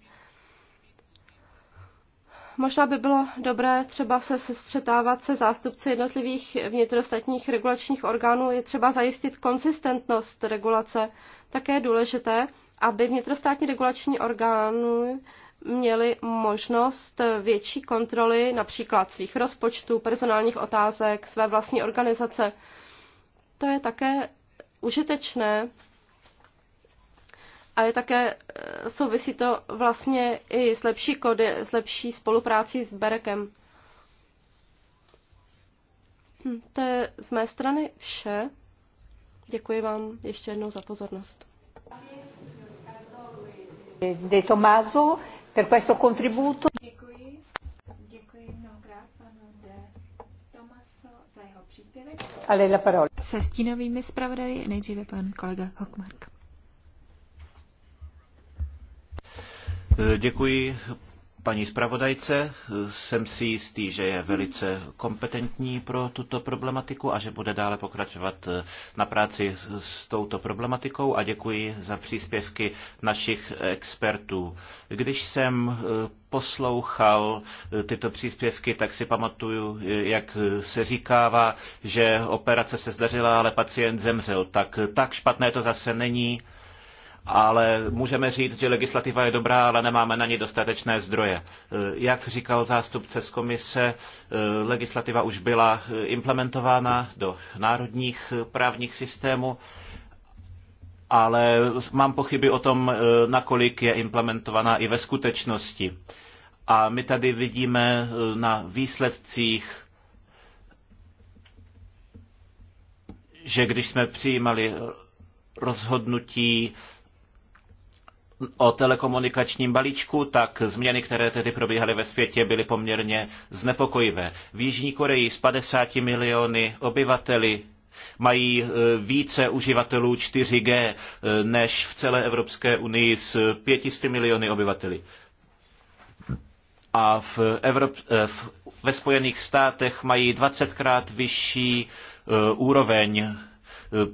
Možná by bylo dobré třeba se sestřetávat se zástupci jednotlivých vnitrostatních regulačních orgánů. Je třeba zajistit konsistentnost regulace. Také je důležité, aby vnitrostátní regulační orgány měli možnost větší kontroly například svých rozpočtů, personálních otázek, své vlastní organizace. To je také užitečné a je také eh, souvisí to vlastně i s lepší, kody, s lepší spoluprácí s Berekem. Hm, to je z mé strany vše. Děkuji vám ještě jednou za pozornost. De Tomaso per questo contributo. Děkuji. Děkuji mnohokrát panu De Tomaso za jeho příspěvek. Ale la parola. Se stínovými zpravodaji nejdříve pan kolega Hockmark. Eh, děkuji paní zpravodajce. Jsem si jistý, že je velice kompetentní pro tuto problematiku a že bude dále pokračovat eh, na práci s touto problematikou a děkuji za příspěvky našich expertů. Když jsem eh, poslouchal tyto příspěvky, tak si pamatuju, jak se říkává, že operace se zdařila, ale pacient zemřel. Tak, tak špatné to zase není ale můžeme říct, že legislativa je dobrá, ale nemáme na ní dostatečné zdroje. Eh, jak říkal zástupce z komise, eh, legislativa už byla eh, implementována do národních právních systémů, ale mám pochyby o tom, nakolik je implementovaná i ve skutečnosti. A my tady vidíme na výsledcích že když jsme přijímali rozhodnutí o telekomunikačním balíčku, tak změny, které tedy probíhaly ve světě, byly poměrně znepokojivé. V Jižní Koreji s 50 miliony obyvateli mají e, více uživatelů 4G e, než v celé Evropské unii s 500 miliony obyvateli. A v Evrop, e, v, ve Spojených státech mají 20krát vyšší úroveň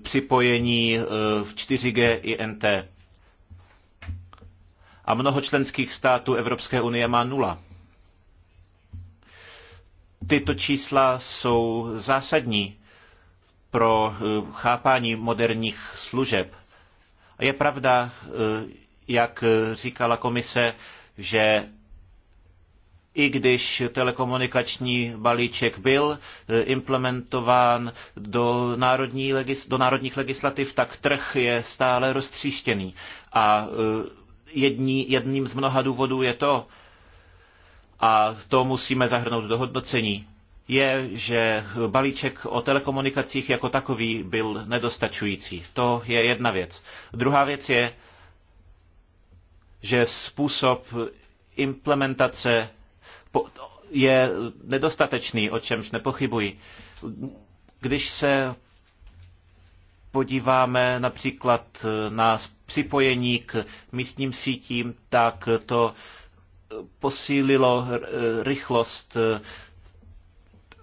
připojení v 4G i NT a mnoho členských států Evropské unie má nula. Tyto čísla jsou zásadní pro eh, chápání moderních služeb. Je pravda, eh, jak říkala komise, že i když telekomunikační balíček byl eh, implementován do, národní, do národních legislativ, tak trh je stále roztříštěný. A jední, jedním z mnoha důvodů je to, a to musíme zahrnout do hodnocení, je, že balíček o telekomunikacích jako takový byl nedostačující. To je jedna věc. Druhá věc je, že způsob implementace je nedostatečný, o čemž nepochybuji. Když se podíváme například na připojení k místním sítím, tak to posílilo rychlost eh,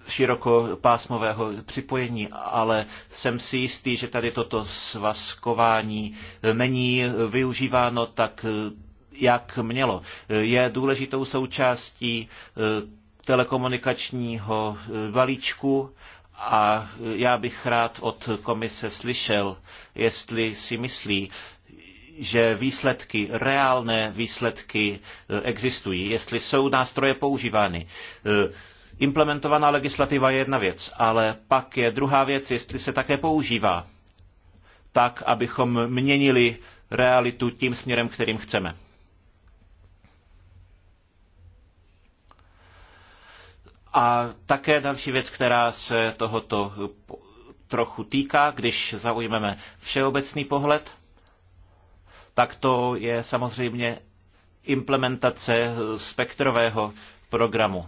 širokopásmového připojení, ale jsem si jistý, že tady toto svazkování eh, není využíváno tak, eh, jak mělo. Je důležitou součástí telekomunikačního balíčku a já bych rád od komise slyšel, jestli si myslí, že výsledky, reálné výsledky eh, existují, jestli jsou nástroje používány. Eh, implementovaná legislativa je jedna věc, ale pak je druhá věc, jestli se také používá tak, abychom měnili realitu tím směrem, kterým chceme. A také další věc, která se tohoto trochu týká, když zaujmeme všeobecný pohled – tak to je samozřejmě implementace spektrového programu.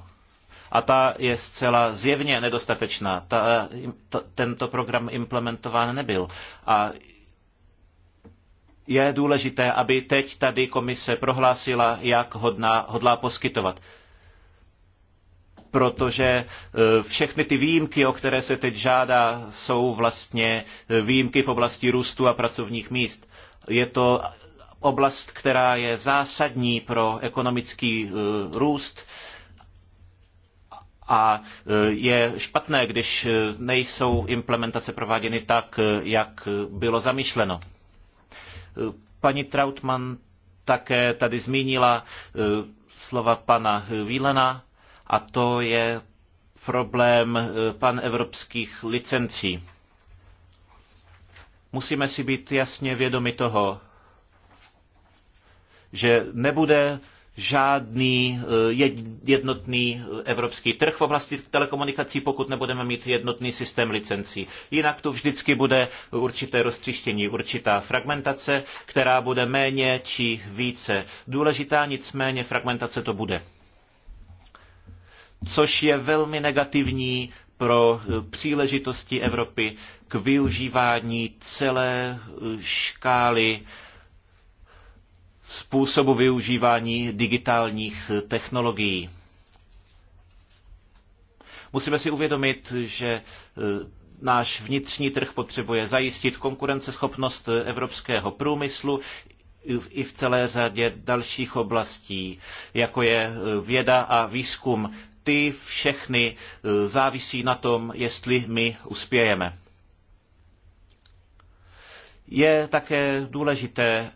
A ta je zcela zjevně nedostatečná. Ta, to, tento program implementován nebyl. A je důležité, aby teď tady komise prohlásila, jak hodná, hodlá poskytovat. Protože e, všechny ty výjimky, o které se teď žádá, jsou vlastně e, výjimky v oblasti růstu a pracovních míst. Je to oblast, která je zásadní pro ekonomický eh, růst a eh, je špatné, když eh, nejsou implementace prováděny tak, jak bylo zamýšleno. Paní Trautmann také tady zmínila slova pana Vílena a to je problém panevropských licencí. Musíme si být jasně vědomi toho, že nebude žádný eh, jednotný eh, evropský trh v oblasti telekomunikací, pokud nebudeme mít jednotný systém licencí. Jinak tu vždycky bude určité roztřištění, určitá fragmentace, která bude méně či více důležitá, nicméně fragmentace to bude. Což je velmi negativní pro eh, příležitosti Evropy k využívání celé eh, škály způsobu využívání digitálních eh, technologií. Musíme si uvědomit, že náš vnitřní trh potřebuje zajistit konkurenceschopnost evropského průmyslu i v celé řadě dalších oblastí, jako je věda a výzkum, ty všechny eh, závisí na tom, jestli my uspějeme. Je také důležité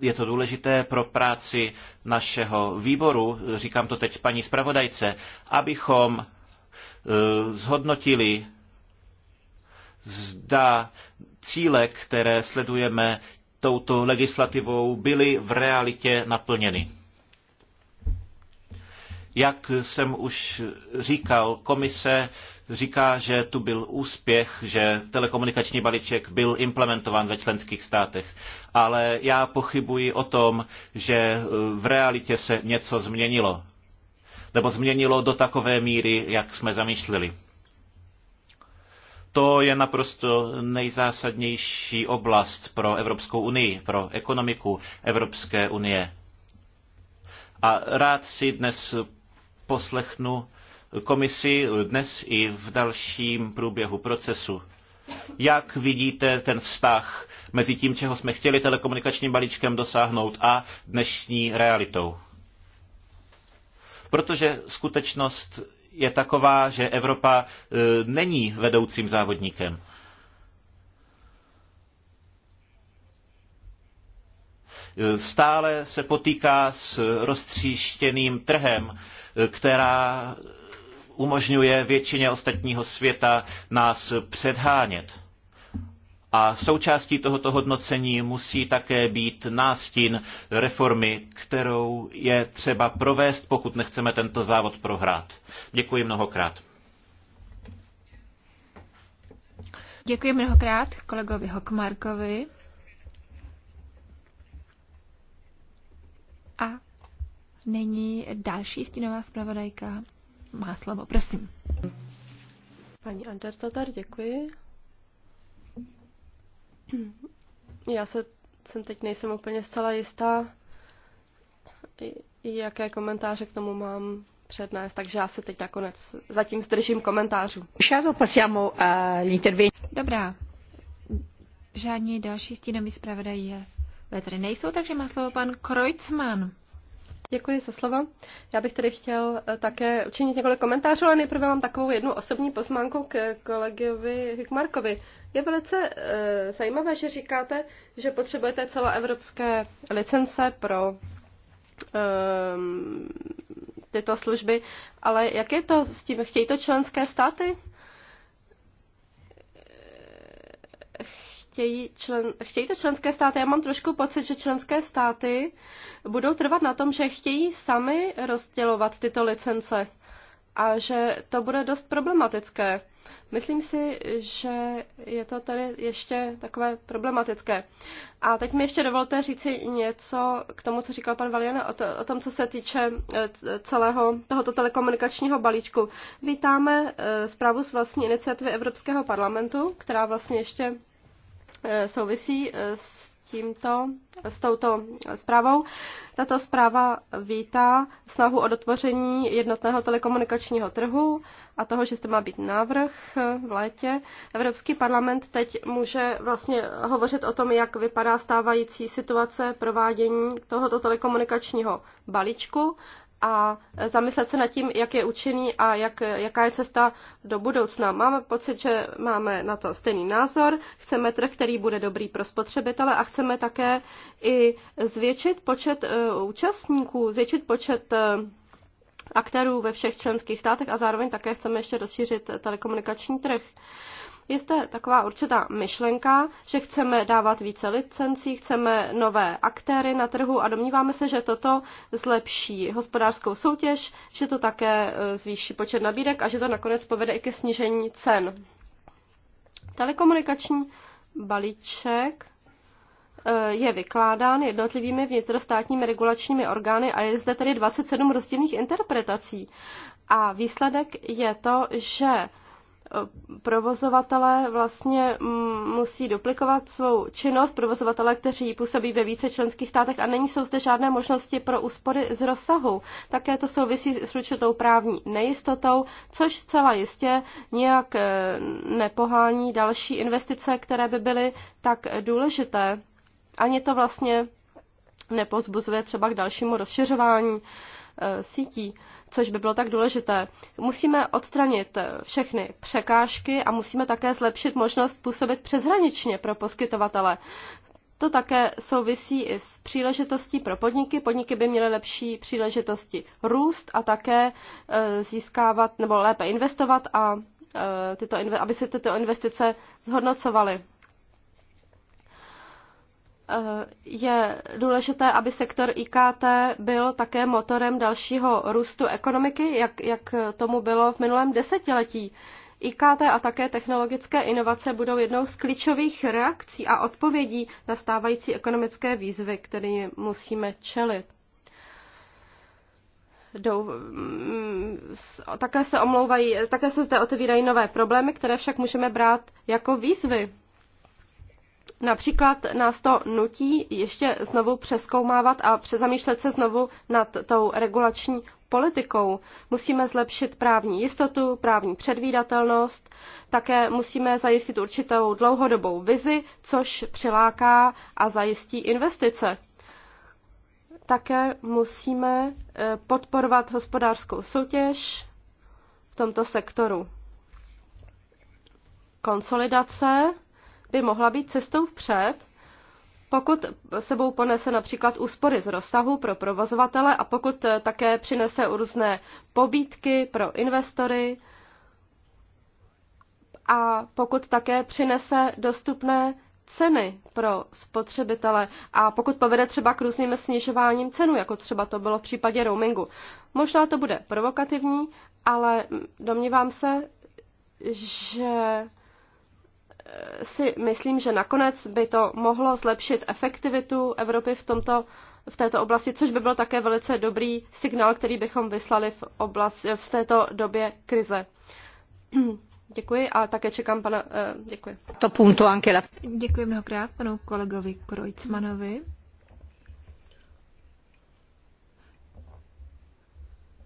je to důležité pro práci našeho výboru, říkám to teď paní zpravodajce, abychom eh, zhodnotili, zda cíle, které sledujeme, touto legislativou byly v realitě naplněny. Jak jsem už říkal, komise říká, že tu byl úspěch, že telekomunikační balíček byl implementován ve členských státech. Ale já pochybuji o tom, že e, v realitě se něco změnilo. Nebo změnilo do takové míry, jak jsme zamýšleli. To je naprosto nejzásadnější oblast pro Evropskou unii, pro ekonomiku Evropské unie. A rád si dnes poslechnu komisi dnes i v dalším průběhu procesu. Jak vidíte ten vztah mezi tím, čeho jsme chtěli telekomunikačním balíčkem dosáhnout a dnešní realitou? Protože skutečnost je taková, že Evropa e, není vedoucím závodníkem. E, stále se potýká s roztříštěným trhem, e, která umožňuje většině ostatního světa nás předhánět. A součástí tohoto hodnocení musí také být nástin reformy, kterou je třeba provést, pokud nechceme tento závod prohrát. Děkuji mnohokrát. Děkuji mnohokrát kolegovi Hokmarkovi. A nyní další stínová zpravodajka má slovo, prosím. Paní Andertotar, děkuji. Já se jsem teď nejsem úplně zcela jistá, jaké komentáře k tomu mám přednést, takže já se teď nakonec zatím zdržím komentářů. Eh, Dobrá. Žádní další stínový zpravodají je vetry nejsou, takže má slovo pan Kreutzmann. Děkuji za slovo. Já bych tedy chtěl eh, také učinit několik komentářů, ale nejprve mám takovou jednu osobní poznámku k kolegovi Hikmarkovi. Je velice e, zajímavé, že říkáte, že potřebujete celoevropské licence pro e, tyto služby, ale jak je to s tím, chtějí to členské státy? chtějí, člen, chtějí to členské státy. Já mám trošku pocit, že členské státy budou trvat na tom, že chtějí sami rozdělovat tyto licence a že to bude dost problematické. Myslím si, že je to tady ještě takové problematické. A teď mi ještě dovolte říci něco k tomu, co říkal pan Valian, o, to, o tom, co se týče e, celého tohoto telekomunikačního balíčku. Vítáme e, zprávu z vlastní iniciativy Evropského parlamentu, která vlastně ještě E, souvisí e, s tímto, s touto zprávou. Tato zpráva vítá snahu o dotvoření jednotného telekomunikačního trhu a toho, že to má být návrh e, v létě. Evropský parlament teď může vlastně hovořit o tom, jak vypadá stávající situace provádění tohoto telekomunikačního balíčku a zamyslet se nad tím, jak je účinný a jak, jaká je cesta do budoucna. Máme pocit, že máme na to stejný názor, chceme trh, který bude dobrý pro spotřebitele a chceme také i zvětšit počet eh, účastníků, zvětšit počet eh, aktérů ve všech členských státech a zároveň také chceme ještě rozšířit telekomunikační trh. Je zde taková určitá myšlenka, že chceme dávat více licencí, chceme nové aktéry na trhu a domníváme se, že toto zlepší hospodářskou soutěž, že to také e, zvýší počet nabídek a že to nakonec povede i ke snížení cen. Telekomunikační balíček e, je vykládán jednotlivými vnitrostátními regulačními orgány a je zde tedy 27 rozdílných interpretací. A výsledek je to, že provozovatelé vlastně musí duplikovat svou činnost, provozovatelé, kteří působí ve více členských státech a není jsou zde žádné možnosti pro úspory z rozsahu. Také to souvisí s určitou právní nejistotou, což zcela jistě nějak e, nepohání další investice, které by byly tak důležité. Ani to vlastně nepozbuzuje třeba k dalšímu rozšiřování Eh, sítí, což by bylo tak důležité. Musíme odstranit eh, všechny překážky a musíme také zlepšit možnost působit přeshraničně pro poskytovatele. To také souvisí i s příležitostí pro podniky. Podniky by měly lepší příležitosti růst a také eh, získávat nebo lépe investovat a tyto, aby se tyto investice zhodnocovaly. Eh, je důležité, aby sektor IKT byl také motorem dalšího růstu ekonomiky, jak, jak tomu bylo v minulém desetiletí. IKT a také technologické inovace budou jednou z klíčových reakcí a odpovědí na stávající ekonomické výzvy, které musíme čelit. Jdou, mm, také se omlouvají, také se zde otevírají nové problémy, které však můžeme brát jako výzvy. Například nás to nutí ještě znovu přeskoumávat a přezamýšlet se znovu nad tou regulační politikou. Musíme zlepšit právní jistotu, právní předvídatelnost, také musíme zajistit určitou dlouhodobou vizi, což přiláká a zajistí investice. Také musíme eh, podporovat hospodářskou soutěž v tomto sektoru. Konsolidace by mohla být cestou vpřed, pokud sebou ponese například úspory z rozsahu pro provozovatele a pokud eh, také přinese různé pobídky pro investory a pokud také přinese dostupné ceny pro spotřebitele a pokud povede třeba k různým snižováním cenu, jako třeba to bylo v případě roamingu. Možná to bude provokativní, ale mm, domnívám se, že si myslím, že nakonec by to mohlo zlepšit efektivitu Evropy v, tomto, v této oblasti, což by byl také velice dobrý signál, který bychom vyslali v, oblast, v této době krize. Děkuji a také čekám pana... Eh, děkuji. To punto Angela. Děkuji mnohokrát panu kolegovi Krojcmanovi.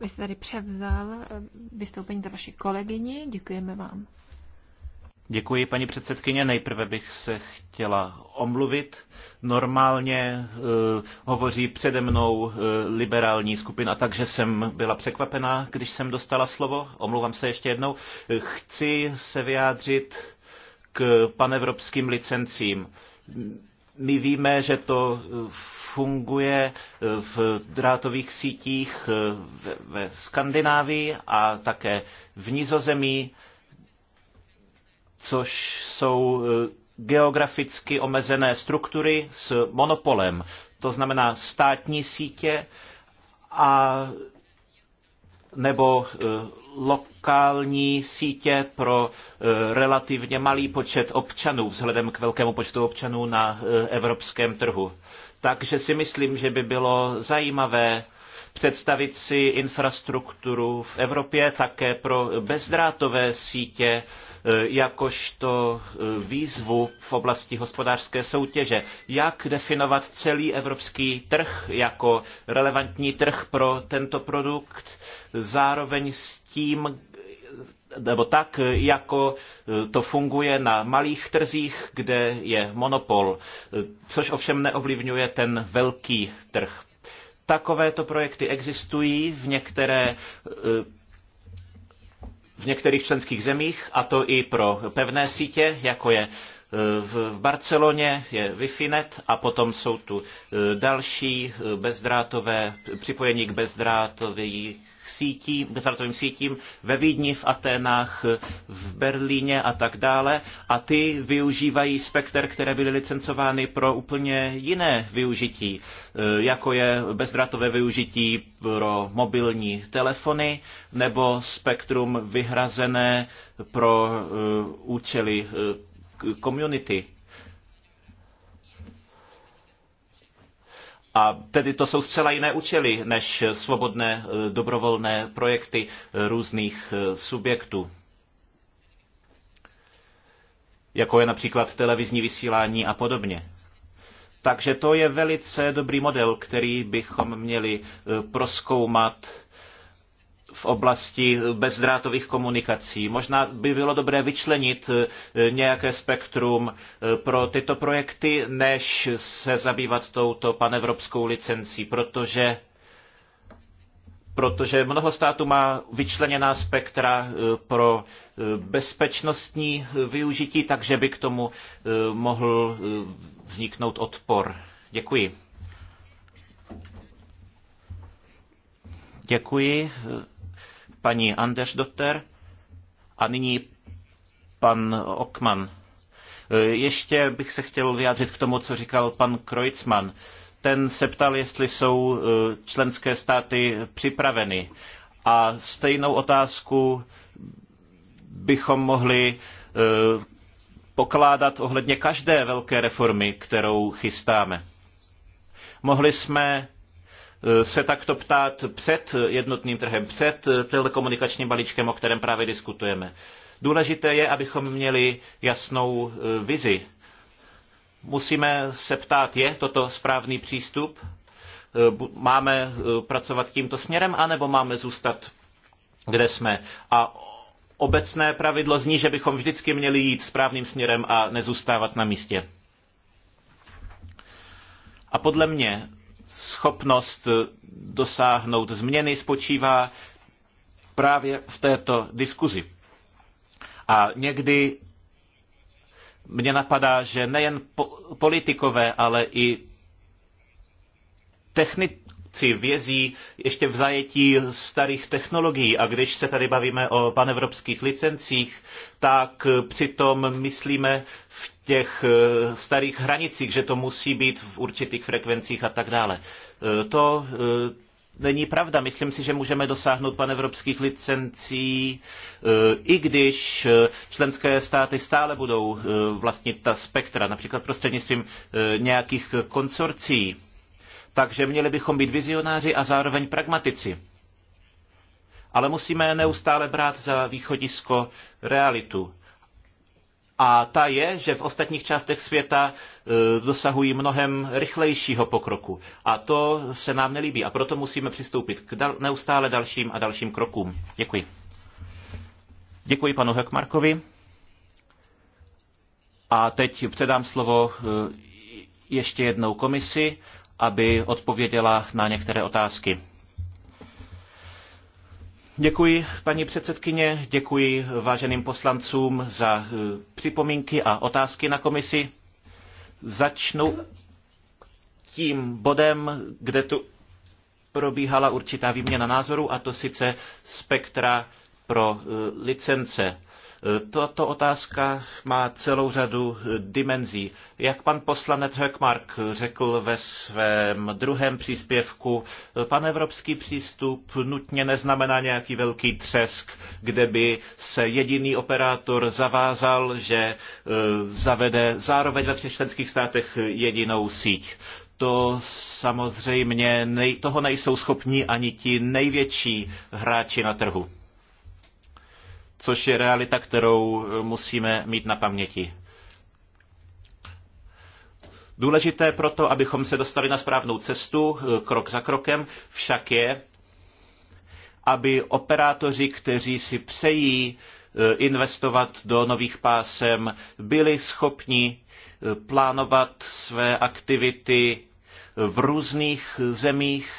Vy jste tady převzal eh, vystoupení za vaši kolegyni. Děkujeme vám. Děkuji, paní předsedkyně. Nejprve bych se chtěla omluvit. Normálně uh, hovoří přede mnou uh, liberální skupina, takže jsem byla překvapená, když jsem dostala slovo. Omluvám se ještě jednou. Chci se vyjádřit k panevropským licencím. My víme, že to eh, funguje v drátových sítích ve Skandinávii a také v Nizozemí což jsou e, geograficky omezené struktury s monopolem, to znamená státní sítě a nebo e, lokální sítě pro e, relativně malý počet občanů vzhledem k velkému počtu občanů na evropském trhu. Takže si myslím, že by bylo zajímavé představit si infrastrukturu v Evropě také pro bezdrátové sítě Eh, jakožto eh, výzvu v oblasti hospodářské soutěže. Jak definovat celý evropský trh jako relevantní trh pro tento produkt, zároveň s tím, nebo tak, eh, jako to funguje na malých trzích, kde je monopol, což ovšem neovlivňuje ten velký trh. Takovéto projekty existují, v některé v některých členských zemích, a to i pro pevné sítě, jako je v Barceloně je Wi-Fi net a potom jsou tu eh, další eh, bezdrátové, připojení k bezdrátových sítí, bezdrátovým sítím ve Vídni, v Aténách, eh, v Berlíně a tak dále. A ty využívají spektr, které byly licencovány pro úplně jiné využití, jako je bezdrátové využití pro mobilní telefony nebo spektrum vyhrazené pro účely community. A tedy to jsou zcela jiné účely než svobodné eh, dobrovolné projekty eh, různých eh, subjektů. Jako je například televizní vysílání a podobně. Takže to je velice dobrý model, který bychom měli proskoumat v oblasti bezdrátových komunikací. Možná by bylo dobré vyčlenit eh, nějaké spektrum eh, pro tyto projekty, než se zabývat touto panevropskou licencí, protože protože mnoho států má vyčleněná spektra eh, pro bezpečnostní využití, takže by k tomu mohl vzniknout odpor. Děkuji. Děkuji paní Andersdotter a nyní pan Okman. E, ještě bych se chtěl vyjádřit k tomu, co říkal pan Kreutzmann. Ten se ptal, jestli jsou e, členské státy připraveny. A stejnou otázku bychom mohli e, pokládat ohledně každé velké reformy, kterou chystáme. Mohli jsme Eh, se takto ptát před jednotným trhem, před eh, telekomunikačním balíčkem, o kterém právě diskutujeme. Důležité je, abychom měli jasnou eh, vizi. Musíme se ptát, je toto správný přístup? Máme pracovat tímto směrem, anebo máme zůstat, kde jsme? A obecné pravidlo zní, že bychom vždycky měli jít správným směrem a nezůstávat na místě. A podle mě schopnost eh, dosáhnout změny spočívá právě v této diskuzi. A někdy mě napadá, že nejen po- politikové, ale i techni- si vězí ještě v zajetí starých technologií. A když se tady bavíme o panevropských licencích, tak přitom myslíme v těch eh, starých hranicích, že to musí být v určitých frekvencích a tak dále. Eh, to eh, není pravda. Myslím si, že můžeme dosáhnout panevropských licencí, i když členské státy stále budou vlastnit ta spektra, například prostřednictvím nějakých konsorcí takže měli bychom být vizionáři a zároveň pragmatici. Ale musíme neustále brát za východisko realitu. A ta je, že v ostatních částech světa e, dosahují mnohem rychlejšího pokroku. A to se nám nelíbí. A proto musíme přistoupit k dal- neustále dalším a dalším krokům. Děkuji. Děkuji panu Hekmarkovi. A teď předám slovo e, ještě jednou komisi aby odpověděla na některé otázky. Děkuji, paní předsedkyně, děkuji váženým poslancům za eh, připomínky a otázky na komisi. Začnu tím bodem, kde tu probíhala určitá výměna názorů, a to sice spektra pro eh, licence. Tato otázka má celou řadu dimenzí. Jak pan poslanec Höckmark řekl ve svém druhém příspěvku, panevropský přístup nutně neznamená nějaký velký třesk, kde by se jediný operátor zavázal, že e, zavede zároveň ve všech členských státech jedinou síť to samozřejmě nej, toho nejsou schopni ani ti největší hráči na trhu což je realita, kterou eh, musíme mít na paměti. Důležité proto, abychom se dostali na správnou cestu, eh, krok za krokem, však je, aby operátoři, kteří si přejí eh, investovat do nových pásem, byli schopni plánovat své aktivity v různých zemích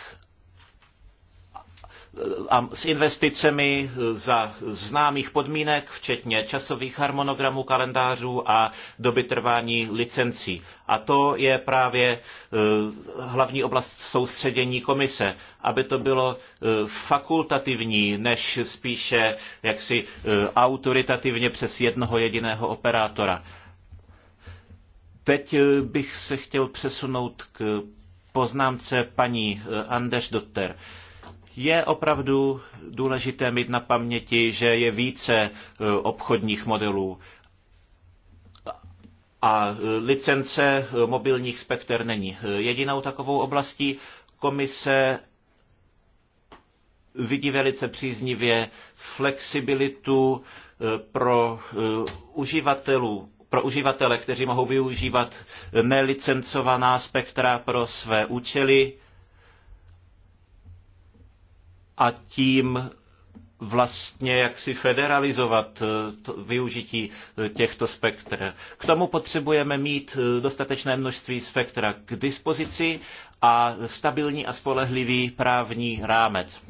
a s investicemi za známých podmínek, včetně časových harmonogramů, kalendářů a doby trvání licencí. A to je právě e, hlavní oblast soustředění komise, aby to bylo e, fakultativní, než spíše jaksi e, autoritativně přes jednoho jediného operátora. Teď bych se chtěl přesunout k poznámce paní Anders Dotter. Je opravdu důležité mít na paměti, že je více e, obchodních modelů a e, licence e, mobilních spekter není jedinou takovou oblastí. Komise vidí velice příznivě flexibilitu pro uživatelů pro uživatele, kteří mohou využívat nelicencovaná spektra pro své účely a tím vlastně jak si federalizovat eh, to využití eh, těchto spektr. K tomu potřebujeme mít eh, dostatečné množství spektra k dispozici a stabilní a spolehlivý právní rámec.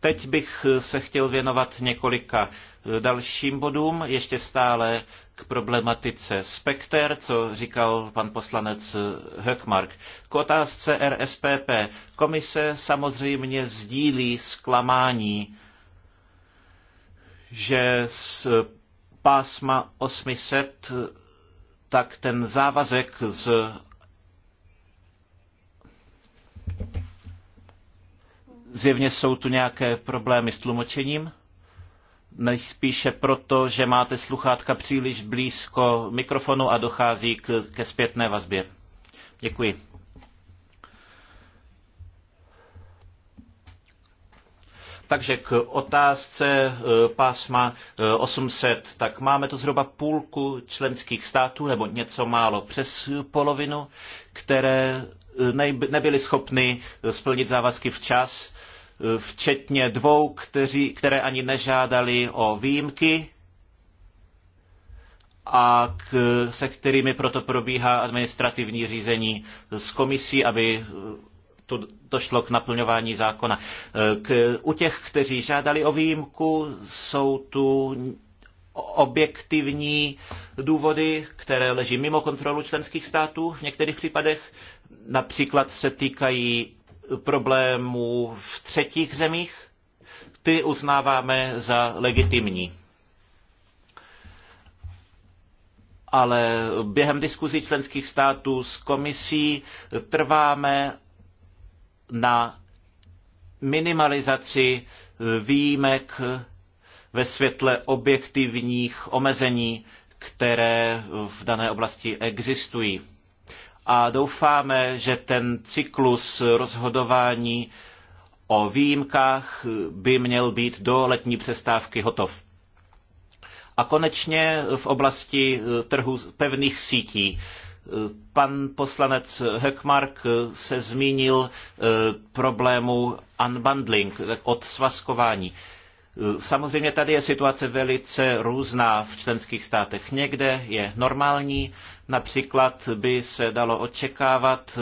Teď bych se chtěl věnovat několika dalším bodům. Ještě stále k problematice Spekter, co říkal pan poslanec Höckmark. K otázce RSPP. Komise samozřejmě sdílí zklamání, že z pásma 800 tak ten závazek z Zjevně jsou tu nějaké problémy s tlumočením nejspíše proto, že máte sluchátka příliš blízko mikrofonu a dochází k, ke zpětné vazbě. Děkuji. Takže k otázce e, pásma 800, e, tak máme to zhruba půlku členských států, nebo něco málo přes polovinu, které e, nebyly schopny splnit závazky včas včetně dvou, kteří, které ani nežádali o výjimky a k, se kterými proto probíhá administrativní řízení s komisí, aby to došlo k naplňování zákona. K, u těch, kteří žádali o výjimku, jsou tu objektivní důvody, které leží mimo kontrolu členských států v některých případech. Například se týkají problémů v třetích zemích, ty uznáváme za legitimní. Ale během diskuzí členských států s komisí trváme na minimalizaci výjimek ve světle objektivních omezení, které v dané oblasti existují a doufáme, že ten cyklus rozhodování o výjimkách by měl být do letní přestávky hotov. A konečně v oblasti eh, trhu pevných sítí. Eh, pan poslanec Heckmark eh, se zmínil problému unbundling, odsvazkování. Samozřejmě tady je situace velice různá v členských státech. Někde je normální, Například by se dalo očekávat,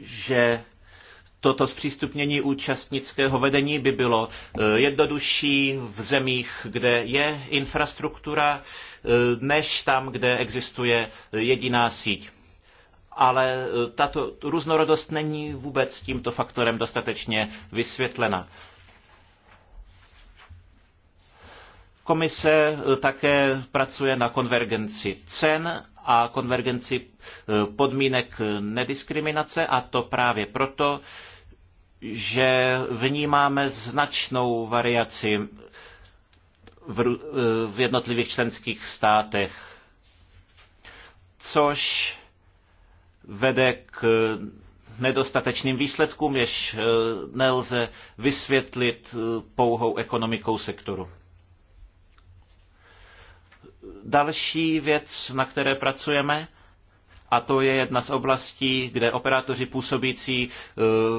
že toto zpřístupnění účastnického vedení by bylo eh, jednodušší v zemích, kde je infrastruktura, eh, než tam, kde existuje jediná síť. Ale eh, tato různorodost není vůbec tímto faktorem dostatečně vysvětlena. Komise eh, také pracuje na konvergenci cen a konvergenci eh, podmínek nediskriminace a to právě proto, že vnímáme značnou variaci v, eh, jednotlivých členských státech, což vede k nedostatečným výsledkům, jež nelze vysvětlit pouhou ekonomikou sektoru. Další věc, na které pracujeme, a to je jedna z oblastí, kde operátoři působící e,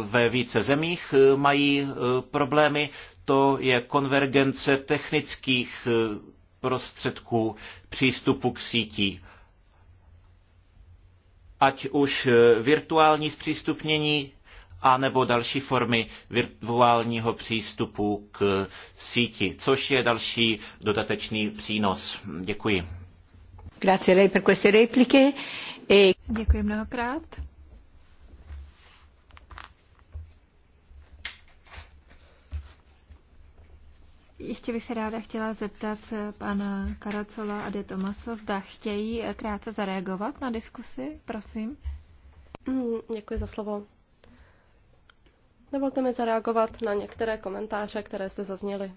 ve více zemích e, mají e, problémy, to je konvergence technických prostředků přístupu k sítí. Ať už virtuální zpřístupnění anebo další formy virtuálního přístupu k síti, což je další dodatečný přínos. Děkuji. E- děkuji mnohokrát. Ještě bych se ráda chtěla zeptat eh, pana Karacola a De Tomaso, zda chtějí eh, krátce zareagovat na diskusi, prosím. Mm, děkuji za slovo. Dovolte mi zareagovat na některé komentáře, které jste zazněly.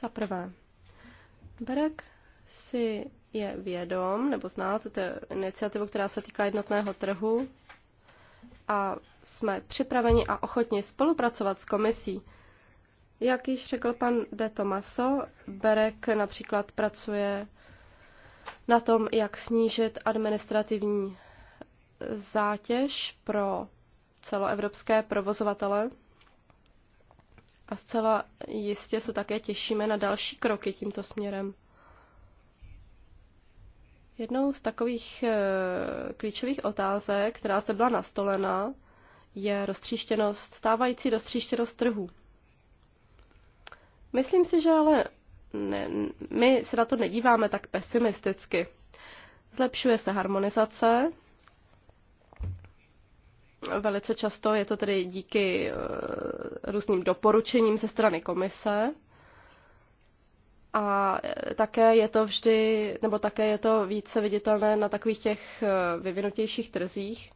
Za prvé, Berek si je vědom, nebo znáte tuto iniciativu, která se týká jednotného trhu a jsme připraveni a ochotni spolupracovat s komisí. Jak již řekl pan De Tomaso, Berek například pracuje na tom, jak snížit administrativní zátěž pro celoevropské provozovatele a zcela jistě se také těšíme na další kroky tímto směrem. Jednou z takových eh, klíčových otázek, která se byla nastolena, je roztříštěnost, stávající roztříštěnost trhu. Myslím si, že ale ne, my se na to nedíváme tak pesimisticky. Zlepšuje se harmonizace, Velice často je to tedy díky eh, různým doporučením ze strany komise. A eh, také je to vždy, nebo také je to více viditelné na takových těch eh, vyvinutějších trzích.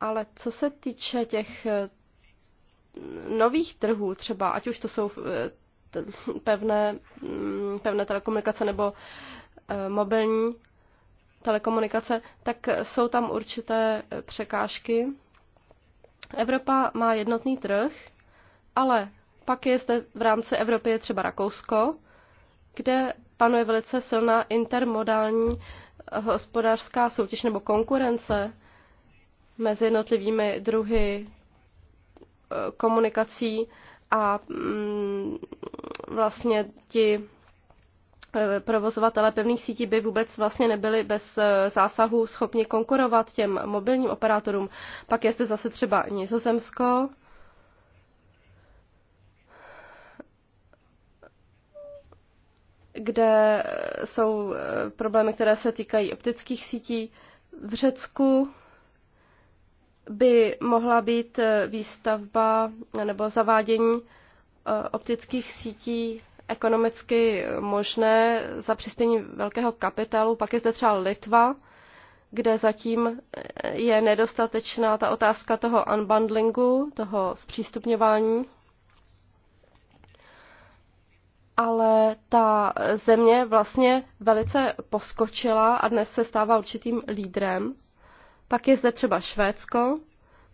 Ale co se týče těch nových trhů třeba, ať už to jsou pevné, mm, pevné telekomunikace nebo mobilní telekomunikace, tak jsou tam určité překážky. Evropa má jednotný trh, ale pak je zde v rámci Evropy je třeba Rakousko, kde panuje velice silná intermodální hospodářská soutěž nebo konkurence mezi jednotlivými druhy eh, komunikací a mm, vlastně ti provozovatele pevných sítí by vůbec vlastně nebyli bez eh, zásahu schopni konkurovat těm mobilním operátorům. Pak je zde zase třeba Nizozemsko. kde eh, jsou eh, problémy, které se týkají optických sítí. V Řecku by mohla být výstavba nebo zavádění optických sítí ekonomicky možné za přispění velkého kapitálu. Pak je zde třeba Litva, kde zatím je nedostatečná ta otázka toho unbundlingu, toho zpřístupňování. Ale ta země vlastně velice poskočila a dnes se stává určitým lídrem. Pak je zde třeba Švédsko,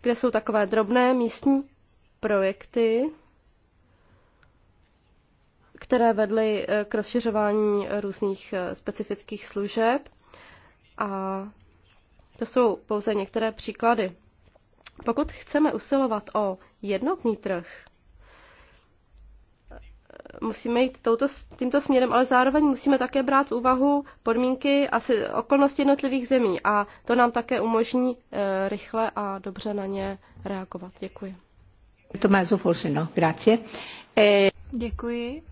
kde jsou takové drobné místní projekty, které vedly eh, k rozšiřování eh, různých eh, specifických služeb. A to jsou pouze některé příklady. Pokud chceme usilovat o jednotný trh, musíme jít touto, tímto směrem, ale zároveň musíme také brát v úvahu podmínky a okolnosti jednotlivých zemí a to nám také umožní e, rychle a dobře na ně reagovat. Děkuji. To má grazie. Děkuji.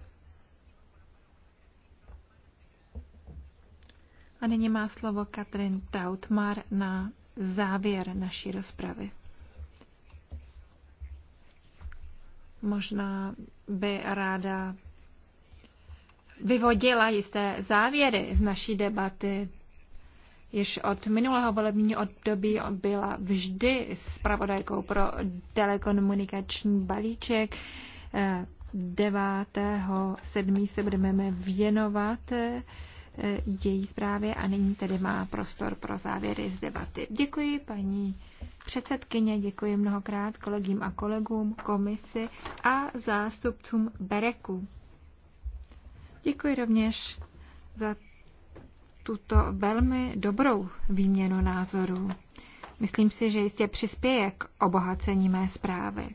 A nyní má slovo Katrin Tautmar na závěr naší rozpravy. Možná by ráda vyvodila jisté závěry z naší debaty. Již od minulého volebního období byla vždy zpravodajkou pro telekomunikační balíček. 9.7. Eh, se budeme věnovat eh, Eh, její zprávě a nyní tedy má prostor pro závěry z debaty. Děkuji paní předsedkyně, děkuji mnohokrát kolegím a kolegům, komisi a zástupcům Bereku. Děkuji rovněž za tuto velmi dobrou výměnu názorů. Myslím si, že jistě přispěje k obohacení mé zprávy.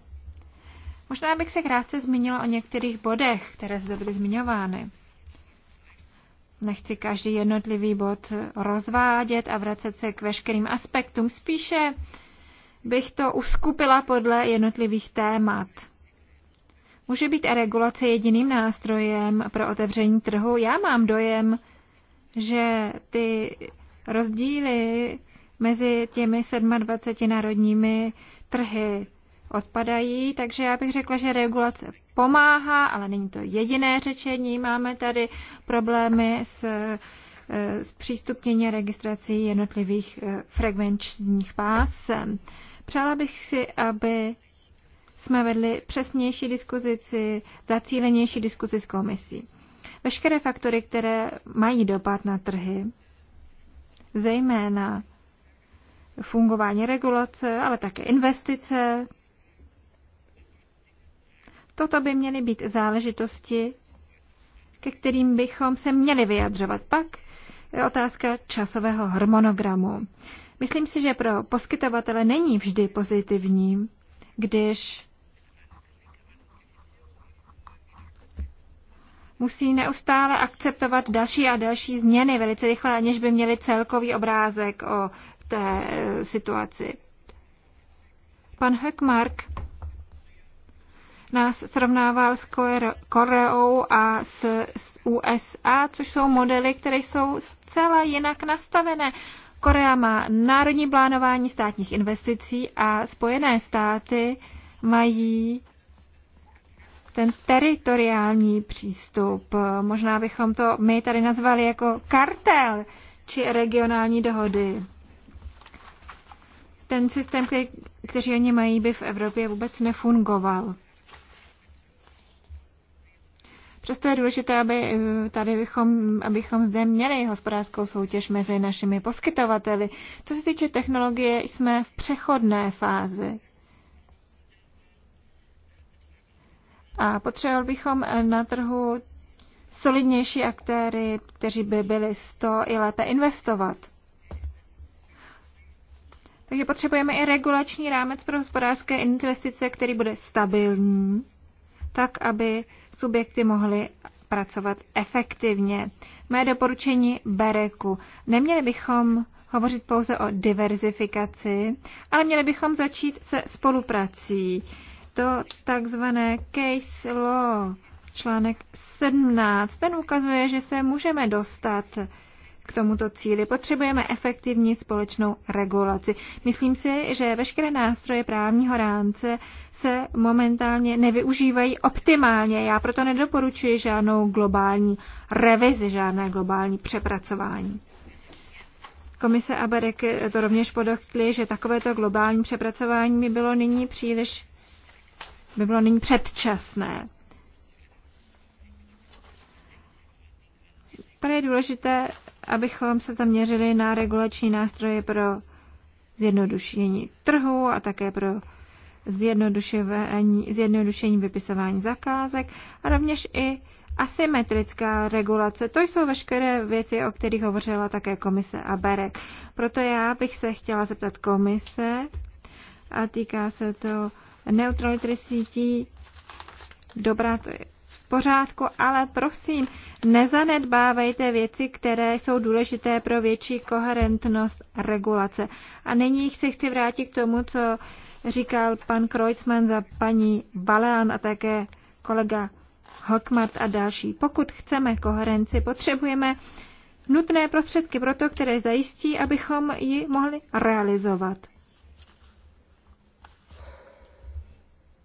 Možná bych se krátce zmínila o některých bodech, které zde byly zmiňovány nechci každý jednotlivý bod rozvádět a vracet se k veškerým aspektům. Spíše bych to uskupila podle jednotlivých témat. Může být e regulace jediným nástrojem pro otevření trhu? Já mám dojem, že ty rozdíly mezi těmi 27 národními trhy odpadají, takže já bych řekla, že regulace pomáhá, ale není to jediné řečení. Máme tady problémy s zpřístupnění e, registrací jednotlivých e, frekvenčních pásem. Přála bych si, aby jsme vedli přesnější diskuzici, zacílenější diskuzi s komisí. Veškeré faktory, které mají dopad na trhy, zejména fungování regulace, ale také investice, Toto by měly být záležitosti, ke kterým bychom se měli vyjadřovat. Pak je otázka časového harmonogramu. Myslím si, že pro poskytovatele není vždy pozitivní, když musí neustále akceptovat další a další změny velice rychle, aniž by měli celkový obrázek o té e, situaci. Pan Höckmark nás srovnával s Koreou a s, s USA, což jsou modely, které jsou zcela jinak nastavené. Korea má národní plánování státních investicí a Spojené státy mají ten teritoriální přístup. Možná bychom to my tady nazvali jako kartel či regionální dohody. Ten systém, který, který oni mají, by v Evropě vůbec nefungoval. Přesto je důležité, aby eh, tady bychom, abychom zde měli hospodářskou soutěž mezi našimi poskytovateli. Co se týče technologie, jsme v přechodné fázi. A potřebovali bychom eh, na trhu solidnější aktéry, kteří by byli z to i lépe investovat. Takže potřebujeme i regulační rámec pro hospodářské investice, který bude stabilní, tak aby subjekty mohly pracovat efektivně. Mé doporučení Bereku. Neměli bychom hovořit pouze o diverzifikaci, ale měli bychom začít se spoluprací. To takzvané case law, článek 17, ten ukazuje, že se můžeme dostat k tomuto cíli, potřebujeme efektivní společnou regulaci. Myslím si, že veškeré nástroje právního rámce se momentálně nevyužívají optimálně. Já proto nedoporučuji žádnou globální revizi, žádné globální přepracování. Komise a Berek to rovněž podotkli, že takovéto globální přepracování by bylo nyní příliš by bylo nyní předčasné. Tady je důležité, abychom se zaměřili na regulační nástroje pro zjednodušení trhu a také pro zjednodušení, zjednodušení vypisování zakázek a rovněž i asymetrická regulace. To jsou veškeré věci, o kterých hovořila také komise a Berek. Proto já bych se chtěla zeptat komise a týká se to neutrality sítí. Dobrá, to je pořádku, ale prosím, nezanedbávejte věci, které jsou důležité pro větší koherentnost regulace. A nyní se chci vrátit k tomu, co říkal pan Kreuzmann za paní Balean a také kolega Hockmart a další. Pokud chceme koherenci, potřebujeme nutné prostředky pro to, které zajistí, abychom ji mohli realizovat.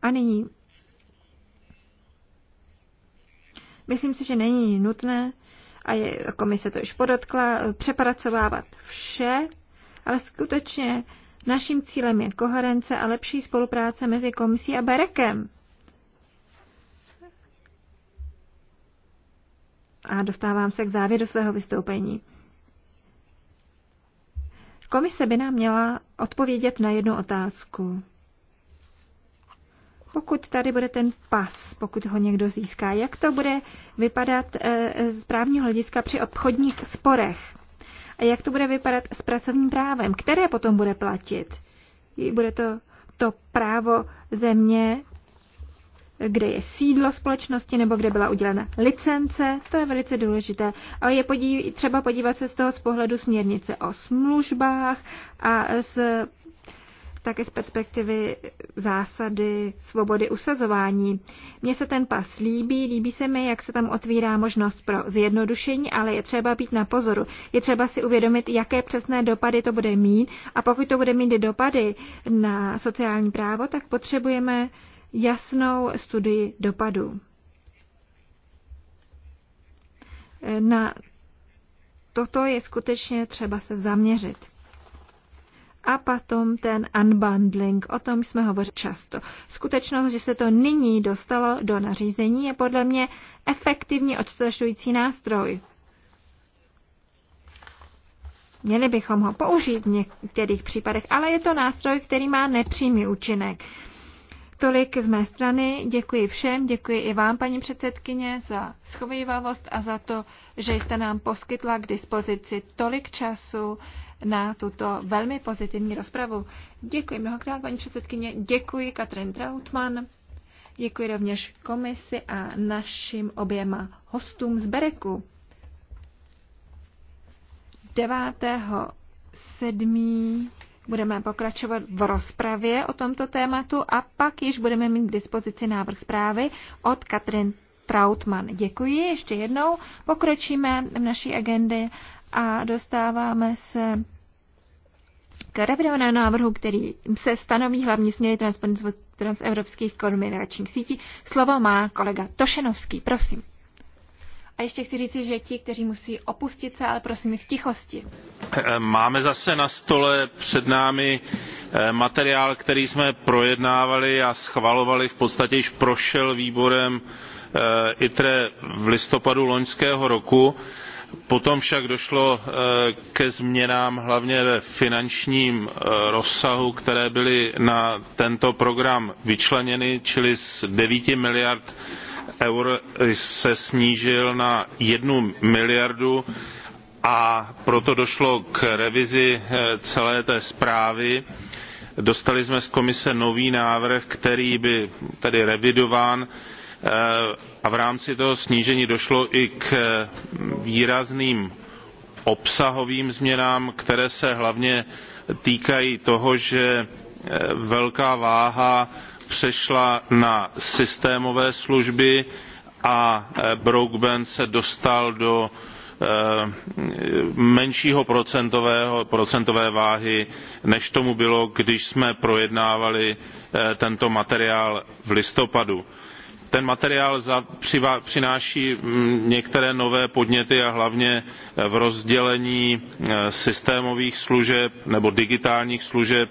A nyní Myslím si, že není nutné, a je, komise to již podotkla, eh, přepracovávat vše, ale skutečně naším cílem je koherence a lepší spolupráce mezi komisí a Berekem. A dostávám se k závěru svého vystoupení. Komise by nám měla odpovědět na jednu otázku. Pokud tady bude ten pas, pokud ho někdo získá, jak to bude vypadat eh, z právního hlediska při obchodních sporech? A jak to bude vypadat s pracovním právem? Které potom bude platit? Bude to to právo země, kde je sídlo společnosti nebo kde byla udělena licence, to je velice důležité. A je podí, třeba podívat se z toho z pohledu směrnice o službách a z také z perspektivy zásady svobody usazování. Mně se ten pas líbí, líbí se mi, jak se tam otvírá možnost pro zjednodušení, ale je třeba být na pozoru. Je třeba si uvědomit, jaké přesné dopady to bude mít a pokud to bude mít dopady na sociální právo, tak potřebujeme jasnou studii dopadu. Na toto je skutečně třeba se zaměřit a potom ten unbundling. O tom jsme hovořili často. Skutečnost, že se to nyní dostalo do nařízení, je podle mě efektivně odstrašující nástroj. Měli bychom ho použít v některých případech, ale je to nástroj, který má nepřímý účinek. Tolik z mé strany. Děkuji všem, děkuji i vám, paní předsedkyně, za schovývavost a za to, že jste nám poskytla k dispozici tolik času, na tuto velmi pozitivní rozpravu. Děkuji mnohokrát, paní předsedkyně, děkuji Katrin Trautmann, děkuji rovněž komisi a našim oběma hostům z Bereku. 9. 7. budeme pokračovat v rozpravě o tomto tématu a pak již budeme mít k dispozici návrh zprávy od Katrin Trautmann. Děkuji ještě jednou. Pokročíme v naší agendy a dostáváme se k revidovanému návrhu, který se stanoví hlavní směry transevropských koordinačních sítí. Slovo má kolega Tošenovský, prosím. A ještě chci říci, že ti, kteří musí opustit se, ale prosím v tichosti. Máme zase na stole před námi eh, materiál, který jsme projednávali a schvalovali, v podstatě již prošel výborem eh, ITRE v listopadu loňského roku potom však došlo eh, ke změnám hlavně ve finančním eh, rozsahu které byly na tento program vyčleněny čili z devíti miliard eur se snížil na jednu miliardu a proto došlo k revizi eh, celé té zprávy. dostali jsme z komise nový návrh který by tedy revidován a v rámci toho snížení došlo i k eh, výrazným obsahovým změnám které se hlavně týkají toho že eh, velká váha přešla na systémové služby a eh, broadband se dostal do menšího procentové váhy než tomu bylo když jsme projednávali tento materiál v listopadu ten materiál přináší mm, některé nové podněty a hlavně eh, v rozdělení eh, systémových služeb nebo digitálních služeb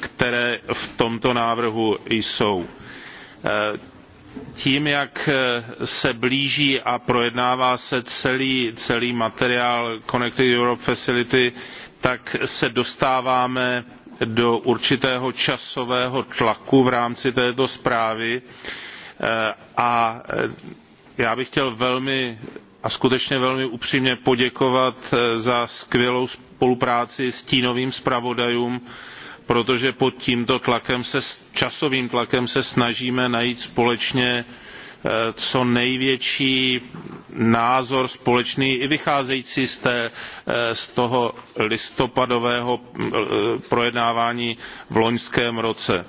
které v tomto návrhu jsou. Eh, tím jak se blíží a projednává se celý, materiál connecting europe facility tak se dostáváme do určitého časového tlaku v rámci této zprávy a Eh, a eh, já bych chtěl velmi a skutečně velmi upřímně poděkovat eh, za skvělou spolupráci stínovým zpravodajům protože pod tímto tlakem se, časovým tlakem se snažíme najít společně co největší názor společný i vycházející z, té, z toho listopadového projednávání v loňském roce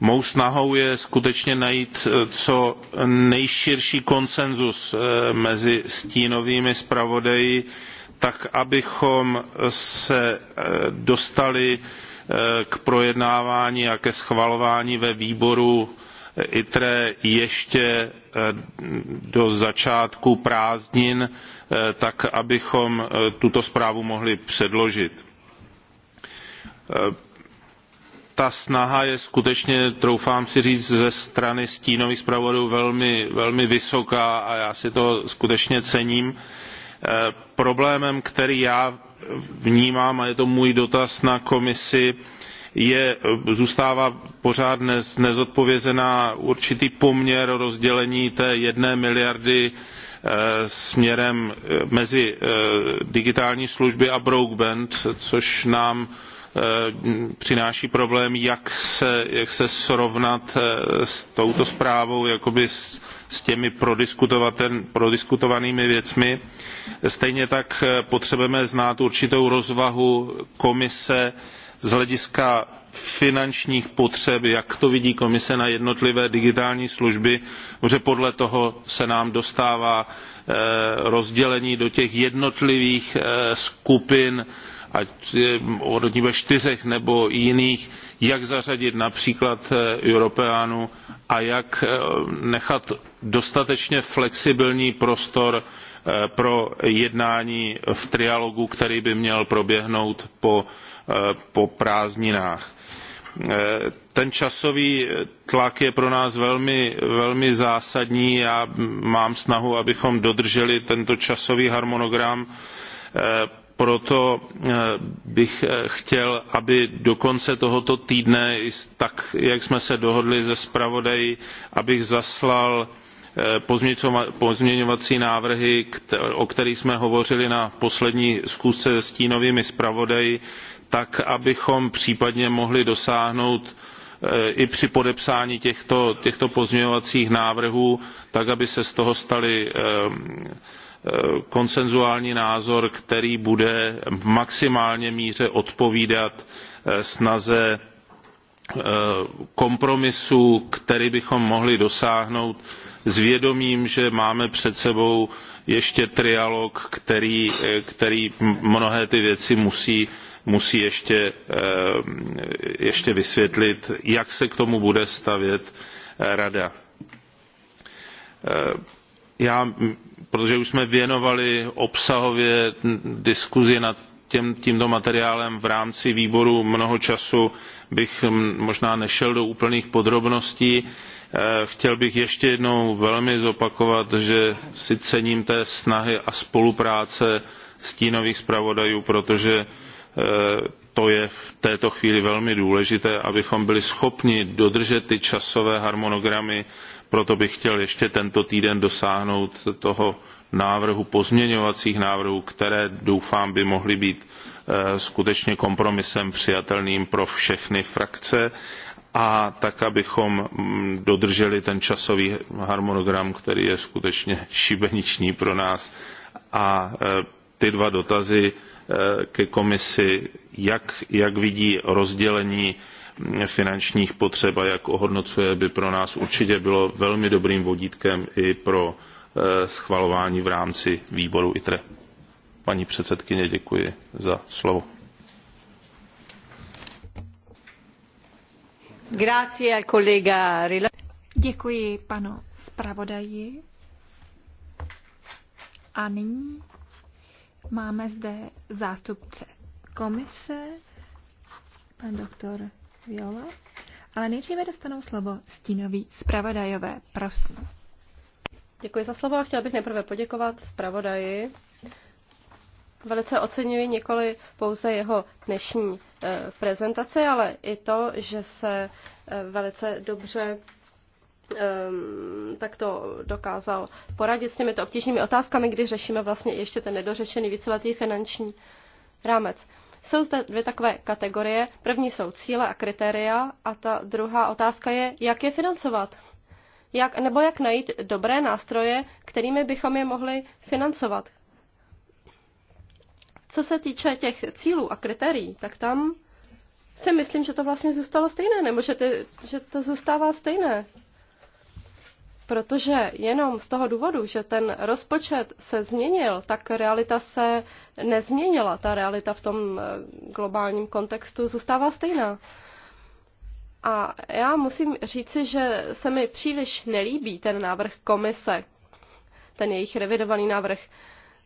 mou snahou je skutečně najít eh, co nejširší konsenzus eh, mezi stínovými zpravodaji tak abychom se eh, dostali k projednávání a ke schvalování ve výboru itre ještě do začátku prázdnin tak abychom tuto zprávu mohli předložit ta snaha je skutečně troufám si říct ze strany stínových zpravodajů velmi, velmi vysoká a já si to skutečně cením. E, problémem který já vnímám a je to můj dotaz na komisi je, e, zůstává pořád nez, nezodpovězená určitý poměr rozdělení té jedné miliardy e, směrem mezi digitální služby a broadband což nám Eh, přináší problém, jak se, jak se srovnat eh, s touto zprávou, jakoby s, s těmi prodiskutovanými věcmi. Stejně tak eh, potřebujeme znát určitou rozvahu komise z hlediska finančních potřeb, jak to vidí komise na jednotlivé digitální služby, protože podle toho se nám dostává rozdělení do těch jednotlivých skupin ať o eh, rodíme čtyřech nebo jiných, jak zařadit například eh, Europeánu a jak eh, nechat dostatečně flexibilní prostor pro jednání v trialogu, který by měl proběhnout po, po prázdninách ten časový tlak je pro nás velmi, velmi zásadní. Já mám snahu, abychom dodrželi tento časový harmonogram proto eh, bych eh, chtěl aby do konce tohoto týdne tak jak jsme se dohodli se zpravodaji abych zaslal eh, pozměňovací návrhy o kterých jsme hovořili na poslední schůzce se stínovými zpravodaji tak abychom případně mohli dosáhnout i při podepsání těchto, pozměňovacích návrhů tak aby se z toho staly Eh, konsenzuální názor který bude v maximální míře odpovídat eh, snaze eh, kompromisu který bychom mohli dosáhnout s vědomím že máme před sebou ještě trialog který, který mnohé ty věci musí, musí ještě, ještě vysvětlit jak se k tomu bude stavět rada. já protože už jsme věnovali obsahově diskuzi nad těm, tímto materiálem v rámci výboru mnoho času, bych možná nešel do úplných podrobností. Eh, chtěl bych ještě jednou velmi zopakovat, že si cením té snahy a spolupráce stínových zpravodajů, protože eh, to je v této chvíli velmi důležité, abychom byli schopni dodržet ty časové harmonogramy proto bych chtěl ještě tento týden dosáhnout toho návrhu pozměňovacích návrhů které doufám by mohly být eh, skutečně kompromisem přijatelným pro všechny frakce a tak abychom mm, dodrželi ten časový harmonogram který je skutečně šibeniční pro nás a eh, ty dva dotazy eh, ke komisi jak, jak vidí rozdělení finančních potřeb a jak ohodnocuje, by pro nás určitě bylo velmi dobrým vodítkem i pro eh, schvalování v rámci výboru ITRE. Paní předsedkyně, děkuji za slovo. Děkuji panu zpravodaji. A nyní máme zde zástupce komise, pan doktor Viola. Ale nejdříve dostanou slovo stínový zpravodajové. Prosím. Děkuji za slovo a chtěla bych nejprve poděkovat zpravodaji. Velice oceňuji nikoli pouze jeho dnešní e, prezentaci, ale i to, že se e, velice dobře ehm, tak to dokázal poradit s těmito obtížnými otázkami, kdy řešíme vlastně ještě ten nedořešený víceletý finanční rámec. Jsou zde dvě takové kategorie. První jsou cíle a kritéria a ta druhá otázka je, jak je financovat. Jak, nebo jak najít dobré nástroje, kterými bychom je mohli financovat. Co se týče těch cílů a kritérií, tak tam si myslím, že to vlastně zůstalo stejné, nebo že, ty, že to zůstává stejné protože jenom z toho důvodu, že ten rozpočet se změnil, tak realita se nezměnila. Ta realita v tom eh, globálním kontextu zůstává stejná. A já musím říci, že se mi příliš nelíbí ten návrh komise, ten jejich revidovaný návrh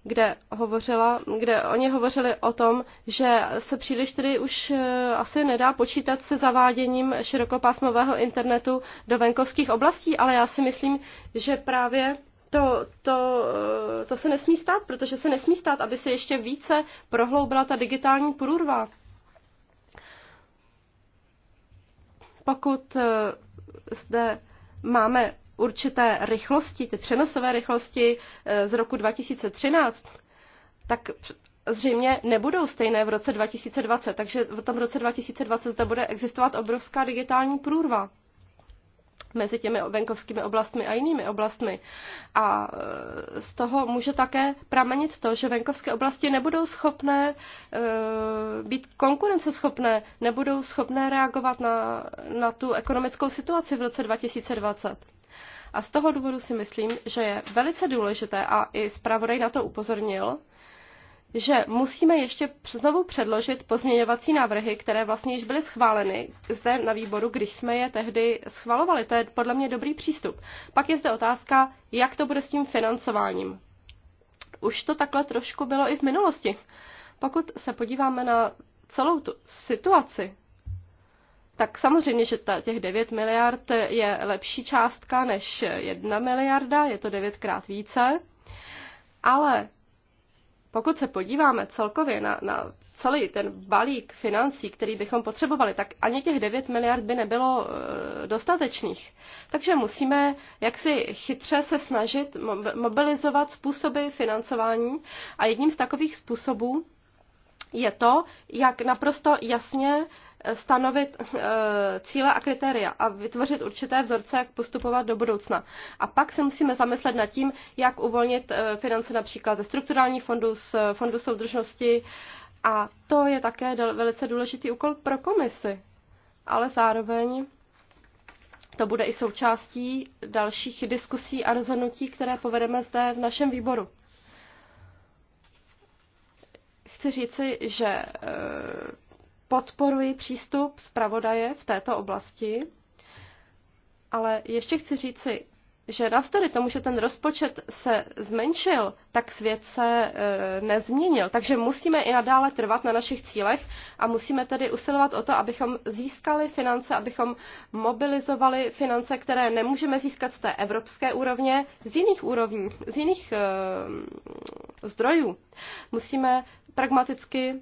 kde, hovořila, kde oni hovořili o tom, že se příliš tedy už eh, asi nedá počítat se zaváděním širokopásmového internetu do venkovských oblastí, ale já si myslím, že právě to, to, eh, to se nesmí stát, protože se nesmí stát, aby se ještě více prohloubila ta digitální průrva. Pokud eh, zde máme určité rychlosti, ty přenosové rychlosti eh, z roku 2013, tak zřejmě nebudou stejné v roce 2020, takže v tom roce 2020 zde bude existovat obrovská digitální průrva mezi těmi venkovskými oblastmi a jinými oblastmi. A eh, z toho může také pramenit to, že venkovské oblasti nebudou schopné eh, být konkurenceschopné, nebudou schopné reagovat na, na tu ekonomickou situaci v roce 2020. A z toho důvodu si myslím, že je velice důležité, a i zpravodaj na to upozornil, že musíme ještě znovu předložit pozměňovací návrhy, které vlastně již byly schváleny zde na výboru, když jsme je tehdy schvalovali. To je podle mě dobrý přístup. Pak je zde otázka, jak to bude s tím financováním. Už to takhle trošku bylo i v minulosti. Pokud se podíváme na celou tu situaci, tak samozřejmě, že ta, těch 9 miliard je lepší částka než 1 miliarda, je to 9 krát více, ale pokud se podíváme celkově na, na celý ten balík financí, který bychom potřebovali, tak ani těch 9 miliard by nebylo e, dostatečných. Takže musíme jaksi chytře se snažit mobilizovat způsoby financování a jedním z takových způsobů je to, jak naprosto jasně stanovit eh, cíle a kritéria a vytvořit určité vzorce, jak postupovat do budoucna. A pak se musíme zamyslet nad tím, jak uvolnit eh, finance například ze strukturální fondu, z fondu soudržnosti. A to je také velice důležitý úkol pro komisi. Ale zároveň to bude i součástí dalších diskusí a rozhodnutí, které povedeme zde v našem výboru. Chci říci, že eh, podporuji přístup zpravodaje v této oblasti, ale ještě chci říci, že navzdory tomu, že ten rozpočet se zmenšil, tak svět se e, nezměnil. Takže musíme i nadále trvat na našich cílech a musíme tedy usilovat o to, abychom získali finance, abychom mobilizovali finance, které nemůžeme získat z té evropské úrovně, z jiných úrovní, z jiných e, zdrojů. Musíme pragmaticky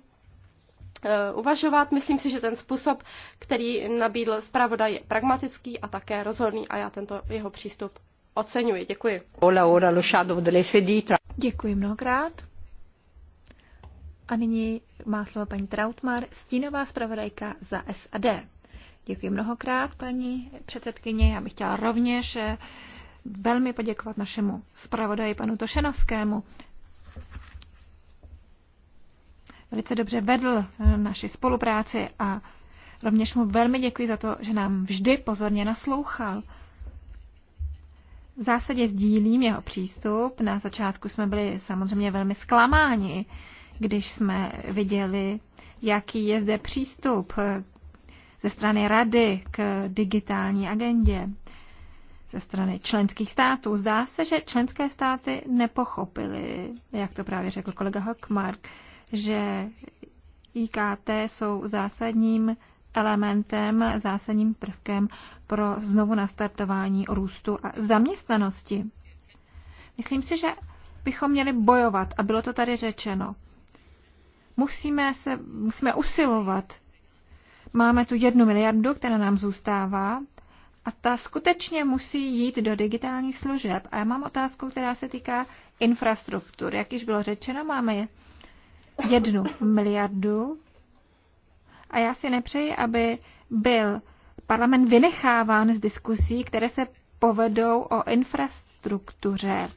Eh, uvažovat. Myslím si, že ten způsob, který nabídl zpravodaj, je pragmatický a také rozhodný a já tento jeho přístup oceňuji. Děkuji. Děkuji mnohokrát. A nyní má slovo paní Trautmar, stínová zpravodajka za SAD. Děkuji mnohokrát, paní předsedkyně. Já bych chtěla rovněž eh, velmi poděkovat našemu zpravodaji panu Tošenovskému velice dobře vedl eh, naši spolupráci a rovněž mu velmi děkuji za to, že nám vždy pozorně naslouchal. V zásadě sdílím jeho přístup. Na začátku jsme byli samozřejmě velmi zklamáni, když jsme viděli, jaký je zde přístup eh, ze strany Rady k digitální agendě, ze strany členských států. Zdá se, že členské státy nepochopily, jak to právě řekl kolega Hockmark, že IKT jsou zásadním elementem, zásadním prvkem pro znovu nastartování růstu a zaměstnanosti. Myslím si, že bychom měli bojovat, a bylo to tady řečeno. Musíme, se, musíme usilovat. Máme tu jednu miliardu, která nám zůstává, a ta skutečně musí jít do digitálních služeb. A já mám otázku, která se týká infrastruktur. Jak již bylo řečeno, máme jednu miliardu a já si nepřeji, aby byl parlament vynecháván z diskusí, které se povedou o infrastruktuře.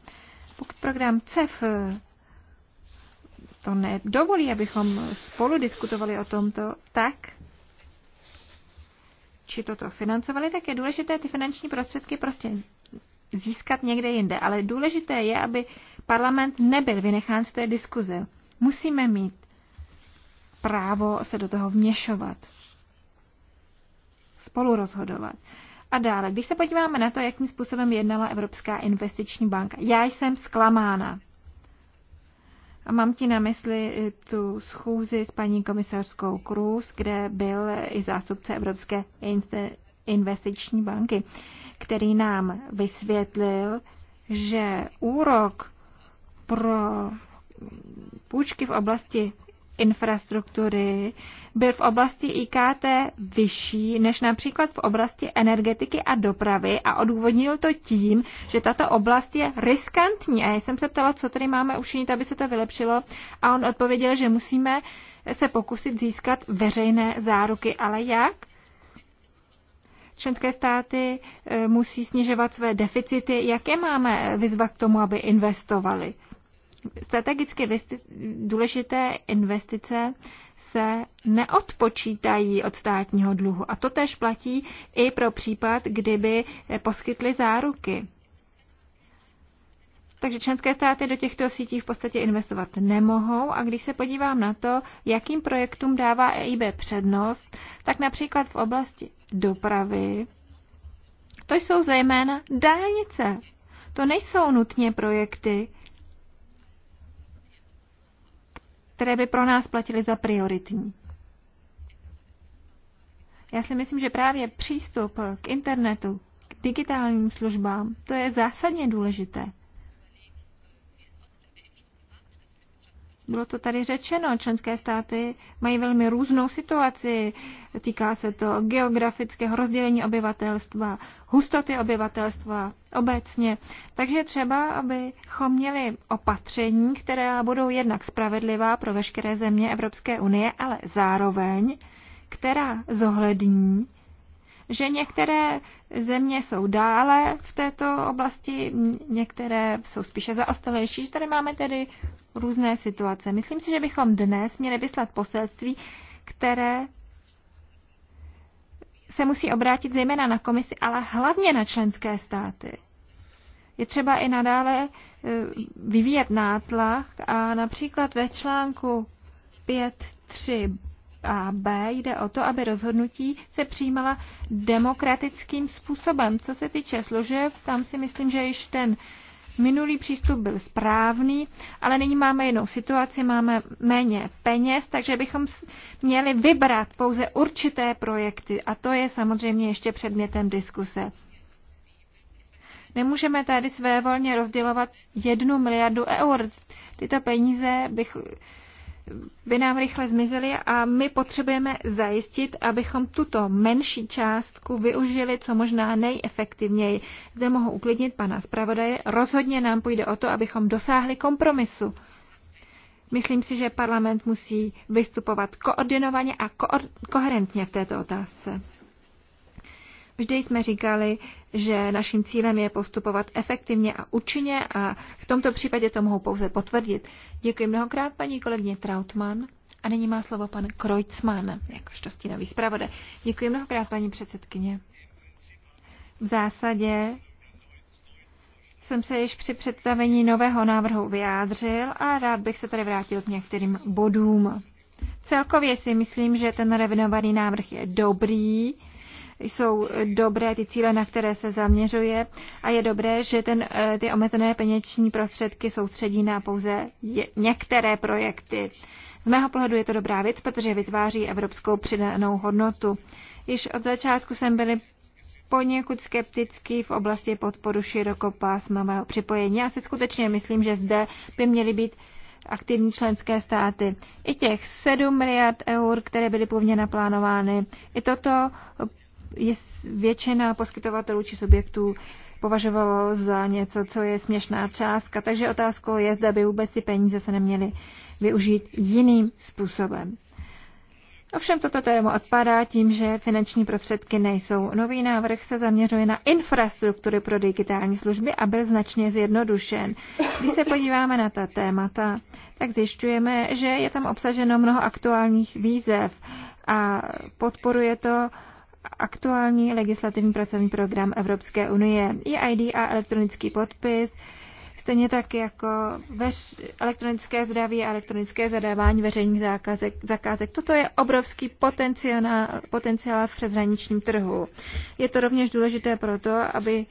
Pokud program CEF eh, to nedovolí, abychom spolu diskutovali o tomto, tak či toto financovali, tak je důležité ty finanční prostředky prostě získat někde jinde. Ale důležité je, aby parlament nebyl vynechán z té diskuze musíme mít právo se do toho vměšovat, spolu rozhodovat. A dále, když se podíváme na to, jakým způsobem jednala Evropská investiční banka, já jsem zklamána. A mám ti na mysli eh, tu schůzi s paní komisařskou Cruz, kde byl i zástupce Evropské investiční banky, který nám vysvětlil, že úrok pro půjčky v oblasti infrastruktury byl v oblasti IKT vyšší než například v oblasti energetiky a dopravy a odůvodnil to tím, že tato oblast je riskantní. A já jsem se ptala, co tady máme učinit, aby se to vylepšilo a on odpověděl, že musíme se pokusit získat veřejné záruky. Ale jak? Členské státy eh, musí snižovat své deficity. Jaké máme vyzva k tomu, aby investovali? strategicky důležité investice se neodpočítají od státního dluhu. A to tež platí i pro případ, kdyby poskytly záruky. Takže členské státy do těchto sítí v podstatě investovat nemohou a když se podívám na to, jakým projektům dává EIB přednost, tak například v oblasti dopravy, to jsou zejména dálnice. To nejsou nutně projekty, které by pro nás platily za prioritní. Já si myslím, že právě přístup k internetu, k digitálním službám, to je zásadně důležité. Bylo to tady řečeno, členské státy mají velmi různou situaci. Týká se to geografického rozdělení obyvatelstva, hustoty obyvatelstva obecně. Takže třeba, abychom měli opatření, která budou jednak spravedlivá pro veškeré země Evropské unie, ale zároveň, která zohlední že některé země jsou dále v této oblasti, některé jsou spíše zaostalejší, že tady máme tedy různé situace. Myslím si, že bychom dnes měli vyslat poselství, které se musí obrátit zejména na komisi, ale hlavně na členské státy. Je třeba i nadále e, vyvíjet nátlak a například ve článku 5.3 a B jde o to, aby rozhodnutí se přijímala demokratickým způsobem. Co se týče služeb, tam si myslím, že již ten minulý přístup byl správný, ale nyní máme jinou situaci, máme méně peněz, takže bychom měli vybrat pouze určité projekty a to je samozřejmě ještě předmětem diskuse. Nemůžeme tady svévolně rozdělovat jednu miliardu eur. Tyto peníze bych, by nám rychle zmizely a my potřebujeme zajistit, abychom tuto menší částku využili co možná nejefektivněji. Zde mohu uklidnit pana zpravodaje, rozhodně nám půjde o to, abychom dosáhli kompromisu. Myslím si, že parlament musí vystupovat koordinovaně a ko- koherentně v této otázce. Vždy jsme říkali, že naším cílem je postupovat efektivně a účinně a v tomto případě to mohu pouze potvrdit. Děkuji mnohokrát paní kolegyně Trautmann. A nyní má slovo pan Kreutzmann, jakožto stínový zpravodaj. Děkuji mnohokrát, paní předsedkyně. V zásadě jsem se již při představení nového návrhu vyjádřil a rád bych se tady vrátil k některým bodům. Celkově si myslím, že ten revidovaný návrh je dobrý jsou dobré ty cíle, na které se zaměřuje a je dobré, že ten, eh, ty omezené peněční prostředky soustředí na pouze některé projekty. Z mého pohledu je to dobrá věc, protože vytváří evropskou přidanou hodnotu. Již od začátku jsem byl poněkud skeptický v oblasti podporu širokopásmového připojení. Já si skutečně myslím, že zde by měly být aktivní členské státy. I těch 7 miliard eur, které byly původně naplánovány, i toto je většina poskytovatelů či subjektů považovalo za něco, co je směšná částka. Takže otázkou je, zda by vůbec ty peníze se neměly využít jiným způsobem. Ovšem toto téma odpadá tím, že finanční prostředky nejsou. Nový návrh se zaměřuje na infrastruktury pro digitální služby a byl značně zjednodušen. Když se podíváme na ta témata, tak zjišťujeme, že je tam obsaženo mnoho aktuálních výzev a podporuje to aktuální legislativní pracovní program Evropské unie, EID a elektronický podpis, stejně tak jako veš- elektronické zdraví a elektronické zadávání veřejných zákazek, zakázek. Toto je obrovský potenciál, potenciál v přeshraničním trhu. Je to rovněž důležité proto, aby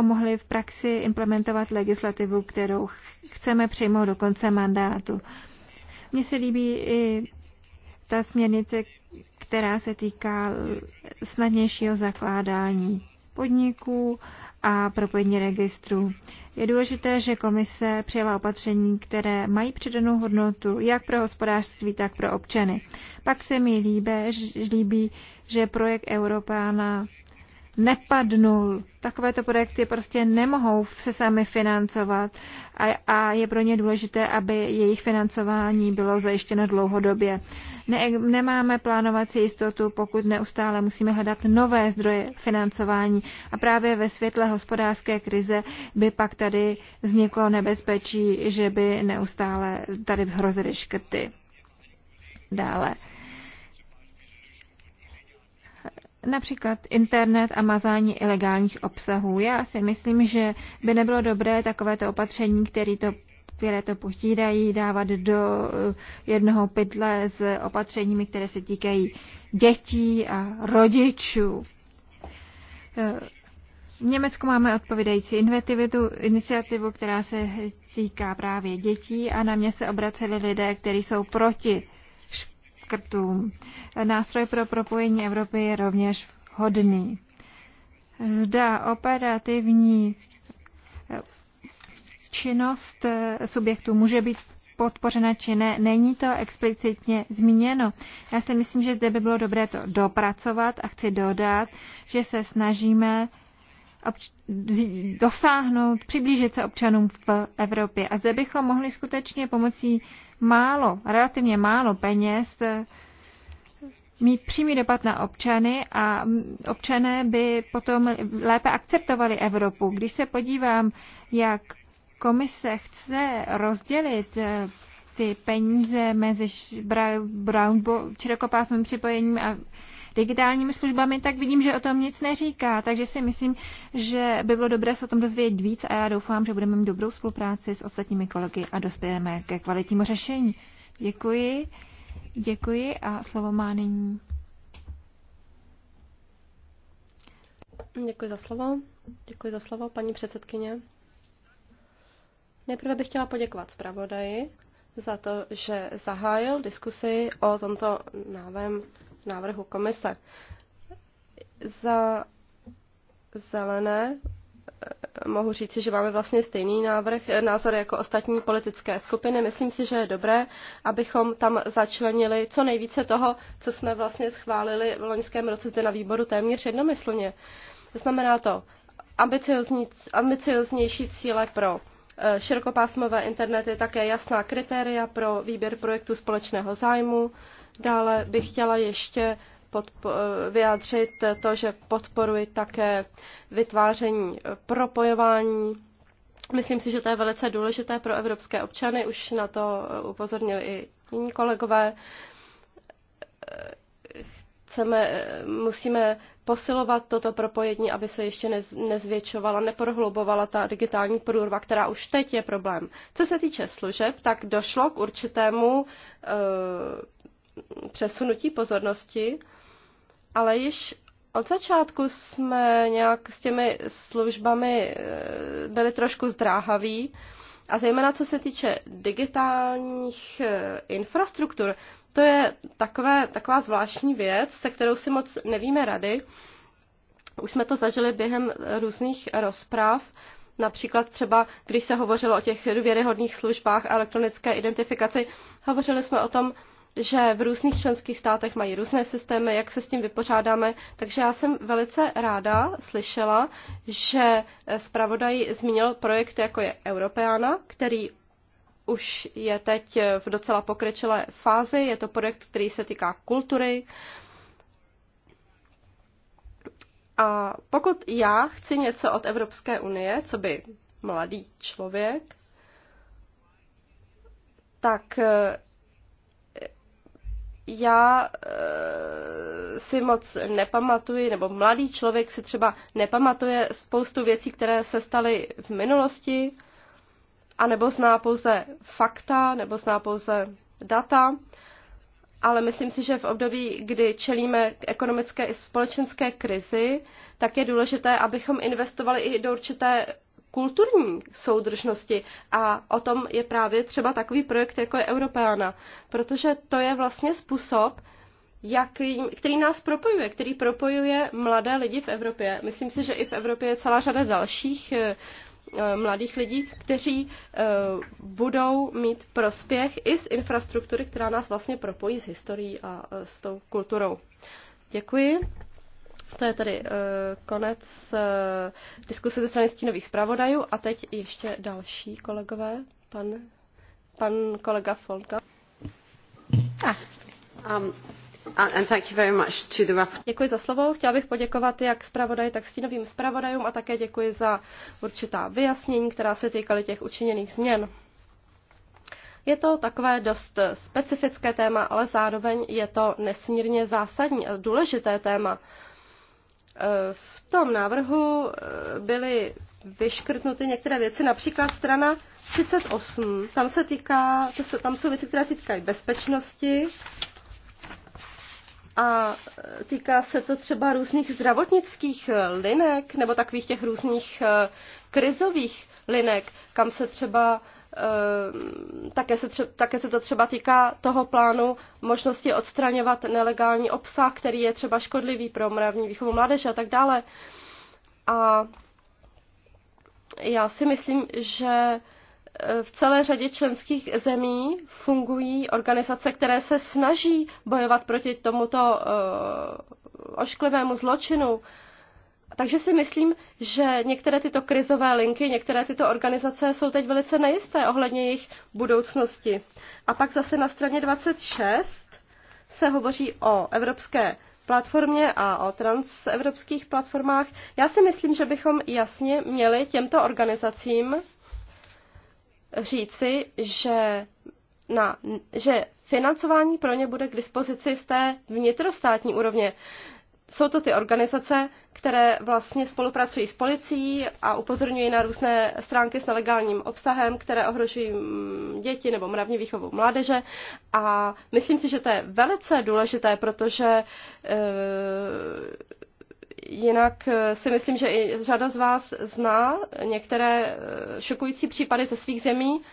mohli v praxi implementovat legislativu, kterou chceme přijmout do konce mandátu. Mně se líbí i ta směrnice která se týká snadnějšího zakládání podniků a propojení registrů. Je důležité, že komise přijala opatření, které mají přidanou hodnotu jak pro hospodářství, tak pro občany. Pak se mi líbí, že projekt Europána nepadnul. Takovéto projekty prostě nemohou se sami financovat a, a je pro ně důležité, aby jejich financování bylo zajištěno dlouhodobě. Ne, nemáme plánovací jistotu, pokud neustále musíme hledat nové zdroje financování a právě ve světle hospodářské krize by pak tady vzniklo nebezpečí, že by neustále tady hrozily škrty. Dále. Například internet a mazání ilegálních obsahů. Já si myslím, že by nebylo dobré takovéto opatření, který to, které to potírají, dávat do eh, jednoho pytle s opatřeními, které se týkají dětí a rodičů. Eh, v Německu máme odpovídající iniciativu, která se týká právě dětí a na mě se obraceli lidé, kteří jsou proti škrtům. Nástroj pro propojení Evropy je rovněž hodný. Zda operativní eh, činnost eh, subjektu může být podpořena či ne, není to explicitně zmíněno. Já si myslím, že zde by bylo dobré to dopracovat a chci dodat, že se snažíme dosáhnout, přiblížit se občanům v Evropě. A zde bychom mohli skutečně pomocí málo, relativně málo peněz eh, mít přímý dopad na občany a občané by potom lépe akceptovali Evropu. Když se podívám, jak komise chce rozdělit eh, ty peníze mezi brown, širokopásmovým připojením a digitálními službami, tak vidím, že o tom nic neříká. Takže si myslím, že by bylo dobré se o tom dozvědět víc a já doufám, že budeme mít dobrou spolupráci s ostatními kolegy a dospějeme ke kvalitnímu řešení. Děkuji. Děkuji a slovo má nyní. Děkuji za slovo. Děkuji za slovo, paní předsedkyně. Nejprve bych chtěla poděkovat zpravodaji za to, že zahájil diskusi o tomto novém návrhu komise. Za zelené eh, mohu říci, že máme vlastně stejný návrh, eh, názor jako ostatní politické skupiny. Myslím si, že je dobré, abychom tam začlenili co nejvíce toho, co jsme vlastně schválili v loňském roce zde na výboru téměř jednomyslně. Znamená to ambiciozní, ambicioznější cíle pro eh, širokopásmové internety, také jasná kritéria pro výběr projektu společného zájmu, Dále bych chtěla ještě eh, vyjádřit to, že podporuji také vytváření eh, propojování. Myslím si, že to je velice důležité pro evropské občany, už na to eh, upozornili i jiní kolegové. Chceme, musíme posilovat toto propojení, aby se ještě nezvětšovala, neprohlubovala ta digitální průrva, která už teď je problém. Co se týče služeb, tak došlo k určitému uh, přesunutí pozornosti, ale již od začátku jsme nějak s těmi službami eh, byli trošku zdráhaví a zejména co se týče digitálních eh, infrastruktur, to je takové, taková zvláštní věc, se kterou si moc nevíme rady. Už jsme to zažili během různých rozprav, Například třeba, když se hovořilo o těch důvěryhodných službách a elektronické identifikaci, hovořili jsme o tom, že v různých členských státech mají různé systémy, jak se s tím vypořádáme. Takže já jsem velice ráda slyšela, že zpravodaj zmínil projekt jako je Europeana, který už je teď v docela pokročilé fázi. Je to projekt, který se týká kultury. A pokud já chci něco od Evropské unie, co by mladý člověk, tak já e, si moc nepamatuji, nebo mladý člověk si třeba nepamatuje spoustu věcí, které se staly v minulosti, anebo zná pouze fakta, nebo zná pouze data, ale myslím si, že v období, kdy čelíme ekonomické i společenské krizi, tak je důležité, abychom investovali i do určité kulturní soudržnosti a o tom je právě třeba takový projekt, jako je Europeana, protože to je vlastně způsob, jaký, který nás propojuje, který propojuje mladé lidi v Evropě. Myslím si, že i v Evropě je celá řada dalších eh, eh, mladých lidí, kteří eh, budou mít prospěch i z infrastruktury, která nás vlastně propojí s historií a s tou kulturou. Děkuji. To je tedy uh, konec uh, diskuse ze strany stínových zpravodajů a teď ještě další kolegové, pan, pan kolega Folka. Ah. Um, děkuji za slovo. Chtěla bych poděkovat jak zpravodaji, tak stínovým zpravodajům a také děkuji za určitá vyjasnění, která se týkaly těch učiněných změn. Je to takové dost specifické téma, ale zároveň je to nesmírně zásadní a důležité téma. Uh, v tom návrhu eh, byly vyškrtnuty některé věci, například strana 38. Tam se týká, to se, tam jsou věci, které se týkají bezpečnosti a eh, týká se to třeba různých zdravotnických eh, linek nebo takových těch různých krizových linek, kam se třeba Ehm, také se, tře- také se to třeba týká toho plánu možnosti odstraňovat nelegální obsah, který je třeba škodlivý pro mravní výchovu mládeže a tak dále. A já si myslím, že e, v celé řadě členských zemí fungují organizace, které se snaží bojovat proti tomuto e, ošklivému zločinu. Takže si myslím, že některé tyto krizové linky, některé tyto organizace jsou teď velice nejisté ohledně jejich budoucnosti. A pak zase na straně 26 se hovoří o evropské platformě a o transevropských platformách. Já si myslím, že bychom jasně měli těmto organizacím říci, že, na, že financování pro ně bude k dispozici z té vnitrostátní úrovně jsou to ty organizace, které vlastně spolupracují s policií a upozorňují na různé stránky s nelegálním obsahem, které ohrožují mm, děti nebo mravní výchovu mládeže. A myslím si, že to je velice důležité, protože e, jinak e, si myslím, že i řada z vás zná některé e, šokující případy ze svých zemí, e,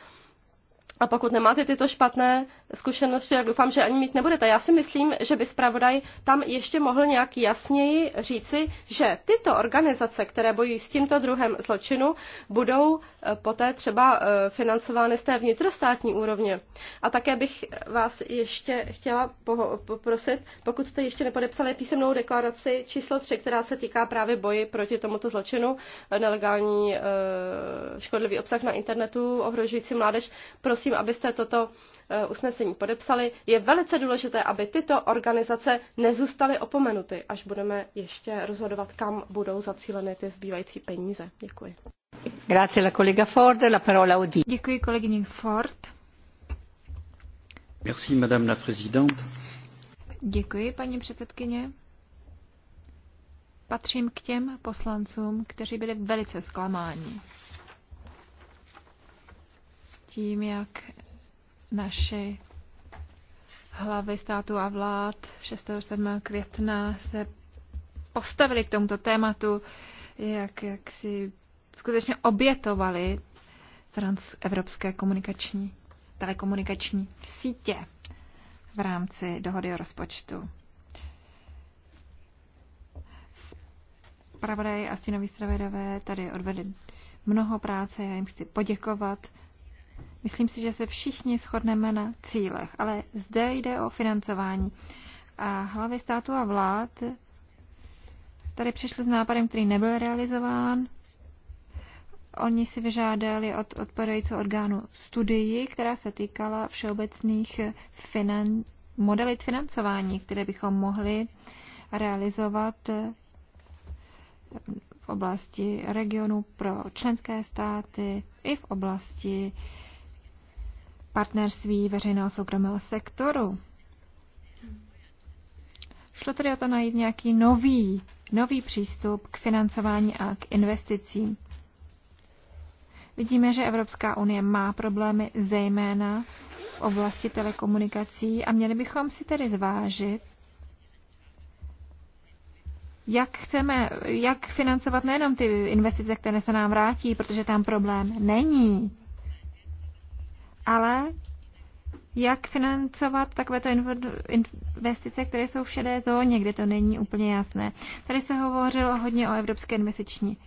a pokud nemáte tyto špatné zkušenosti, tak doufám, že ani mít nebudete. Já si myslím, že by zpravodaj tam ještě mohl nějak jasněji říci, že tyto organizace, které bojují s tímto druhem zločinu, budou eh, poté třeba eh, financovány z té vnitrostátní úrovně. A také bych vás ještě chtěla poprosit, pokud jste ještě nepodepsali písemnou deklaraci číslo 3, která se týká právě boji proti tomuto zločinu, eh, nelegální škodlivý obsah na internetu ohrožující mládež, prosím, prosím, abyste toto eh, usnesení podepsali. Je velice důležité, aby tyto organizace nezůstaly opomenuty, až budeme ještě rozhodovat, kam budou zacíleny ty zbývající peníze. Děkuji. Grazie la collega Ford, la parola Odi. Děkuji kolegyni Ford. Merci, madame la présidente. Děkuji, paní předsedkyně. Patřím k těm poslancům, kteří byli velice zklamáni tím, jak naši hlavy státu a vlád 6. 7. května se postavili k tomuto tématu, jak, jak si skutečně obětovali transevropské komunikační, telekomunikační sítě v rámci dohody o rozpočtu. Spravodaj a stínoví zpravodajové tady odvedli mnoho práce, já jim chci poděkovat Myslím si, že se všichni shodneme na cílech, ale zde jde o financování. A hlavy státu a vlád tady přišli s nápadem, který nebyl realizován. Oni si vyžádali od odpovědajícího orgánu studii, která se týkala všeobecných finan- modelit financování, které bychom mohli realizovat v oblasti regionu pro členské státy i v oblasti partnerství veřejného soukromého sektoru. Šlo tedy o to najít nějaký nový, nový přístup k financování a k investicím. Vidíme, že Evropská unie má problémy zejména v oblasti telekomunikací a měli bychom si tedy zvážit, jak chceme, jak financovat nejenom ty investice, které se nám vrátí, protože tam problém není, ale jak financovat takovéto investice, které jsou v šedé zóně, kde to není úplně jasné. Tady se hovořilo hodně o Evropské investiční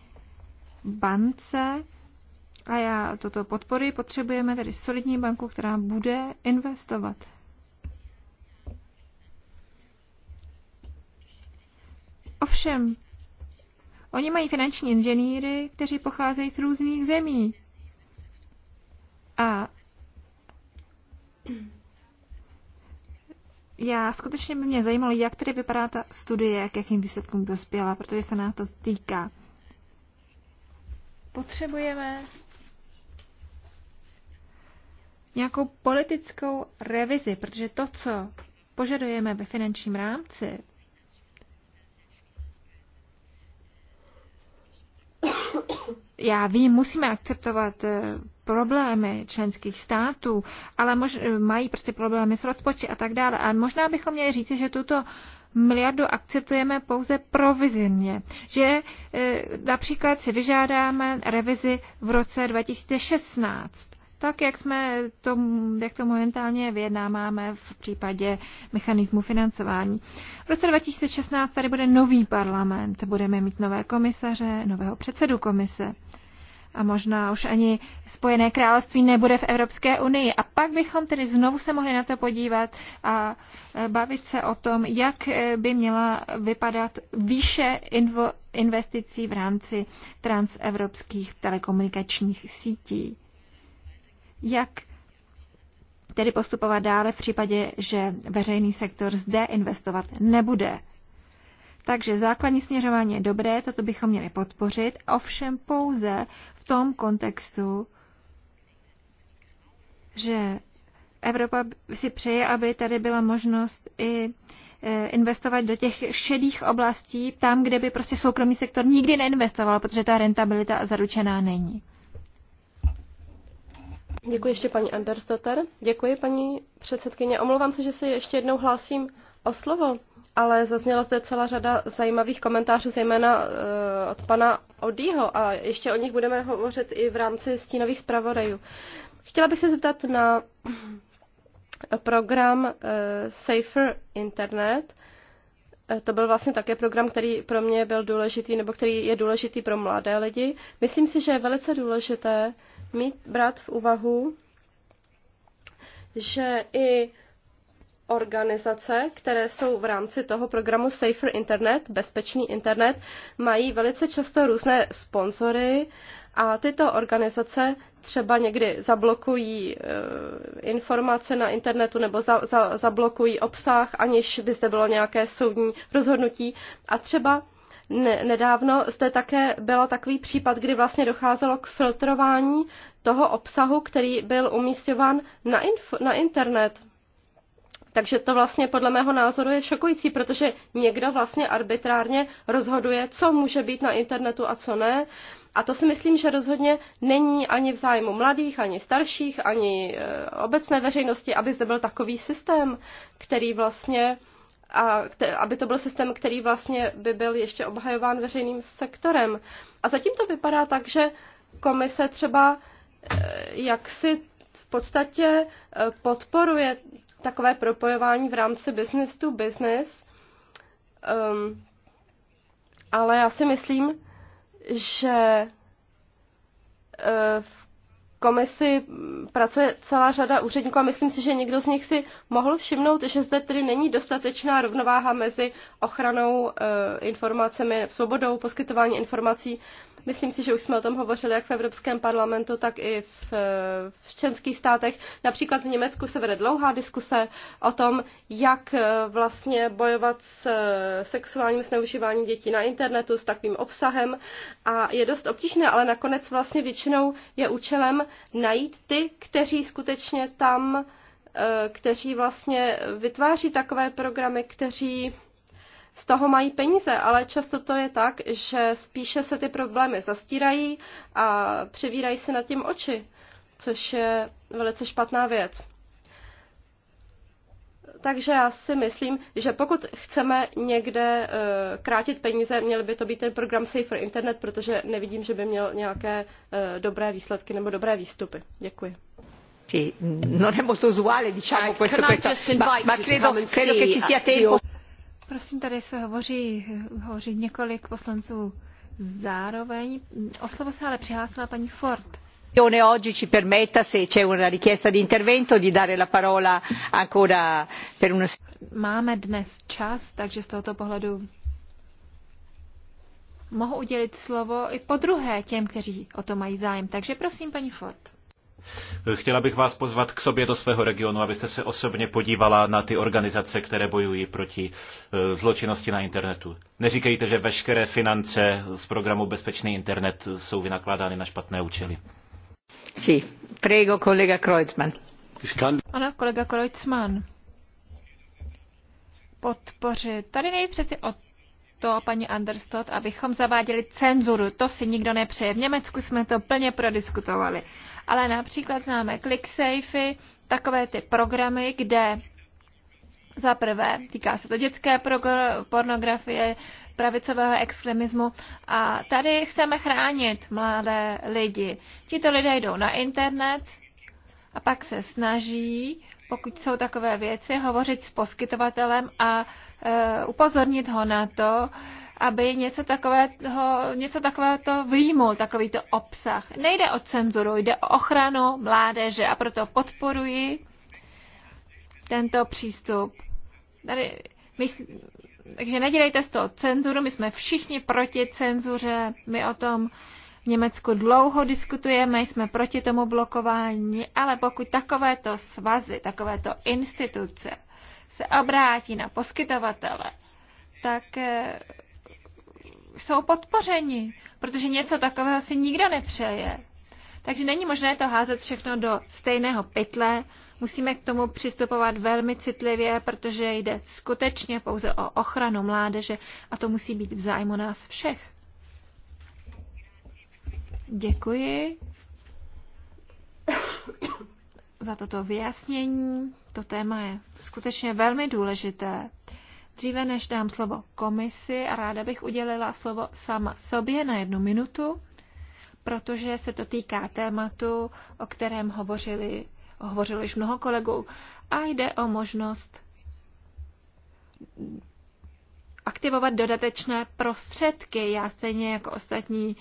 bance a já toto podpory potřebujeme tedy solidní banku, která bude investovat. Ovšem, oni mají finanční inženýry, kteří pocházejí z různých zemí. A já skutečně by mě zajímalo, jak tedy vypadá ta studie, k jakým výsledkům dospěla, protože se nás to týká. Potřebujeme nějakou politickou revizi, protože to, co požadujeme ve finančním rámci, já vím, musíme akceptovat eh, problémy členských států, ale mož, mají prostě problémy s rozpočty a tak dále. A možná bychom měli říci, že tuto miliardu akceptujeme pouze provizivně, že eh, například si vyžádáme revizi v roce 2016 tak, jak jsme to, jak to momentálně vyjednáváme v případě mechanismu financování. V roce 2016 tady bude nový parlament, budeme mít nové komisaře, nového předsedu komise a možná už ani Spojené království nebude v Evropské unii. A pak bychom tedy znovu se mohli na to podívat a e, bavit se o tom, jak e, by měla vypadat výše investicí v rámci transevropských telekomunikačních sítí jak tedy postupovat dále v případě, že veřejný sektor zde investovat nebude. Takže základní směřování je dobré, toto bychom měli podpořit, ovšem pouze v tom kontextu, že Evropa si přeje, aby tady byla možnost i e, investovat do těch šedých oblastí, tam, kde by prostě soukromý sektor nikdy neinvestoval, protože ta rentabilita zaručená není. Děkuji ještě paní Andersdotter. Děkuji paní předsedkyně. Omlouvám se, že se ještě jednou hlásím o slovo, ale zazněla zde celá řada zajímavých komentářů, zejména uh, od pana Odího a ještě o nich budeme hovořit i v rámci stínových zpravodajů. Chtěla bych se zeptat na program uh, Safer Internet. Eh, to byl vlastně také program, který pro mě byl důležitý, nebo který je důležitý pro mladé lidi. Myslím si, že je velice důležité uh, mít brát v úvahu, že i organizace, které jsou v rámci toho programu Safer Internet, Bezpečný internet, mají velice často různé sponzory a tyto organizace třeba někdy zablokují e, informace na internetu nebo za, za, zablokují obsah, aniž by zde bylo nějaké soudní rozhodnutí. A třeba Nedávno zde také byl takový případ, kdy vlastně docházelo k filtrování toho obsahu, který byl umístěván na, inf- na internet. Takže to vlastně podle mého názoru je šokující, protože někdo vlastně arbitrárně rozhoduje, co může být na internetu a co ne. A to si myslím, že rozhodně není ani v zájmu mladých, ani starších, ani eh, obecné veřejnosti, aby zde byl takový systém, který vlastně a aby to byl systém, který vlastně by byl ještě obhajován veřejným sektorem. A zatím to vypadá tak, že komise třeba eh, jak si v podstatě eh, podporuje takové propojování v rámci business to business, um, ale já si myslím, že eh, v komisi pracuje celá řada úředníků a myslím si, že někdo z nich si mohl všimnout, že zde tedy není dostatečná rovnováha mezi ochranou eh, informacemi, svobodou poskytování informací Myslím si, že už jsme o tom hovořili jak v Evropském parlamentu, tak i v, v členských státech. Například v Německu se vede dlouhá diskuse o tom, jak eh, vlastně bojovat s eh, sexuálním zneužíváním dětí na internetu, s takovým obsahem. A je dost obtížné, ale nakonec vlastně většinou je účelem najít ty, kteří skutečně tam eh, kteří vlastně vytváří takové programy, kteří z toho mají peníze, ale často to je tak, že spíše se ty problémy zastírají a převírají se nad tím oči, což je velice špatná věc. Takže já si myslím, že pokud chceme někde uh, krátit peníze, měl by to být ten program Safer Internet, protože nevidím, že by měl nějaké uh, dobré výsledky nebo dobré výstupy. Děkuji. non è molto usuale diciamo questo, questo ma, ma credo, credo che ci e sia tempo. Prosím, tady se hovoří, hovoří několik poslanců zároveň. O slovo se ale přihlásila paní Ford oggi ci permetta se c'è una richiesta di intervento di dare la parola ancora per una. Máme dnes čas, takže z tohoto pohledu mohu udělit slovo i po druhé těm, kteří o to mají zájem. Takže prosím, paní Ford. Chtěla bych vás pozvat k sobě do svého regionu, abyste se osobně podívala na ty organizace, které bojují proti eh, zločinnosti na internetu. Neříkejte, že veškeré finance z programu Bezpečný internet jsou vynakládány na špatné účely. Sí. Prego, kolega Kreuzmann. Ano, kolega Kreuzmann podpořit. Tady nejde přeci o to, paní Anderstot, abychom zaváděli cenzuru. To si nikdo nepřeje. V Německu jsme to plně prodiskutovali. Ale například známe ClickSafe, takové ty programy, kde za prvé týká se to dětské pornografie, pravicového extremismu a tady chceme chránit mladé lidi. Tito lidé jdou na internet a pak se snaží pokud jsou takové věci, hovořit s poskytovatelem a e, upozornit ho na to, aby něco takového, něco takového to výjimul, takovýto obsah. Nejde o cenzuru, jde o ochranu mládeže a proto podporuji tento přístup. Tady, my, takže nedělejte z toho cenzuru, my jsme všichni proti cenzuře, my o tom Německu dlouho diskutujeme, jsme proti tomu blokování, ale pokud takovéto svazy, takovéto instituce se obrátí na poskytovatele, tak eh, jsou podpořeni, protože něco takového si nikdo nepřeje. Takže není možné to házet všechno do stejného pytle. Musíme k tomu přistupovat velmi citlivě, protože jde skutečně pouze o ochranu mládeže a to musí být v zájmu nás všech. Děkuji za toto vyjasnění. To téma je skutečně velmi důležité. Dříve než dám slovo komisi, ráda bych udělila slovo sama sobě na jednu minutu, protože se to týká tématu, o kterém hovořili, hovořilo již mnoho kolegů, a jde o možnost aktivovat dodatečné prostředky. Já stejně jako ostatní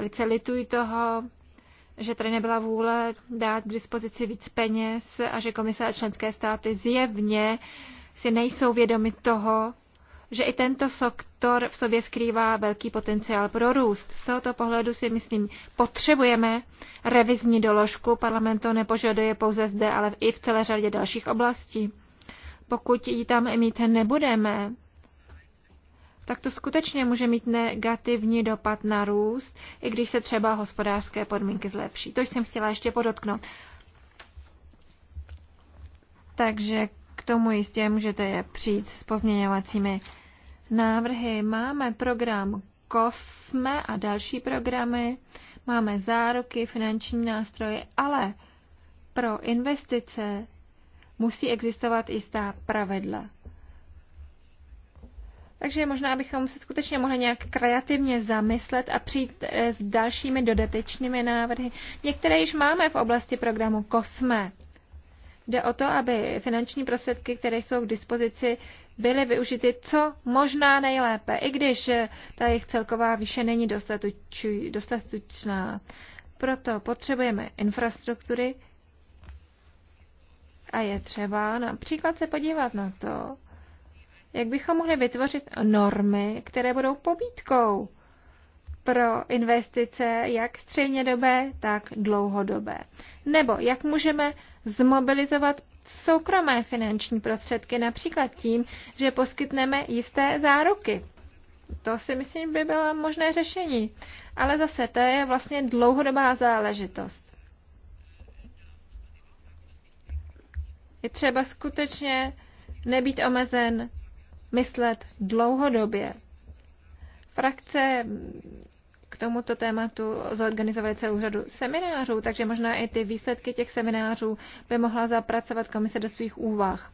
Velice lituji toho, že tady nebyla vůle dát k dispozici víc peněz a že komise a členské státy zjevně si nejsou vědomi toho, že i tento sektor v sobě skrývá velký potenciál pro růst. Z tohoto pohledu si myslím, potřebujeme revizní doložku. Parlament to nepožaduje pouze zde, ale i v celé řadě dalších oblastí. Pokud ji tam mít nebudeme, tak to skutečně může mít negativní dopad na růst, i když se třeba hospodářské podmínky zlepší. To jsem chtěla ještě podotknout. Takže k tomu jistě můžete je přijít s pozměňovacími návrhy. Máme program COSME a další programy, máme záruky, finanční nástroje, ale pro investice musí existovat jistá pravidla. Takže možná bychom se skutečně mohli nějak kreativně zamyslet a přijít eh, s dalšími dodatečnými návrhy. Některé již máme v oblasti programu COSME. Jde o to, aby finanční prostředky, které jsou k dispozici, byly využity co možná nejlépe, i když eh, ta jejich celková výše není dostatečná. Proto potřebujeme infrastruktury a je třeba například se podívat na to, jak bychom mohli vytvořit normy, které budou pobídkou pro investice jak střednědobé, tak dlouhodobé. Nebo jak můžeme zmobilizovat soukromé finanční prostředky, například tím, že poskytneme jisté záruky. To si myslím by bylo možné řešení. Ale zase to je vlastně dlouhodobá záležitost. Je třeba skutečně nebýt omezen myslet dlouhodobě. Frakce k tomuto tématu zorganizovali celou řadu seminářů, takže možná i ty výsledky těch seminářů by mohla zapracovat komise do svých úvah.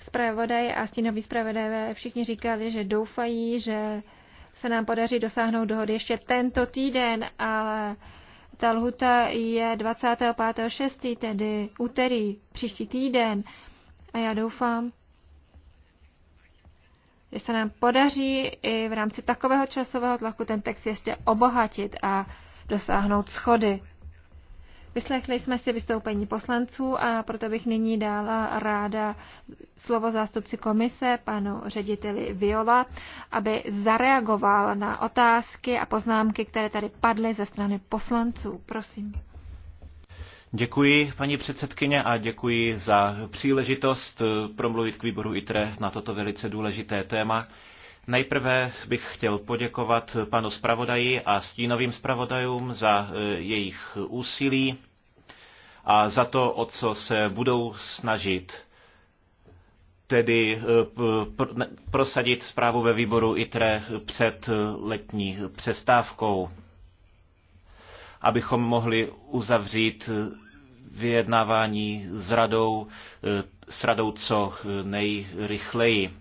Zpravodaj a stínoví zpravodajové všichni říkali, že doufají, že se nám podaří dosáhnout dohody ještě tento týden, ale ta lhuta je 25.6., tedy úterý, příští týden. A já doufám, že se nám podaří i v rámci takového časového tlaku ten text ještě obohatit a dosáhnout schody. Vyslechli jsme si vystoupení poslanců a proto bych nyní dala ráda slovo zástupci komise, panu řediteli Viola, aby zareagoval na otázky a poznámky, které tady padly ze strany poslanců. Prosím. Děkuji, paní předsedkyně, a děkuji za příležitost eh, promluvit k výboru ITRE na toto velice důležité téma. Nejprve bych chtěl poděkovat panu zpravodaji a stínovým zpravodajům za eh, jejich úsilí a za to, o co se budou snažit, tedy eh, prosadit zprávu ve výboru ITRE před letní přestávkou abychom mohli uzavřít vyjednávání s radou, eh, s radou co nejrychleji.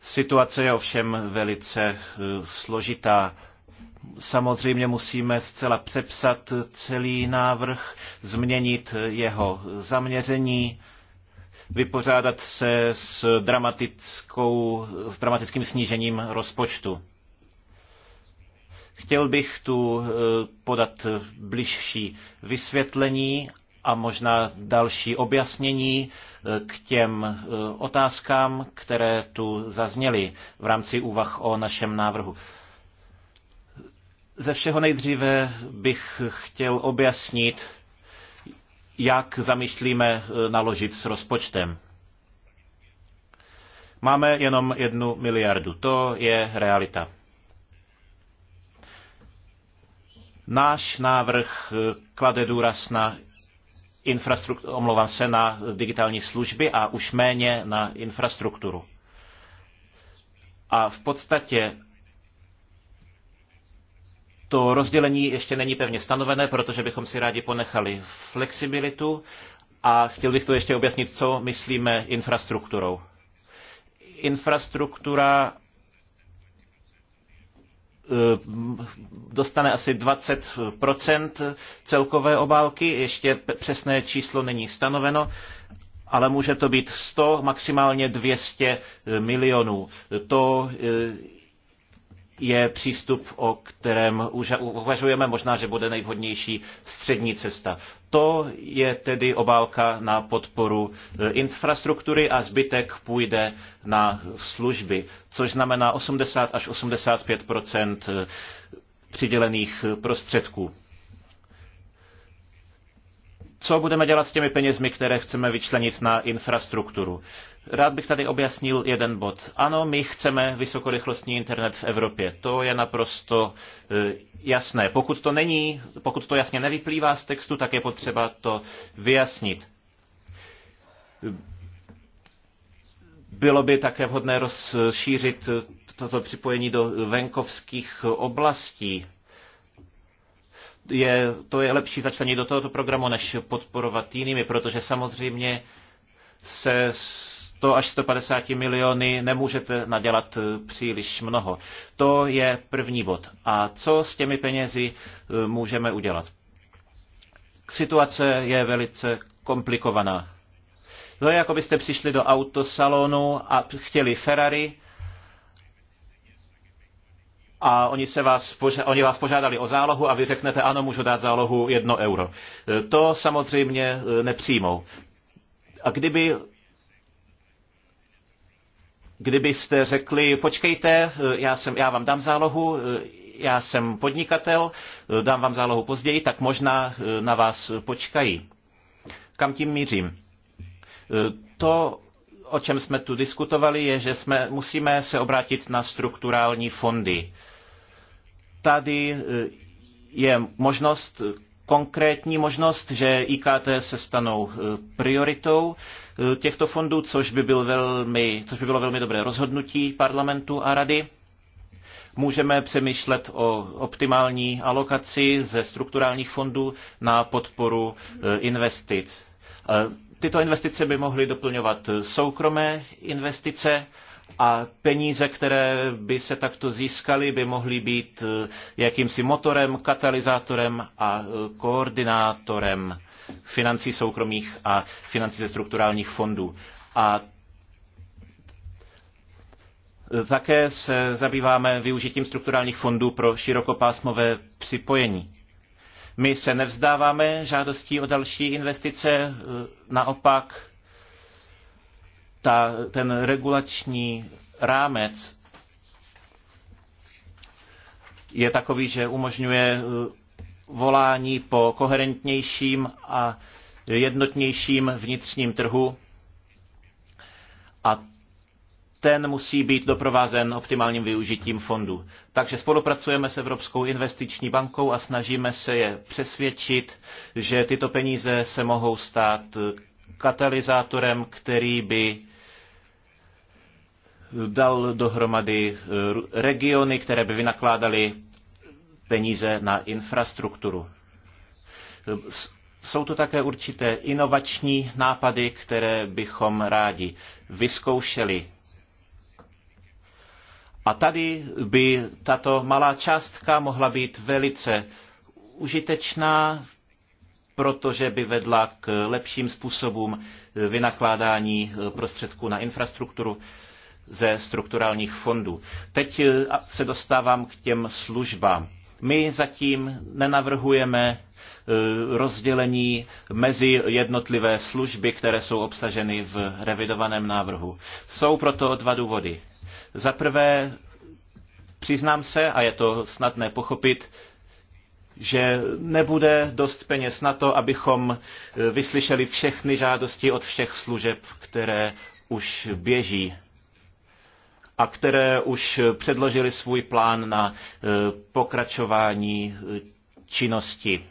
Situace je ovšem velice eh, složitá. Samozřejmě musíme zcela přepsat celý návrh, změnit jeho zaměření, vypořádat se s, dramatickou, s dramatickým snížením rozpočtu. Chtěl bych tu eh, podat bližší vysvětlení a možná další objasnění eh, k těm eh, otázkám, které tu zazněly v rámci úvah o našem návrhu. Ze všeho nejdříve bych chtěl objasnit, jak zamýšlíme naložit s rozpočtem. Máme jenom jednu miliardu. To je realita. Náš návrh eh, klade důraz na infrastrukturu, omlouvám se, na digitální služby a už méně na infrastrukturu. A v podstatě to rozdělení ještě není pevně stanovené, protože bychom si rádi ponechali flexibilitu a chtěl bych to ještě objasnit, co myslíme infrastrukturou. Infrastruktura Eh, dostane asi 20 celkové obálky, ještě přesné číslo není stanoveno, ale může to být 100, maximálně 200 milionů. To eh, je přístup, o kterém uvažujeme možná, že bude nejvhodnější střední cesta. To je tedy obálka na podporu e, infrastruktury a zbytek půjde na služby, což znamená 80 až 85 e, přidělených prostředků co budeme dělat s těmi penězmi, které chceme vyčlenit na infrastrukturu. Rád bych tady objasnil jeden bod. Ano, my chceme vysokorychlostní internet v Evropě. To je naprosto eh, jasné. Pokud to není, pokud to jasně nevyplývá z textu, tak je potřeba to vyjasnit. Bylo by také vhodné rozšířit eh, toto připojení do venkovských oblastí. Je, to je lepší začlenit do tohoto programu, než podporovat jinými, protože samozřejmě se 100 až 150 miliony nemůžete nadělat eh, příliš mnoho. To je první bod. A co s těmi penězi eh, můžeme udělat? Situace je velice komplikovaná. To je, jako byste přišli do autosalonu a chtěli Ferrari, a oni, se vás, oni vás požádali o zálohu a vy řeknete, ano, můžu dát zálohu jedno euro. Eh, to samozřejmě nepřijmou. A kdyby kdybyste řekli, počkejte, já, jsem, já vám dám zálohu, já jsem podnikatel, dám vám zálohu později, tak možná eh, na vás počkají. Kam tím mířím? Eh, to, o čem jsme tu diskutovali, je, že jsme, musíme se obrátit na strukturální fondy. Tady eh, je možnost, konkrétní možnost, že IKT se stanou prioritou Eh, těchto fondů, což by, byl velmi, což by bylo velmi dobré rozhodnutí parlamentu a rady. Můžeme přemýšlet o optimální alokaci ze strukturálních fondů na podporu eh, investic. Eh, tyto investice by mohly doplňovat soukromé investice, a peníze, které by se takto získaly, by mohly být jakýmsi motorem, katalyzátorem a koordinátorem financí soukromých a financí ze strukturálních fondů. A také se zabýváme využitím strukturálních fondů pro širokopásmové připojení. My se nevzdáváme žádostí o další investice, naopak ta, ten regulační rámec je takový, že umožňuje volání po koherentnějším a jednotnějším vnitřním trhu a ten musí být doprovázen optimálním využitím fondu. Takže spolupracujeme s Evropskou investiční bankou a snažíme se je přesvědčit, že tyto peníze se mohou stát katalyzátorem, který by dal dohromady eh, regiony, které by vynakládaly peníze na infrastrukturu. Jsou to také určité inovační nápady, které bychom rádi vyzkoušeli. A tady by tato malá částka mohla být velice užitečná, protože by vedla k lepším způsobům vynakládání prostředků na infrastrukturu ze strukturálních fondů. Teď se dostávám k těm službám. My zatím nenavrhujeme e, rozdělení mezi jednotlivé služby, které jsou obsaženy v revidovaném návrhu. Jsou proto dva důvody. Za prvé, přiznám se, a je to snadné pochopit, že nebude dost peněz na to, abychom e, vyslyšeli všechny žádosti od všech služeb, které už běží a které už předložili svůj plán na e, pokračování e, činnosti.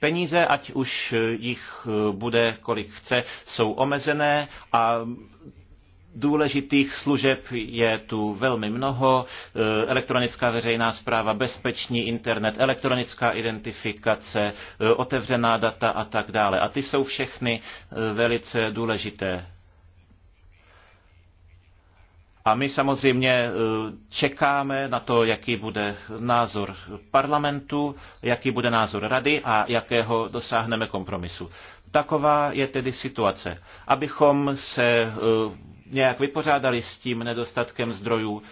Peníze, ať už e, jich bude kolik chce, jsou omezené a důležitých služeb je tu velmi mnoho. Elektronická veřejná zpráva, bezpečný internet, elektronická identifikace, otevřená data a tak dále. A ty jsou všechny velice důležité. A my samozřejmě e, čekáme na to, jaký bude názor parlamentu, jaký bude názor rady a jakého dosáhneme kompromisu. Taková je tedy situace. Abychom se e, nějak vypořádali s tím nedostatkem zdrojů,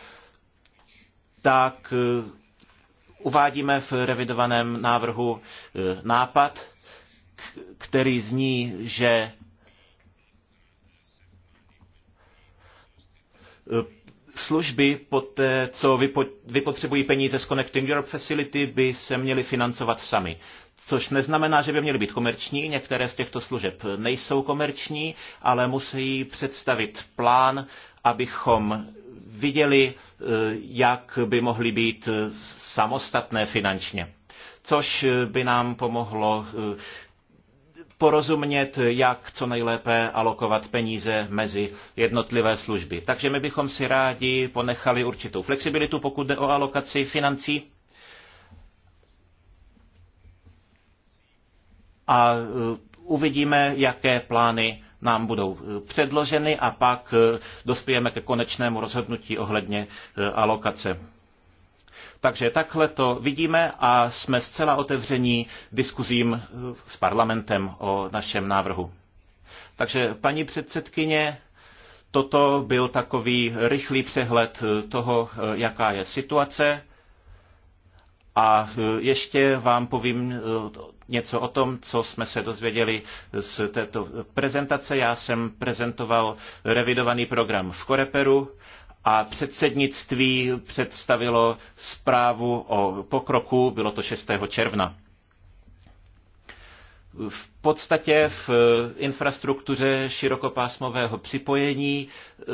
tak e, uvádíme v revidovaném návrhu nápad, který zní, že Eh, služby po té, co vypo, vypotřebují peníze z Connecting Europe Facility, by se měly financovat sami. Což neznamená, že by měly být komerční, některé z těchto služeb nejsou komerční, ale musí představit plán, abychom viděli, eh, jak by mohly být eh, samostatné finančně což by nám pomohlo porozumět, jak co nejlépe alokovat peníze mezi jednotlivé služby. Takže my bychom si rádi ponechali určitou flexibilitu, pokud jde o alokaci financí. A uh, uvidíme, jaké plány nám budou uh, předloženy a pak uh, dospějeme ke konečnému rozhodnutí ohledně alokace. Takže takhle to vidíme a jsme zcela otevření diskuzím eh, s parlamentem o našem návrhu. Takže paní předsedkyně, toto byl takový rychlý přehled eh, toho, eh, jaká je situace. A ještě vám povím něco o tom, co jsme se dozvěděli z této prezentace. Já jsem prezentoval revidovaný program v Koreperu a předsednictví představilo zprávu o pokroku, bylo to 6. června. V podstatě v eh, infrastruktuře širokopásmového připojení eh,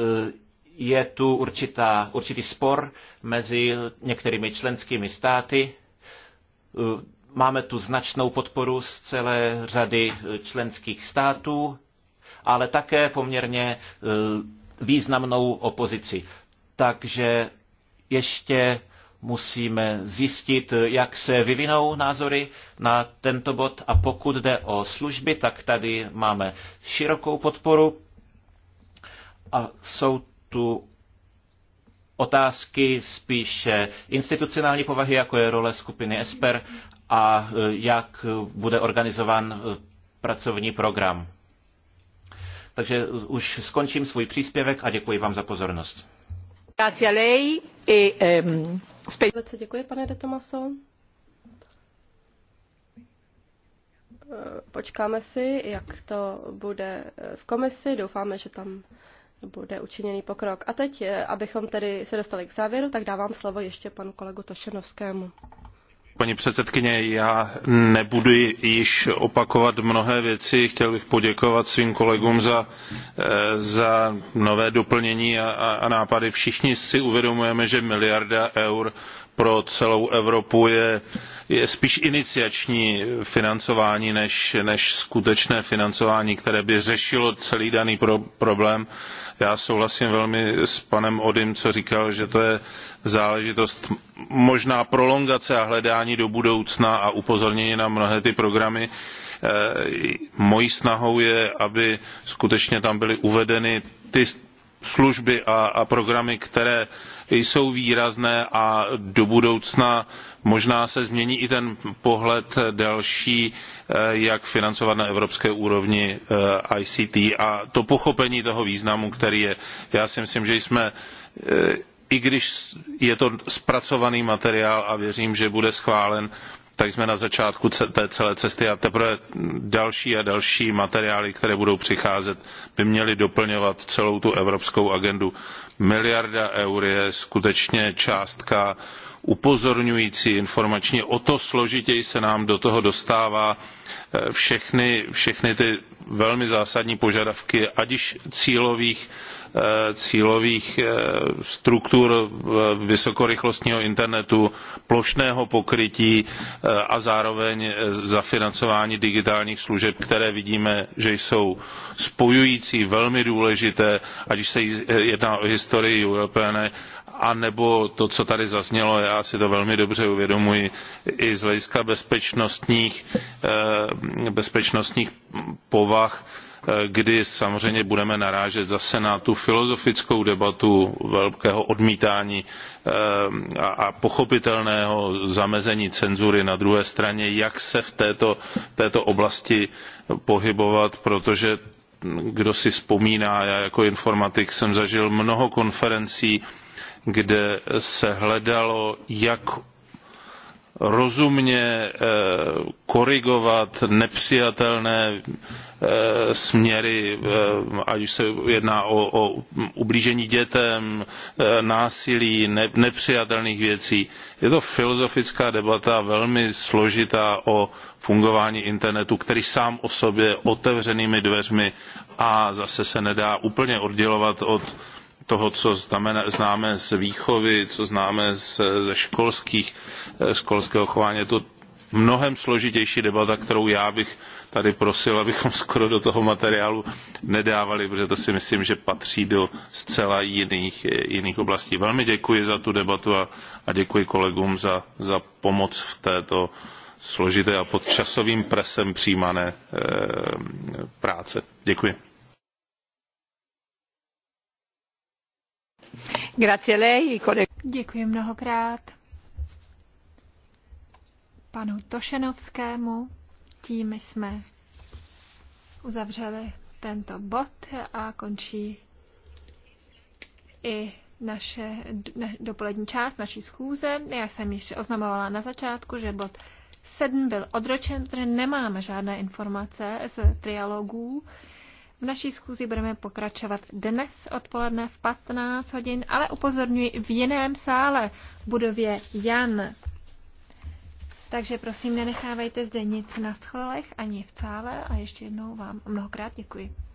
je tu určitá, určitý spor mezi některými členskými státy. Eh, máme tu značnou podporu z celé řady členských států, ale také poměrně významnou opozici. Takže ještě musíme zjistit, jak se vyvinou názory na tento bod a pokud jde o služby, tak tady máme širokou podporu a jsou tu otázky spíše institucionální povahy, jako je role skupiny ESPER a e, jak bude organizovan e, pracovní program. Takže už skončím svůj příspěvek a děkuji vám za pozornost. E, ehm, Velice děkuji, pane De Tomaso. E, počkáme si, jak to bude e, v komisi. Doufáme, že tam bude učiněný pokrok. A teď, abychom tedy se dostali k závěru, tak dávám slovo ještě panu kolegu Tošenovskému. Paní předsedkyně, já nebudu již opakovat mnohé věci. Chtěl bych poděkovat svým kolegům za, eh, za nové doplnění a, a nápady. Všichni si uvědomujeme, že miliarda eur pro celou Evropu je, je spíš iniciační financování než, než skutečné financování, které by řešilo celý daný pro, problém. Já souhlasím velmi s panem Odym, co říkal, že to je záležitost možná prolongace a hledání do budoucna a upozornění na mnohé ty programy. E, mojí snahou je, aby skutečně tam byly uvedeny ty služby a, a programy, které jsou výrazné a do budoucna možná se změní i ten pohled další, eh, jak financovat na evropské úrovni eh, ICT a to pochopení toho významu, který je. Já si myslím, že jsme eh, i když je to zpracovaný materiál a věřím, že bude schválen, tak jsme na začátku té celé cesty a teprve další a další materiály, které budou přicházet, by měly doplňovat celou tu evropskou agendu. Miliarda eur je skutečně částka upozorňující informačně, o to složitěji se nám do toho dostává všechny, všechny ty velmi zásadní požadavky, ať již cílových, eh, cílových eh, struktur eh, vysokorychlostního internetu, plošného pokrytí a zároveň zafinancování digitálních služeb, které vidíme, že jsou spojující, velmi důležité, ať se jedná o historii Europeane anebo to, co tady zaznělo, já si to velmi dobře uvědomuji, i z hlediska bezpečnostních, eh, bezpečnostních povah, eh, kdy samozřejmě budeme narážet zase na tu filozofickou debatu velkého odmítání eh, a pochopitelného zamezení cenzury na druhé straně, jak se v této, této oblasti pohybovat, protože kdo si vzpomíná, já jako informatik jsem zažil mnoho konferencí, kde se hledalo, jak rozumně eh, korigovat nepřijatelné eh, směry, eh, ať už se jedná o, o ublížení dětem, násilí, ne, nepřijatelných věcí. Je to filozofická debata velmi složitá o fungování internetu, který sám o sobě otevřenými dveřmi a zase se nedá úplně oddělovat od toho, co znamená, známe z výchovy, co známe z, ze školských, eh, školského chování. Je to mnohem složitější debata, kterou já bych tady prosil, abychom skoro do toho materiálu nedávali, protože to si myslím, že patří do zcela jiných, eh, jiných oblastí. Velmi děkuji za tu debatu a, a děkuji kolegům za, za pomoc v této složité a pod časovým presem přijímané e, práce. Děkuji. Děkuji mnohokrát panu Tošenovskému. Tím jsme uzavřeli tento bod a končí i naše dopolední část naší schůze. Já jsem již oznamovala na začátku, že bod 7 byl odročen, protože nemáme žádné informace z trialogů. V naší schůzi budeme pokračovat dnes odpoledne v 15 hodin, ale upozorňuji v jiném sále, v budově Jan. Takže prosím, nenechávejte zde nic na scholech ani v sále a ještě jednou vám mnohokrát děkuji.